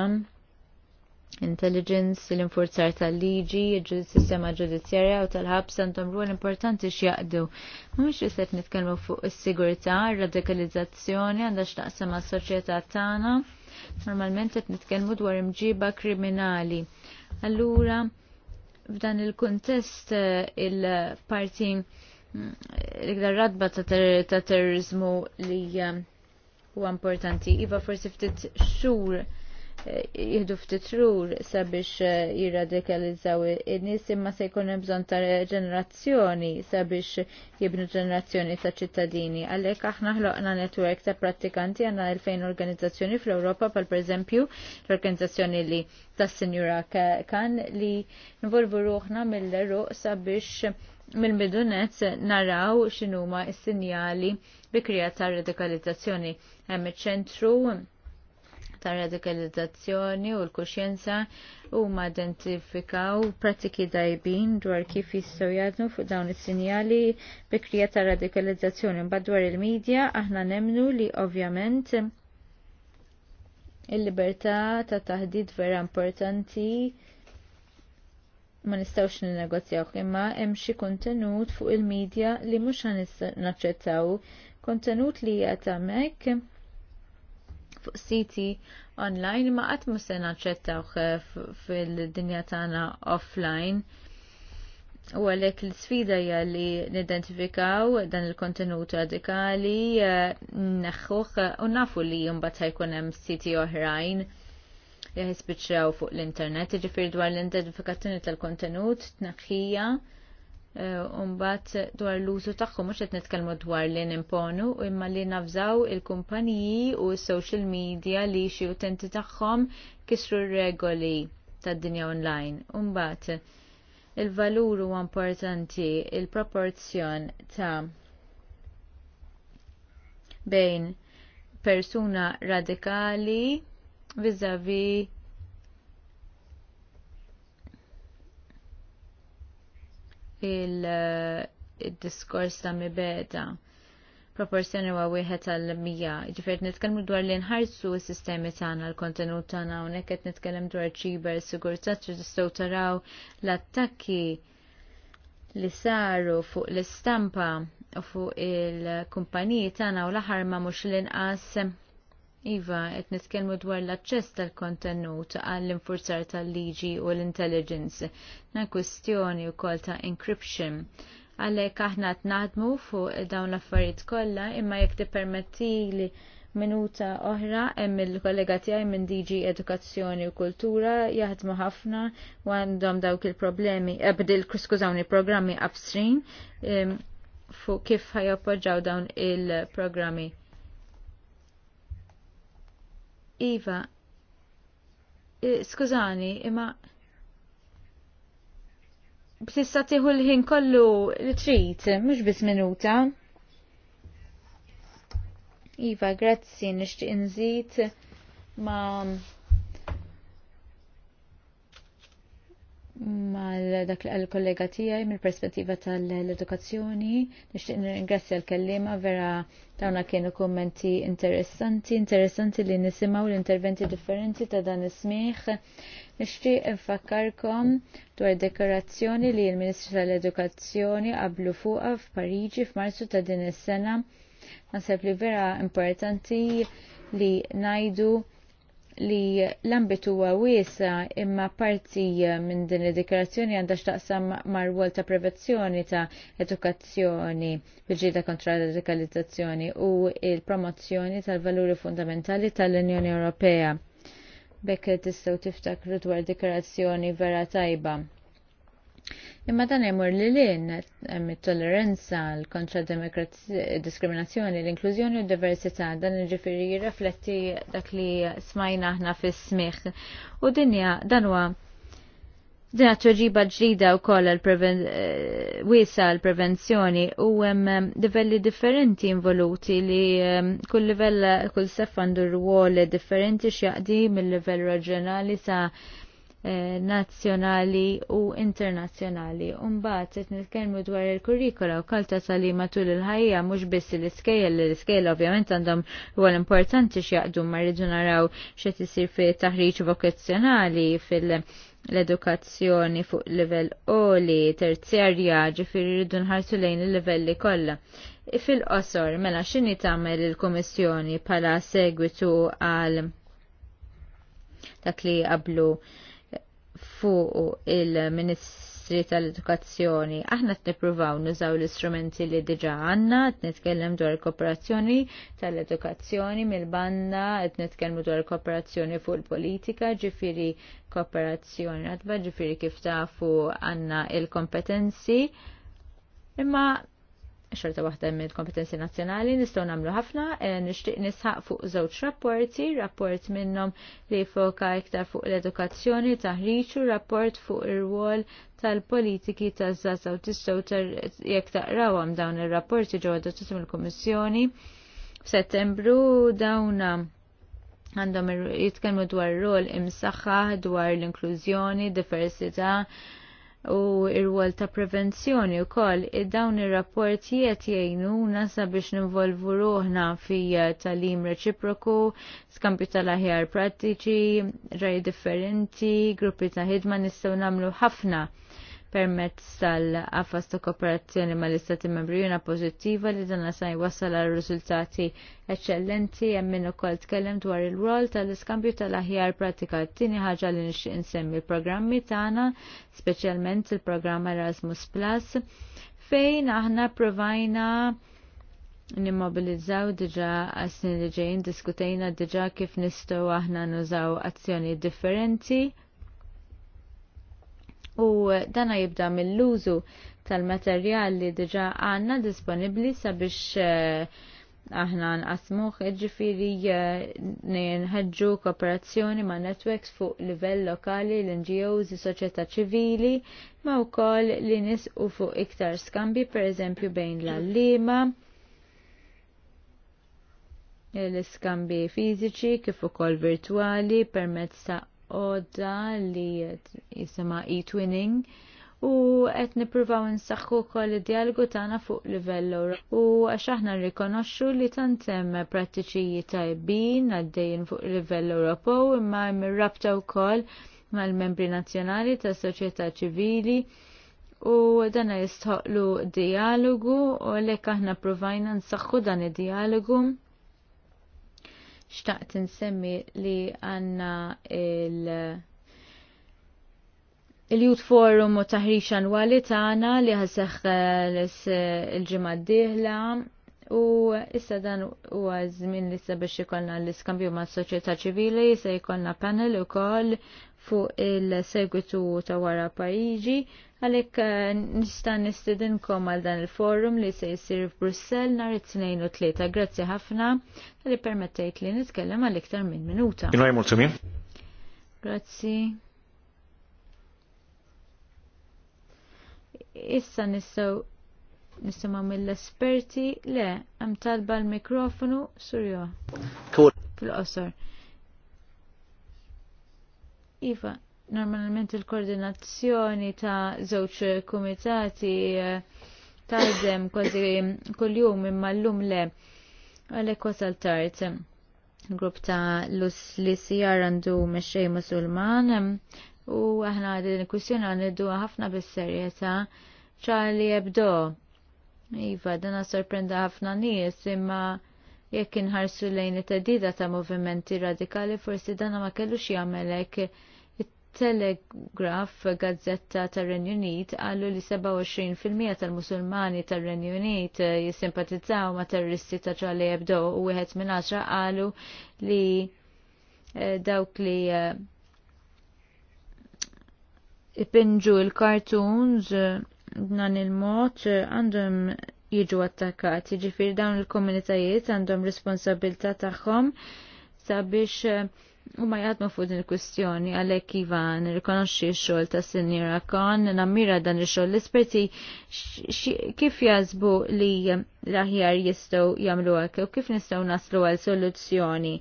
intelligence, l-infurzar tal-liġi, il-sistema ġudizzjarja u tal-ħabs għandhom ruol importanti x'jaqdu. Mhux li qed nitkellmu fuq is-sigurtà, radikalizzazzjoni għandha x'taqsam għas soċjetà tagħna. Normalment qed nitkellmu dwar imġiba kriminali. Allura, F'dan il-kuntest eh, il-parti mm, l-iktar radba ta' terrorizmu li eh, huwa importanti. Iva forsi ftit xhur jihdu ftitrur sabiex eh, jirradikalizzaw in-nies imma se jkun hemm bżonn ta' ġenerazzjoni sabiex jibnu ġenerazzjoni ta' ċittadini. Għalhekk aħna ħloqna netwerk ta' prattikanti għandna 2000 organizzazzjoni fl-Ewropa pal pereżempju l-organizzazzjoni li tas-Sinjura kan li nvolvu ruħna mill-ruq sabiex mill-bidunet naraw x'inhuma s-sinjali bi ta' radikalizzazzjoni hemm iċ-ċentru ta' radikalizzazzjoni u l-kuxjenza huma identifikaw pratiki dajbin dwar kif jistgħu jadnu fuq dawn is-sinjali bikrija ta' radikalizzazzjoni mbagħad dwar il-medja aħna nemnu li ovvjament il-libertà ta' taħdid vera importanti ma nistawx n-negozjaw imma hemm xi kontenut fuq il-medja li mhux naċċettaw kontenut li hija hemmhekk fuq siti online ma qatt ma se naċċettawh eh, fil-dinja tagħna offline. U għalek l-sfida hija li nidentifikaw dan il-kontenut radikali, eh, naħħuħ eh, u nafu li jumbat ħajkun hemm siti oħrajn li ħisbiċċaw fuq l-internet, ġifir dwar l-identifikazzjoni tal-kontenut, tnaħħija Eh, umbat dwar l-użu tagħhom mhux qed nitkellmu dwar li nimponu imma li nafżaw il-kumpaniji u s-social media li xi utenti tagħhom kisru r-regoli tad-dinja online. Umbat il-valur huwa importanti il-proporzjon ta' bejn persuna radikali vis-a-vis il-diskors ta' mibeda proporzjoni wa wieħed tal mija. Ġifier nitkellmu dwar li nħarsu s-sistemi tagħna l-kontenut tagħna hawnhekk qed nitkellem dwar ċiber sigurtà tistgħu taraw l-attakki li saru fuq l-istampa u fuq il-kumpaniji tagħna u l-aħħar ma mhux l-inqas Iva, qed nitkellmu dwar l-aċċess tal-kontenut għall-infurzar tal-liġi u l-intelligence, na u wkoll ta' encryption. Għalhekk aħna qed naħdmu fuq dawn l-affarijiet kollha, imma jekk li minuta oħra hemm il-kollega tiegħi minn DG Edukazzjoni u Kultura jaħdmu ħafna u għandhom dawk il-problemi ebdil eh, skużawni programmi upstream fuq kif ħajjappoġġaw dawn il-programmi. Iva, skużani, imma Bsissa tiħu l-ħin kollu l-trit, mhux biss minuta. Iva, grazzi, nixtieq inżid ma' mal dak li kollega tijaj mill-perspettiva tal-edukazzjoni. Nishtiq ringrazzja l-kellima vera dawna kienu kommenti interessanti, interessanti li nisimaw l-interventi differenti ta' dan ismiħ. Nishtiq infakkarkom dwar dekorazzjoni li l-Ministru tal-Edukazzjoni qablu fuqa f'Pariġi f'Marzu ta' din is-sena. Naseb li vera importanti li najdu li l-ambitu huwa wiesa imma parti eh, minn din id-dikarazzjoni għandha x'taqsam mar wol ta' prevenzjoni ta' edukazzjoni bil ġieda kontra radikalizzazzjoni u il-promozzjoni tal-valuri fundamentali tal-Unjoni Ewropea. Bekk tistgħu tiftakru dwar dikarazzjoni vera tajba. Imma dan jemur li lin hemm it-tolleranza kontra diskriminazzjoni, l-inklużjoni u diversità dan ġifiri jirrefletti dak li smajna ħna fis smiħ U dinja dan huwa Dina ċoġiba ġdida u koll eh, wisa l-prevenzjoni u hemm eh, livelli differenti involuti li eh, kull livell kull sef għandu rwol differenti x'jaqdi mill-livell reġjonali sa' Eh, nazzjonali u internazzjonali. Umbat, qed nitkellmu dwar il-kurrikula u kalta sali matul il-ħajja mhux biss l-iskejjel, l-iskejjel ovvjament għandhom għal importanti x'jaqdu ma rridu naraw x'qed fi taħriġ vokazzjonali fil- l-edukazzjoni fuq livell oli, terzjarja, ġifiri rridu nħarsu lejn il-livelli kollha. Fil-qosor, mela x'inhi tagħmel il-Kummissjoni bħala segwitu għal dak li qablu fuq il-Ministri tal-Edukazzjoni. Aħna qed nippruvaw nużaw l-istrumenti li diġà għandna, qed nitkellem dwar kooperazzjoni tal-edukazzjoni mill banna qed nitkellmu dwar kooperazzjoni fuq il-politika, ġifieri kooperazzjoni għadba, ġifiri kif tafu għandna il-kompetenzi. Imma xorta waħda mill kompetenzi nazzjonali nistgħu nagħmlu ħafna eh, nixtieq nisħaq fuq żewġ rapporti, rapport minnhom li foka iktar fuq l-edukazzjoni, taħriġ u rapport fuq ir-rwol tal-politiki taż-żazzaw tistgħu jekk taqrawhom dawn ir-rapporti ġewwa adottuti mill-Kummissjoni f'Settembru dawna għandhom jitkellmu dwar ir-rol imsaħħa dwar l-inklużjoni, diversità, u ir-rwol ta' prevenzjoni u koll id-dawn ir-rapportijiet jajnu nasa biex nivolvu ruħna fi eh, talim reċiproku, skampju tal-aħjar prattiċi, rej differenti, gruppi ta' ħidma nistgħu namlu ħafna permezz tal afas ta' kooperazzjoni mal-Istati Membri juna pożittiva li dan sa' jwassal għal riżultati eċċellenti hemm min ukoll tkellem dwar il-rol tal-iskambju tal-aħjar pratika. Tieni ħaġa li nixtieq insemmi l-programmi tagħna, speċjalment il-programm Erasmus Plus, fejn aħna provajna nimmobilizzaw diġa għasni li ġejn diskutejna diġa kif nistgħu aħna nużaw azzjoni differenti u dana jibda mill-użu tal-materjal li diġa għanna disponibli sabiex eh, aħna nqasmuh ġifiri eh, nħedġu kooperazzjoni ma' networks fuq livell lokali l-NGOs, soċjetà ċivili, ma' wkoll li nisqu fuq iktar skambi pereżempju bejn l-allima, l-iskambi fiziċi kif ukoll virtwali permezz ta' oda li jisima e-twinning u qed nippruvaw nsaħħu wkoll id-dialogu tagħna fuq livell u għax aħna nrikonoxxu li tant hemm prattiċi tajbin għaddejjin fuq livell Ewropew imma hemm rabta wkoll mal-membri nazzjonali tas-soċjetà ċivili u dana jistħoqlu dialogu u lek aħna provajna nsaħħu dan id-dialogu xtaqt nsemmi li għanna il- Il-Youth Forum u taħriġ annwali tagħna li ħaseħ eh, il-ġimgħa d-dieħla u issa dan huwa żmien li sabiex biex ikollna l-iskambju mas-soċjetà ċivili se jkollna panel ukoll fuq il-segwitu ta' wara pajjiġi. għalek eh, nista' nistidinkom għal dan il-forum li se jisir f'Brussell nhar it-tnejn u tlieta. Grazzi ħafna li permettejt li nitkellem għal iktar minn minuta. Grazzi. Issa nistaw nisimaw mill-esperti le, għam talba l-mikrofonu surjo. Fil-qosor. Cool. Iva, normalment il-koordinazzjoni ta' żewġ kumitati eh, tajdem kważi kull-jum imma l-lum le għalek wasal tard. Grupp ta' l-USLCR għandu meċċej musulman u aħna din il-kwistjoni għandu ħafna bis-serjetà ċarli ebdo. Iva, dana sorprenda ħafna nies imma jekk inħarsu lejn it-tedida ta' movimenti radikali forsi dana ma kellux jagħmelek Telegraf Gazzetta tar-Renju Unit għallu li 27% tal-Musulmani tar-Renju Unit eh, jissimpatizzaw ma' terroristi ta' ċali ebdo u wieħed minn għaxra qalu li eh, dawk li eh, ipinġu il-cartoons dan il-mod għandhom jiġu attakkati. Ġifir dawn il-komunitajiet għandhom responsabilta tagħhom sabiex eh, u ma jgħadmu fuq din il kustjoni għalek kiva nirrikonoxxi x-xogħol ta' Sinjora Kon, namira dan ix-xogħol l-esperti kif jazbu li l-aħjar jistgħu jagħmlu u kif nistgħu naslu għal soluzzjoni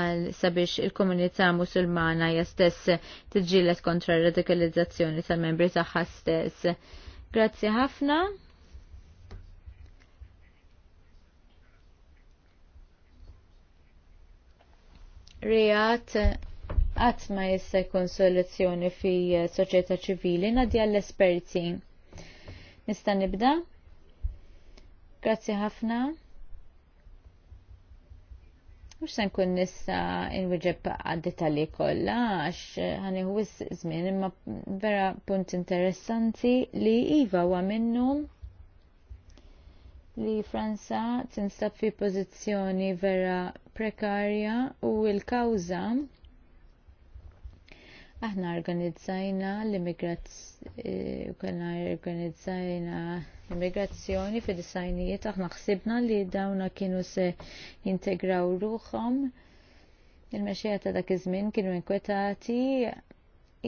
għal sabiex il-komunità musulmana jastess stess tiġġieled kontra r radikalizzazzjoni tal-membri tagħha stess Grazzi ħafna. Rijat għat ma jissa jkun soluzzjoni fi eh, soċjetà ċivili nadja l-esperti. Nista' nibda? Grazzi ħafna. Mux san kun nissa inwiġeb għad-detali kolla, għax għani huwis zmin, imma vera punt interessanti li Iva wa minnum li Franza tinstab fi pozizjoni vera prekarja u il-kawza Aħna organizzajna l-immigrazzjoni eh, fi disajnijiet, aħna ħsibna li dawna kienu se jintegraw ruħom. Il-mexija ta' dak iż-żmien kienu inkwetati,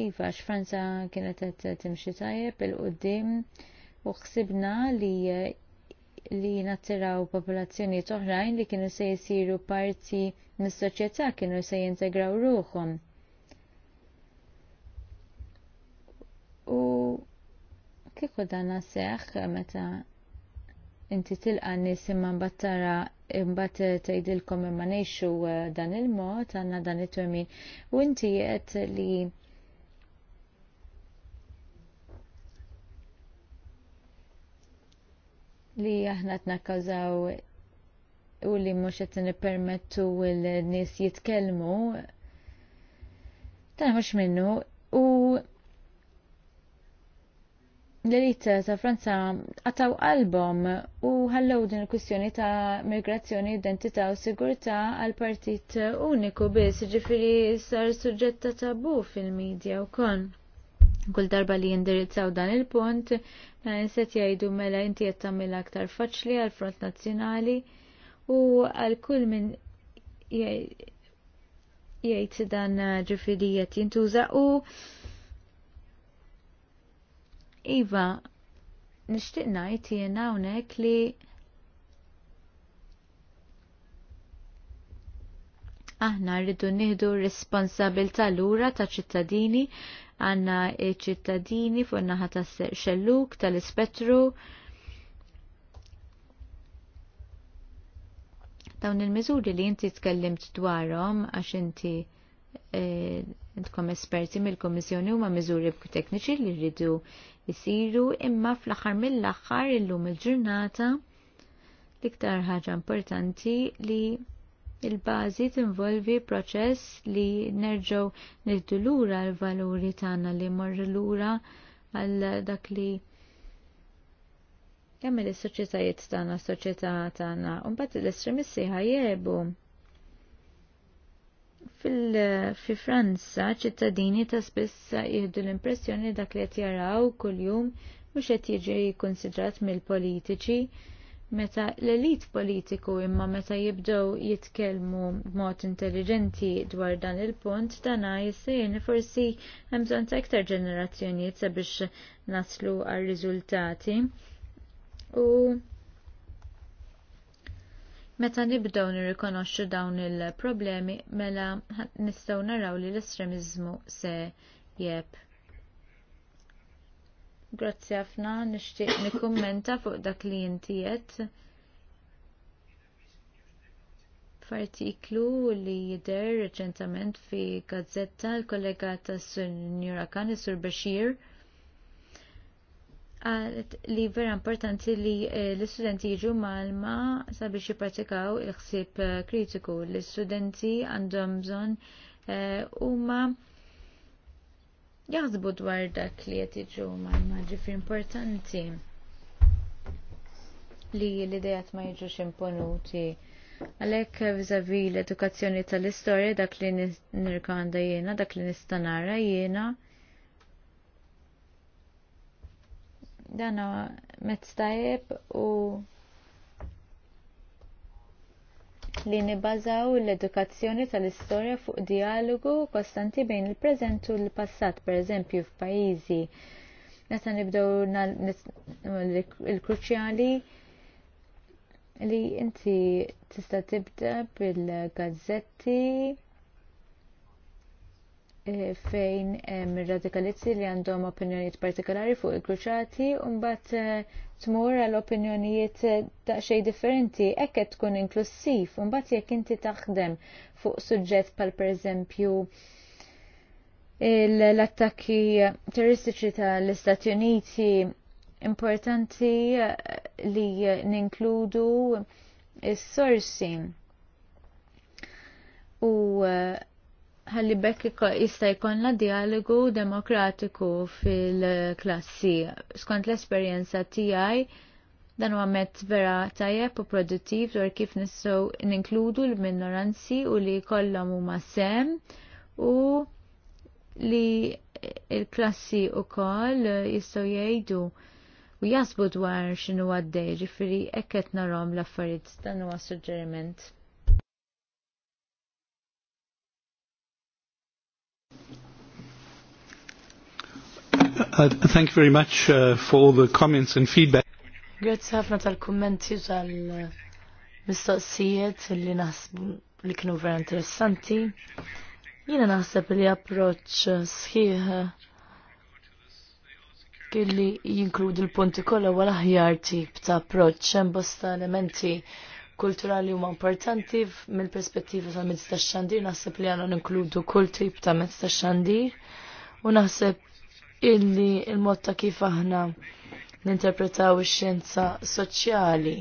iva x-Franza kienet qed timxi tajjeb il-qudiem u ħsibna li li nattiraw popolazzjoni toħrajn li kienu se jisiru parti mis-soċjetà kienu se jintegraw ruħhom U kieku dan seħ meta inti tilqa nis imma mbattara imbat tajdilkom imma ngħixu uh, dan il-mod għandna dan it-twemmin u inti qed li li aħna t-nakkazaw u li mux qed nippermettu l-nies jitkellmu. Ta' mux minnu l elita ta' Franza għataw album u ħallew din il-kwistjoni ta' migrazzjoni, identità u sigurtà għal partit uniku biss, ġifiri sar suġġetta tabu fil-medja u kon. Kull darba li jindirizzaw dan il-punt, na' inset jajdu mela inti jettamil aktar faċli għal front nazjonali u għal kull minn jgħid dan ġifiri jett jintuża u Iva, nixtieq ngħid jien hawnhekk li aħna rridu nieħdu responsabilità lura ta' ċittadini għandna ċittadini fuq naħa ta' xelluk tal-ispettru dawn il-miżuri li inti tkellimt dwarhom għax inti eh, intkom esperti mill-Komissjoni huma miżuri tekniċi li rridu jisiru imma fl-aħħar mill-aħħar illum il-ġurnata l-iktar ħaġa importanti li il-bażi tinvolvi proċess li nerġgħu niddu lura l-valuri tagħna li morru lura għal dak li jagħmel is-soċjetajiet tagħna, s-soċjetà tagħna, u mbagħad l-estremisti ħajjebu Fil Franza, ċittadini ta' spiss jihdu l-impressjoni dak li qed jaraw kuljum mhux qed jiġi konsidrat mill-politiċi meta l-elit politiku imma meta jibdew jitkellmu b'mod intelligenti dwar dan il-punt dana jissejni forsi hemm bżonn ta' iktar ġenerazzjonijiet sabiex naslu għar-riżultati. U Meta nibdew nirrikonoxxu dawn il-problemi mela nistgħu naraw li l-estremiżmu se jeb. Grazzi ħafna, nixtieq nikkummenta fuq dak li inti qed. F'artiklu li jidher reċentament fi gazzetta l-kollega tas Sur Nurakan, Sur Bashir, għalet li vera importanti li eh, l-istudenti jiġu malma sabiex jipratikaw il-ħsib eh, kritiku. L-istudenti għandhom bżon eh, huma jaħsbu dwar dak li qed jiġu malma ġifir importanti li l-idejat ma jiġux imponuti. Għalek vizavi l-edukazzjoni tal-istoria dak li nirkanda jena, dak li nistanara jena Dan mezz metstajib u li nibbażaw l-edukazzjoni tal-istorja fuq dialogu kostanti bejn il-preżent u l-passat, pereżempju f'pajjiżi. Meta nibdew l kruċjali li inti tista' tibda bil-gazzetti Eh, fejn hemm radikalizzi li għandhom opinjonijiet partikolari fuq il-kruċati u mbagħad eh, tmur għal opinjonijiet eh, xej differenti hekk qed tkun inklusiv u mbagħad jekk inti taħdem fuq suġġett pal pereżempju l-attakki terroristiċi tal-Istati Uniti importanti li ninkludu s sorsi u ħalli bekk jista' jkollna dialogu demokratiku fil-klassi. Skont l-esperjenza tiegħi dan huwa mezz vera tajjeb u produttiv dwar kif nistgħu ninkludu l-minoranzi u li jkollhom huma sem u li l-klassi wkoll jistgħu jgħidu u jasbu dwar x'inhu għaddej, ġifieri hekk qed narhom l-affarijiet dan huwa suġġeriment. Uh, thank you very much uh, for all the comments and feedback. Grazzi ħafna tal-kummenti tal-mistoqsijiet li naħsbu li kienu vera interessanti. Jiena naħseb li approċċ sħiħ kelli jinkludi l-punti kollha wara aħjar tip ta' approċċ hemm bosta elementi kulturali huma importanti mill-perspettiva tal-mezz tax-xandir naħseb li għandna ninkludu kull tip ta' mezz tax-xandir u naħseb illi il-mod ta' kif aħna ninterpretaw ix-xjenza soċjali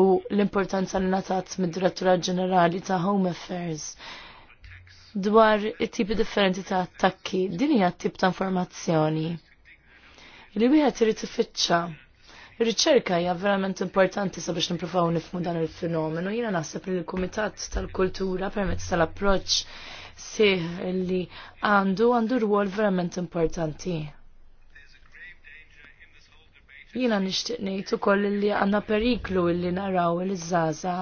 u l-importanza li natat mid-Direttura Ġenerali ta' Home Affairs dwar it-tipi differenti ta' attakki, din hija tip ta' informazzjoni. Li wieħed irid ifittxa. riċerka hija verament importanti sabiex nippruvaw nifhmu dan il-fenomenu. Jiena naħseb li l-Kumitat tal-Kultura permezz tal-approċċ sieħ li għandu għandu rwol verament importanti. Jina nishtiqnejtu ngħid ukoll li għandna periklu li naraw li pala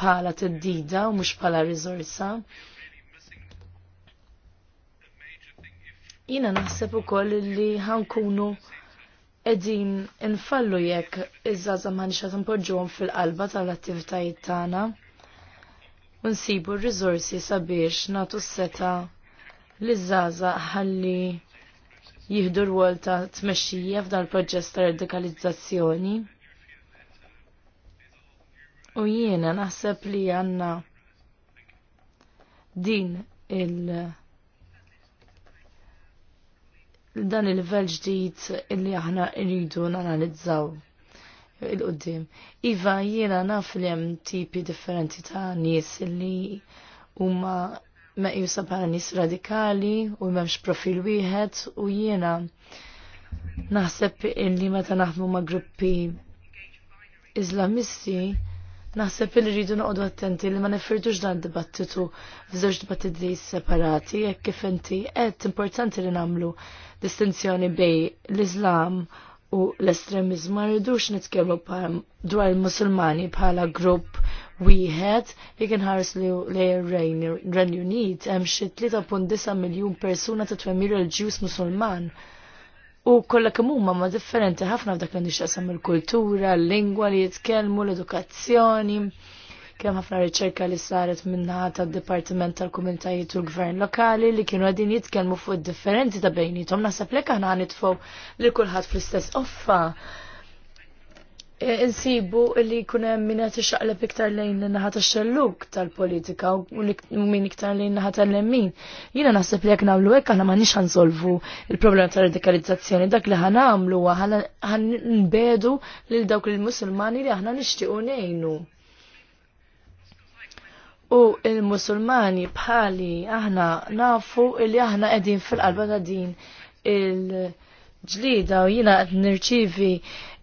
bħala teddida u mhux bħala rizorsa. Jina naħseb ukoll li ħankunu edin infallu jekk iż-żaza maħniċa timpoġġuhom fil-qalba tal-attivitajiet tagħna unsibu nsibu r-rizorsi sabiex natu s-seta li zaza ħalli jihdu r-wol ta' tmexxija f'dan il-proġess ta' radikalizzazzjoni. U jiena naħseb li għanna din il- dan il-level ġdid illi aħna rridu nanalizzaw il-qoddim. Iva, jiena naf li jem tipi differenti ta' nies li huma meqjusa bħala nies radikali u m'hemmx profil wieħed u jiena naħseb illi meta naħdmu ma' gruppi Iżlamisti naħseb li rridu noqogħdu attenti li ma nefirdux dan dibattitu f'żewġ dibattiti separati jekk kif inti qed importanti li nagħmlu distinzjoni bej l-Iżlam u l-estremizmu ma rridux nitkellmu dwar il-Musulmani bħala grupp wieħed li kien ħares li r-Ren Unit hemm xi 3.9 miljun persuna ta' twemmir ġews Musulman. U kollha kemm huma ma differenti ħafna f'dak li nixtaqsam il-kultura, l-lingwa li jitkellmu, l-edukazzjoni kemm ħafna riċerka li saret minna tad-Dipartiment tal-Komunitajiet u l-Gvern Lokali li kienu għadin jitkellmu fuq differenti ta' bejnietom naħseb lek aħna nitfgħu li kulħadd fl-istess offa. E, insibu li jkun hemm min qed ixaqleb iktar lejn naħa tax-xelluk tal-politika u min iktar lejn naħa tal-lemmin. Jiena naħseb li jekk nagħmlu hekk aħna nix ħansolvu il-problema tar-radikalizzazzjoni dak li ħanamlu huwa ħan nbedu lil dawk il-Musulmani li aħna nixtiequ ngħinu u il-Musulmani bħali aħna nafu li aħna qegħdin fil-qalba ta' din il-ġlida u jiena qed nirċivi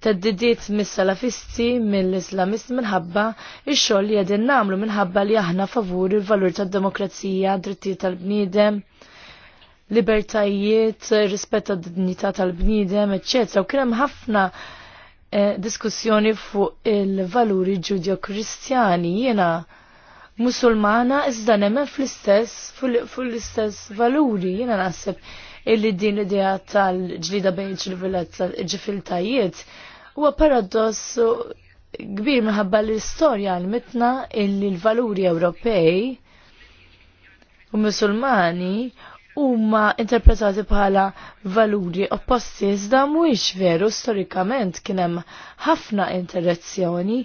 tad-didiet mis-salafisti mill islamisti minħabba ix-xogħol li qegħdin nagħmlu minħabba li aħna favur il-valur tad-demokrazija, drittijiet tal-bniedem, libertajiet, rispett tad-dinjità tal-bniedem, eċċetra. U kien hemm ħafna eh, diskussjoni fuq il-valuri ġudjo-kristjani. Jiena musulmana iżda nemmen fl-istess fl-istess valuri jiena naħseb illi din l-idea tal-ġlida bejn ġifiltajiet huwa paradoss kbir minħabba l-istorja għalmetna illi l-valuri Ewropej u musulmani huma interpretati bħala valuri opposti iżda mhuwiex veru storikament kien hemm ħafna interazzjoni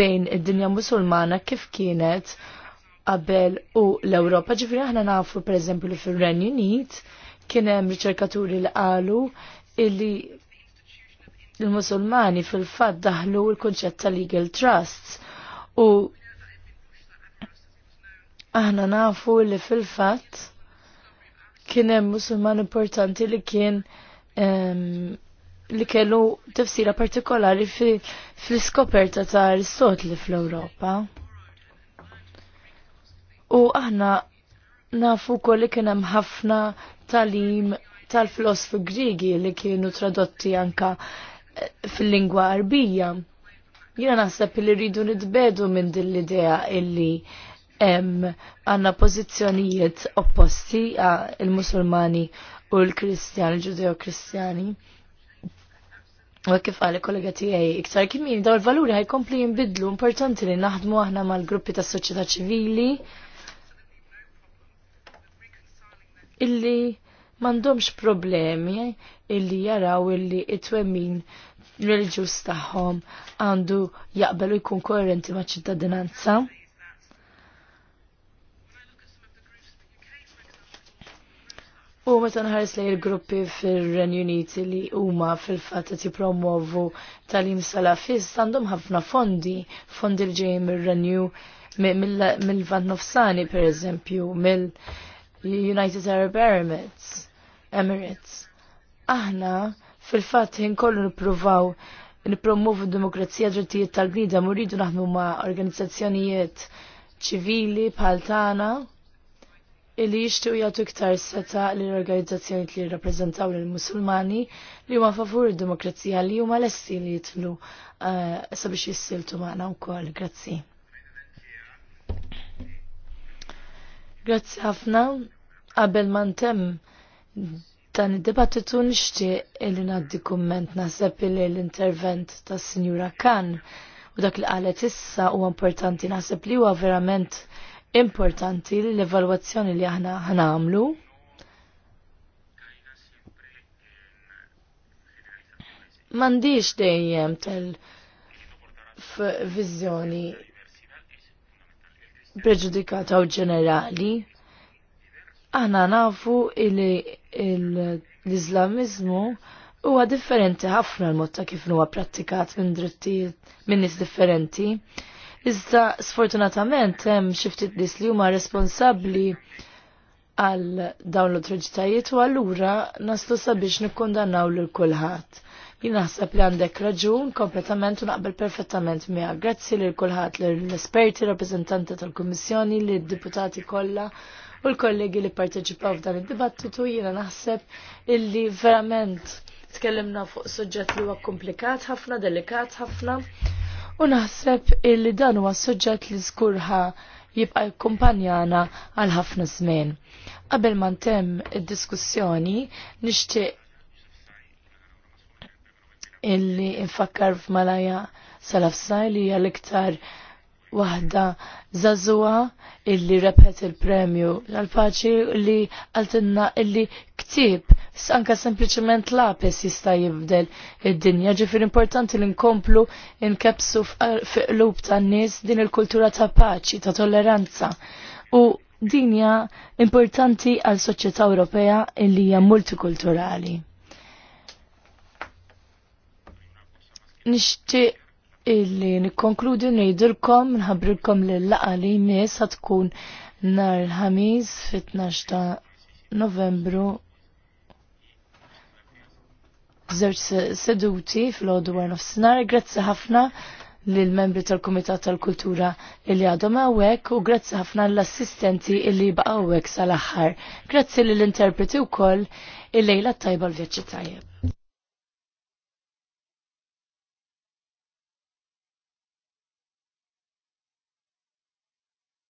bejn id-dinja Musulmana kif kienet qabel u l-Ewropa. Ġifieri aħna nafu pereżempju li fir ren Unit kien hemm riċerkaturi li qalu illi il-Musulmani fil-fatt daħlu l-kunċett ta' legal trusts u aħna nafu li fil-fatt kien hemm musulman importanti li kien um, li kellu tifsira partikolari fl-iskoperta ta' Aristotli fl-Ewropa. U aħna nafu kol li kien hemm ħafna talim tal-filosofi Grigi li kienu tradotti anka eh, fil-lingwa Arbija. Jiena naħseb li rridu nitbedu minn din l-idea illi hemm għandna pożizzjonijiet opposti il-Musulmani u l-Kristjani, Ġudeo-Kristjani. U kif għal kollega tiegħi iktar kien daw il-valuri kompli jinbidlu importanti li naħdmu aħna mal-gruppi tas soċjetà ċivili illi m'għandhomx problemi illi jaraw illi it-twemmin reliġjuż tagħhom għandu jaqbelu jkun koerenti maċ-ċittadinanza. U meta nħares lej il-gruppi fir-Renju Uniti li huma fil-fatt qed jippromovu talim salafist għandhom ħafna fondi, fondi li ġejjin mir-Renju mill-Vant Nofsani pereżempju, mill-United Arab Emirates. Emirates. Aħna fil-fatt inkollu nippruvaw nippromovu d-demokrazija drittijiet tal gnida muridu naħdmu ma' organizzazzjonijiet ċivili bħal tagħna illi jixtiequ jagħtu iktar seta' lill organizzazzjoni li jirrappreżentaw l musulmani li huma favur id-demokrazija li huma lesti li jitlu eh, sabiex jissiltu magħna wkoll. Grazzi. Grazzi ħafna. Qabel ma ntemm dan id-dibattitu nixtieq illi ngħaddi kumment naħseb illi l-intervent tas-Sinjura Kan u dak li qalet issa huwa importanti naħseb li huwa verament importanti l-evalwazzjoni li aħna għamlu. mandiġ dejjem tal vizjoni preġudikata u ġenerali. Aħna nafu li l-Islamizmu huwa differenti ħafna l-mod ta' kif huwa prattikat minn drittijiet minn nies differenti. differenti Iżda sfortunatament hemm xi ftit nies li huma responsabbli għal dawn l otroġitajiet u allura naslu sabiex nikkondannaw lil kulħadd. Jien naħseb li għandek raġun kompletament u naqbel perfettament miha. Grazzi lil kulħadd l-esperti, rappreżentanti tal-Kummissjoni, lid diputati kollha u l-kollegi li parteċipaw f'dan id-dibattitu jiena naħseb illi verament tkellimna fuq suġġett li huwa komplikat ħafna, delikat ħafna U naħseb illi dan huwa suġġett li skurħa jibqa' jikkumpanjana għal ħafna żmien. Qabel ma ntemm id-diskussjoni nixtieq illi nfakkar f'Malaja Salafsaj li hija l-iktar waħda zazua illi repet il-premju għal-paċi illi għaltinna illi ktib anka sempliciment lapis jista' jibdel id-dinja. Ġifir importanti li nkomplu nkepsu f'qlub tan-nies din il-kultura ta' paċi, ta' tolleranza. U dinja importanti għal soċjetà Ewropea li hija multikulturali. Nixtieq illi nikkonkludi ngħidilkom nħabbrilkom li l-laqa li jmiss tkun nhar il-ħamis fit-12 ta' Novembru żewġ seduti fl-ħodu għar nofsinhar. Grazzi ħafna lill-membri tal-Kumitat tal-Kultura li għadhom hawnhekk u grazzi ħafna l-assistenti li baqgħu hawnhekk sal-aħħar. Grazzi lill-interpreti wkoll il-lejla tajba l-vjaġġi tajjeb.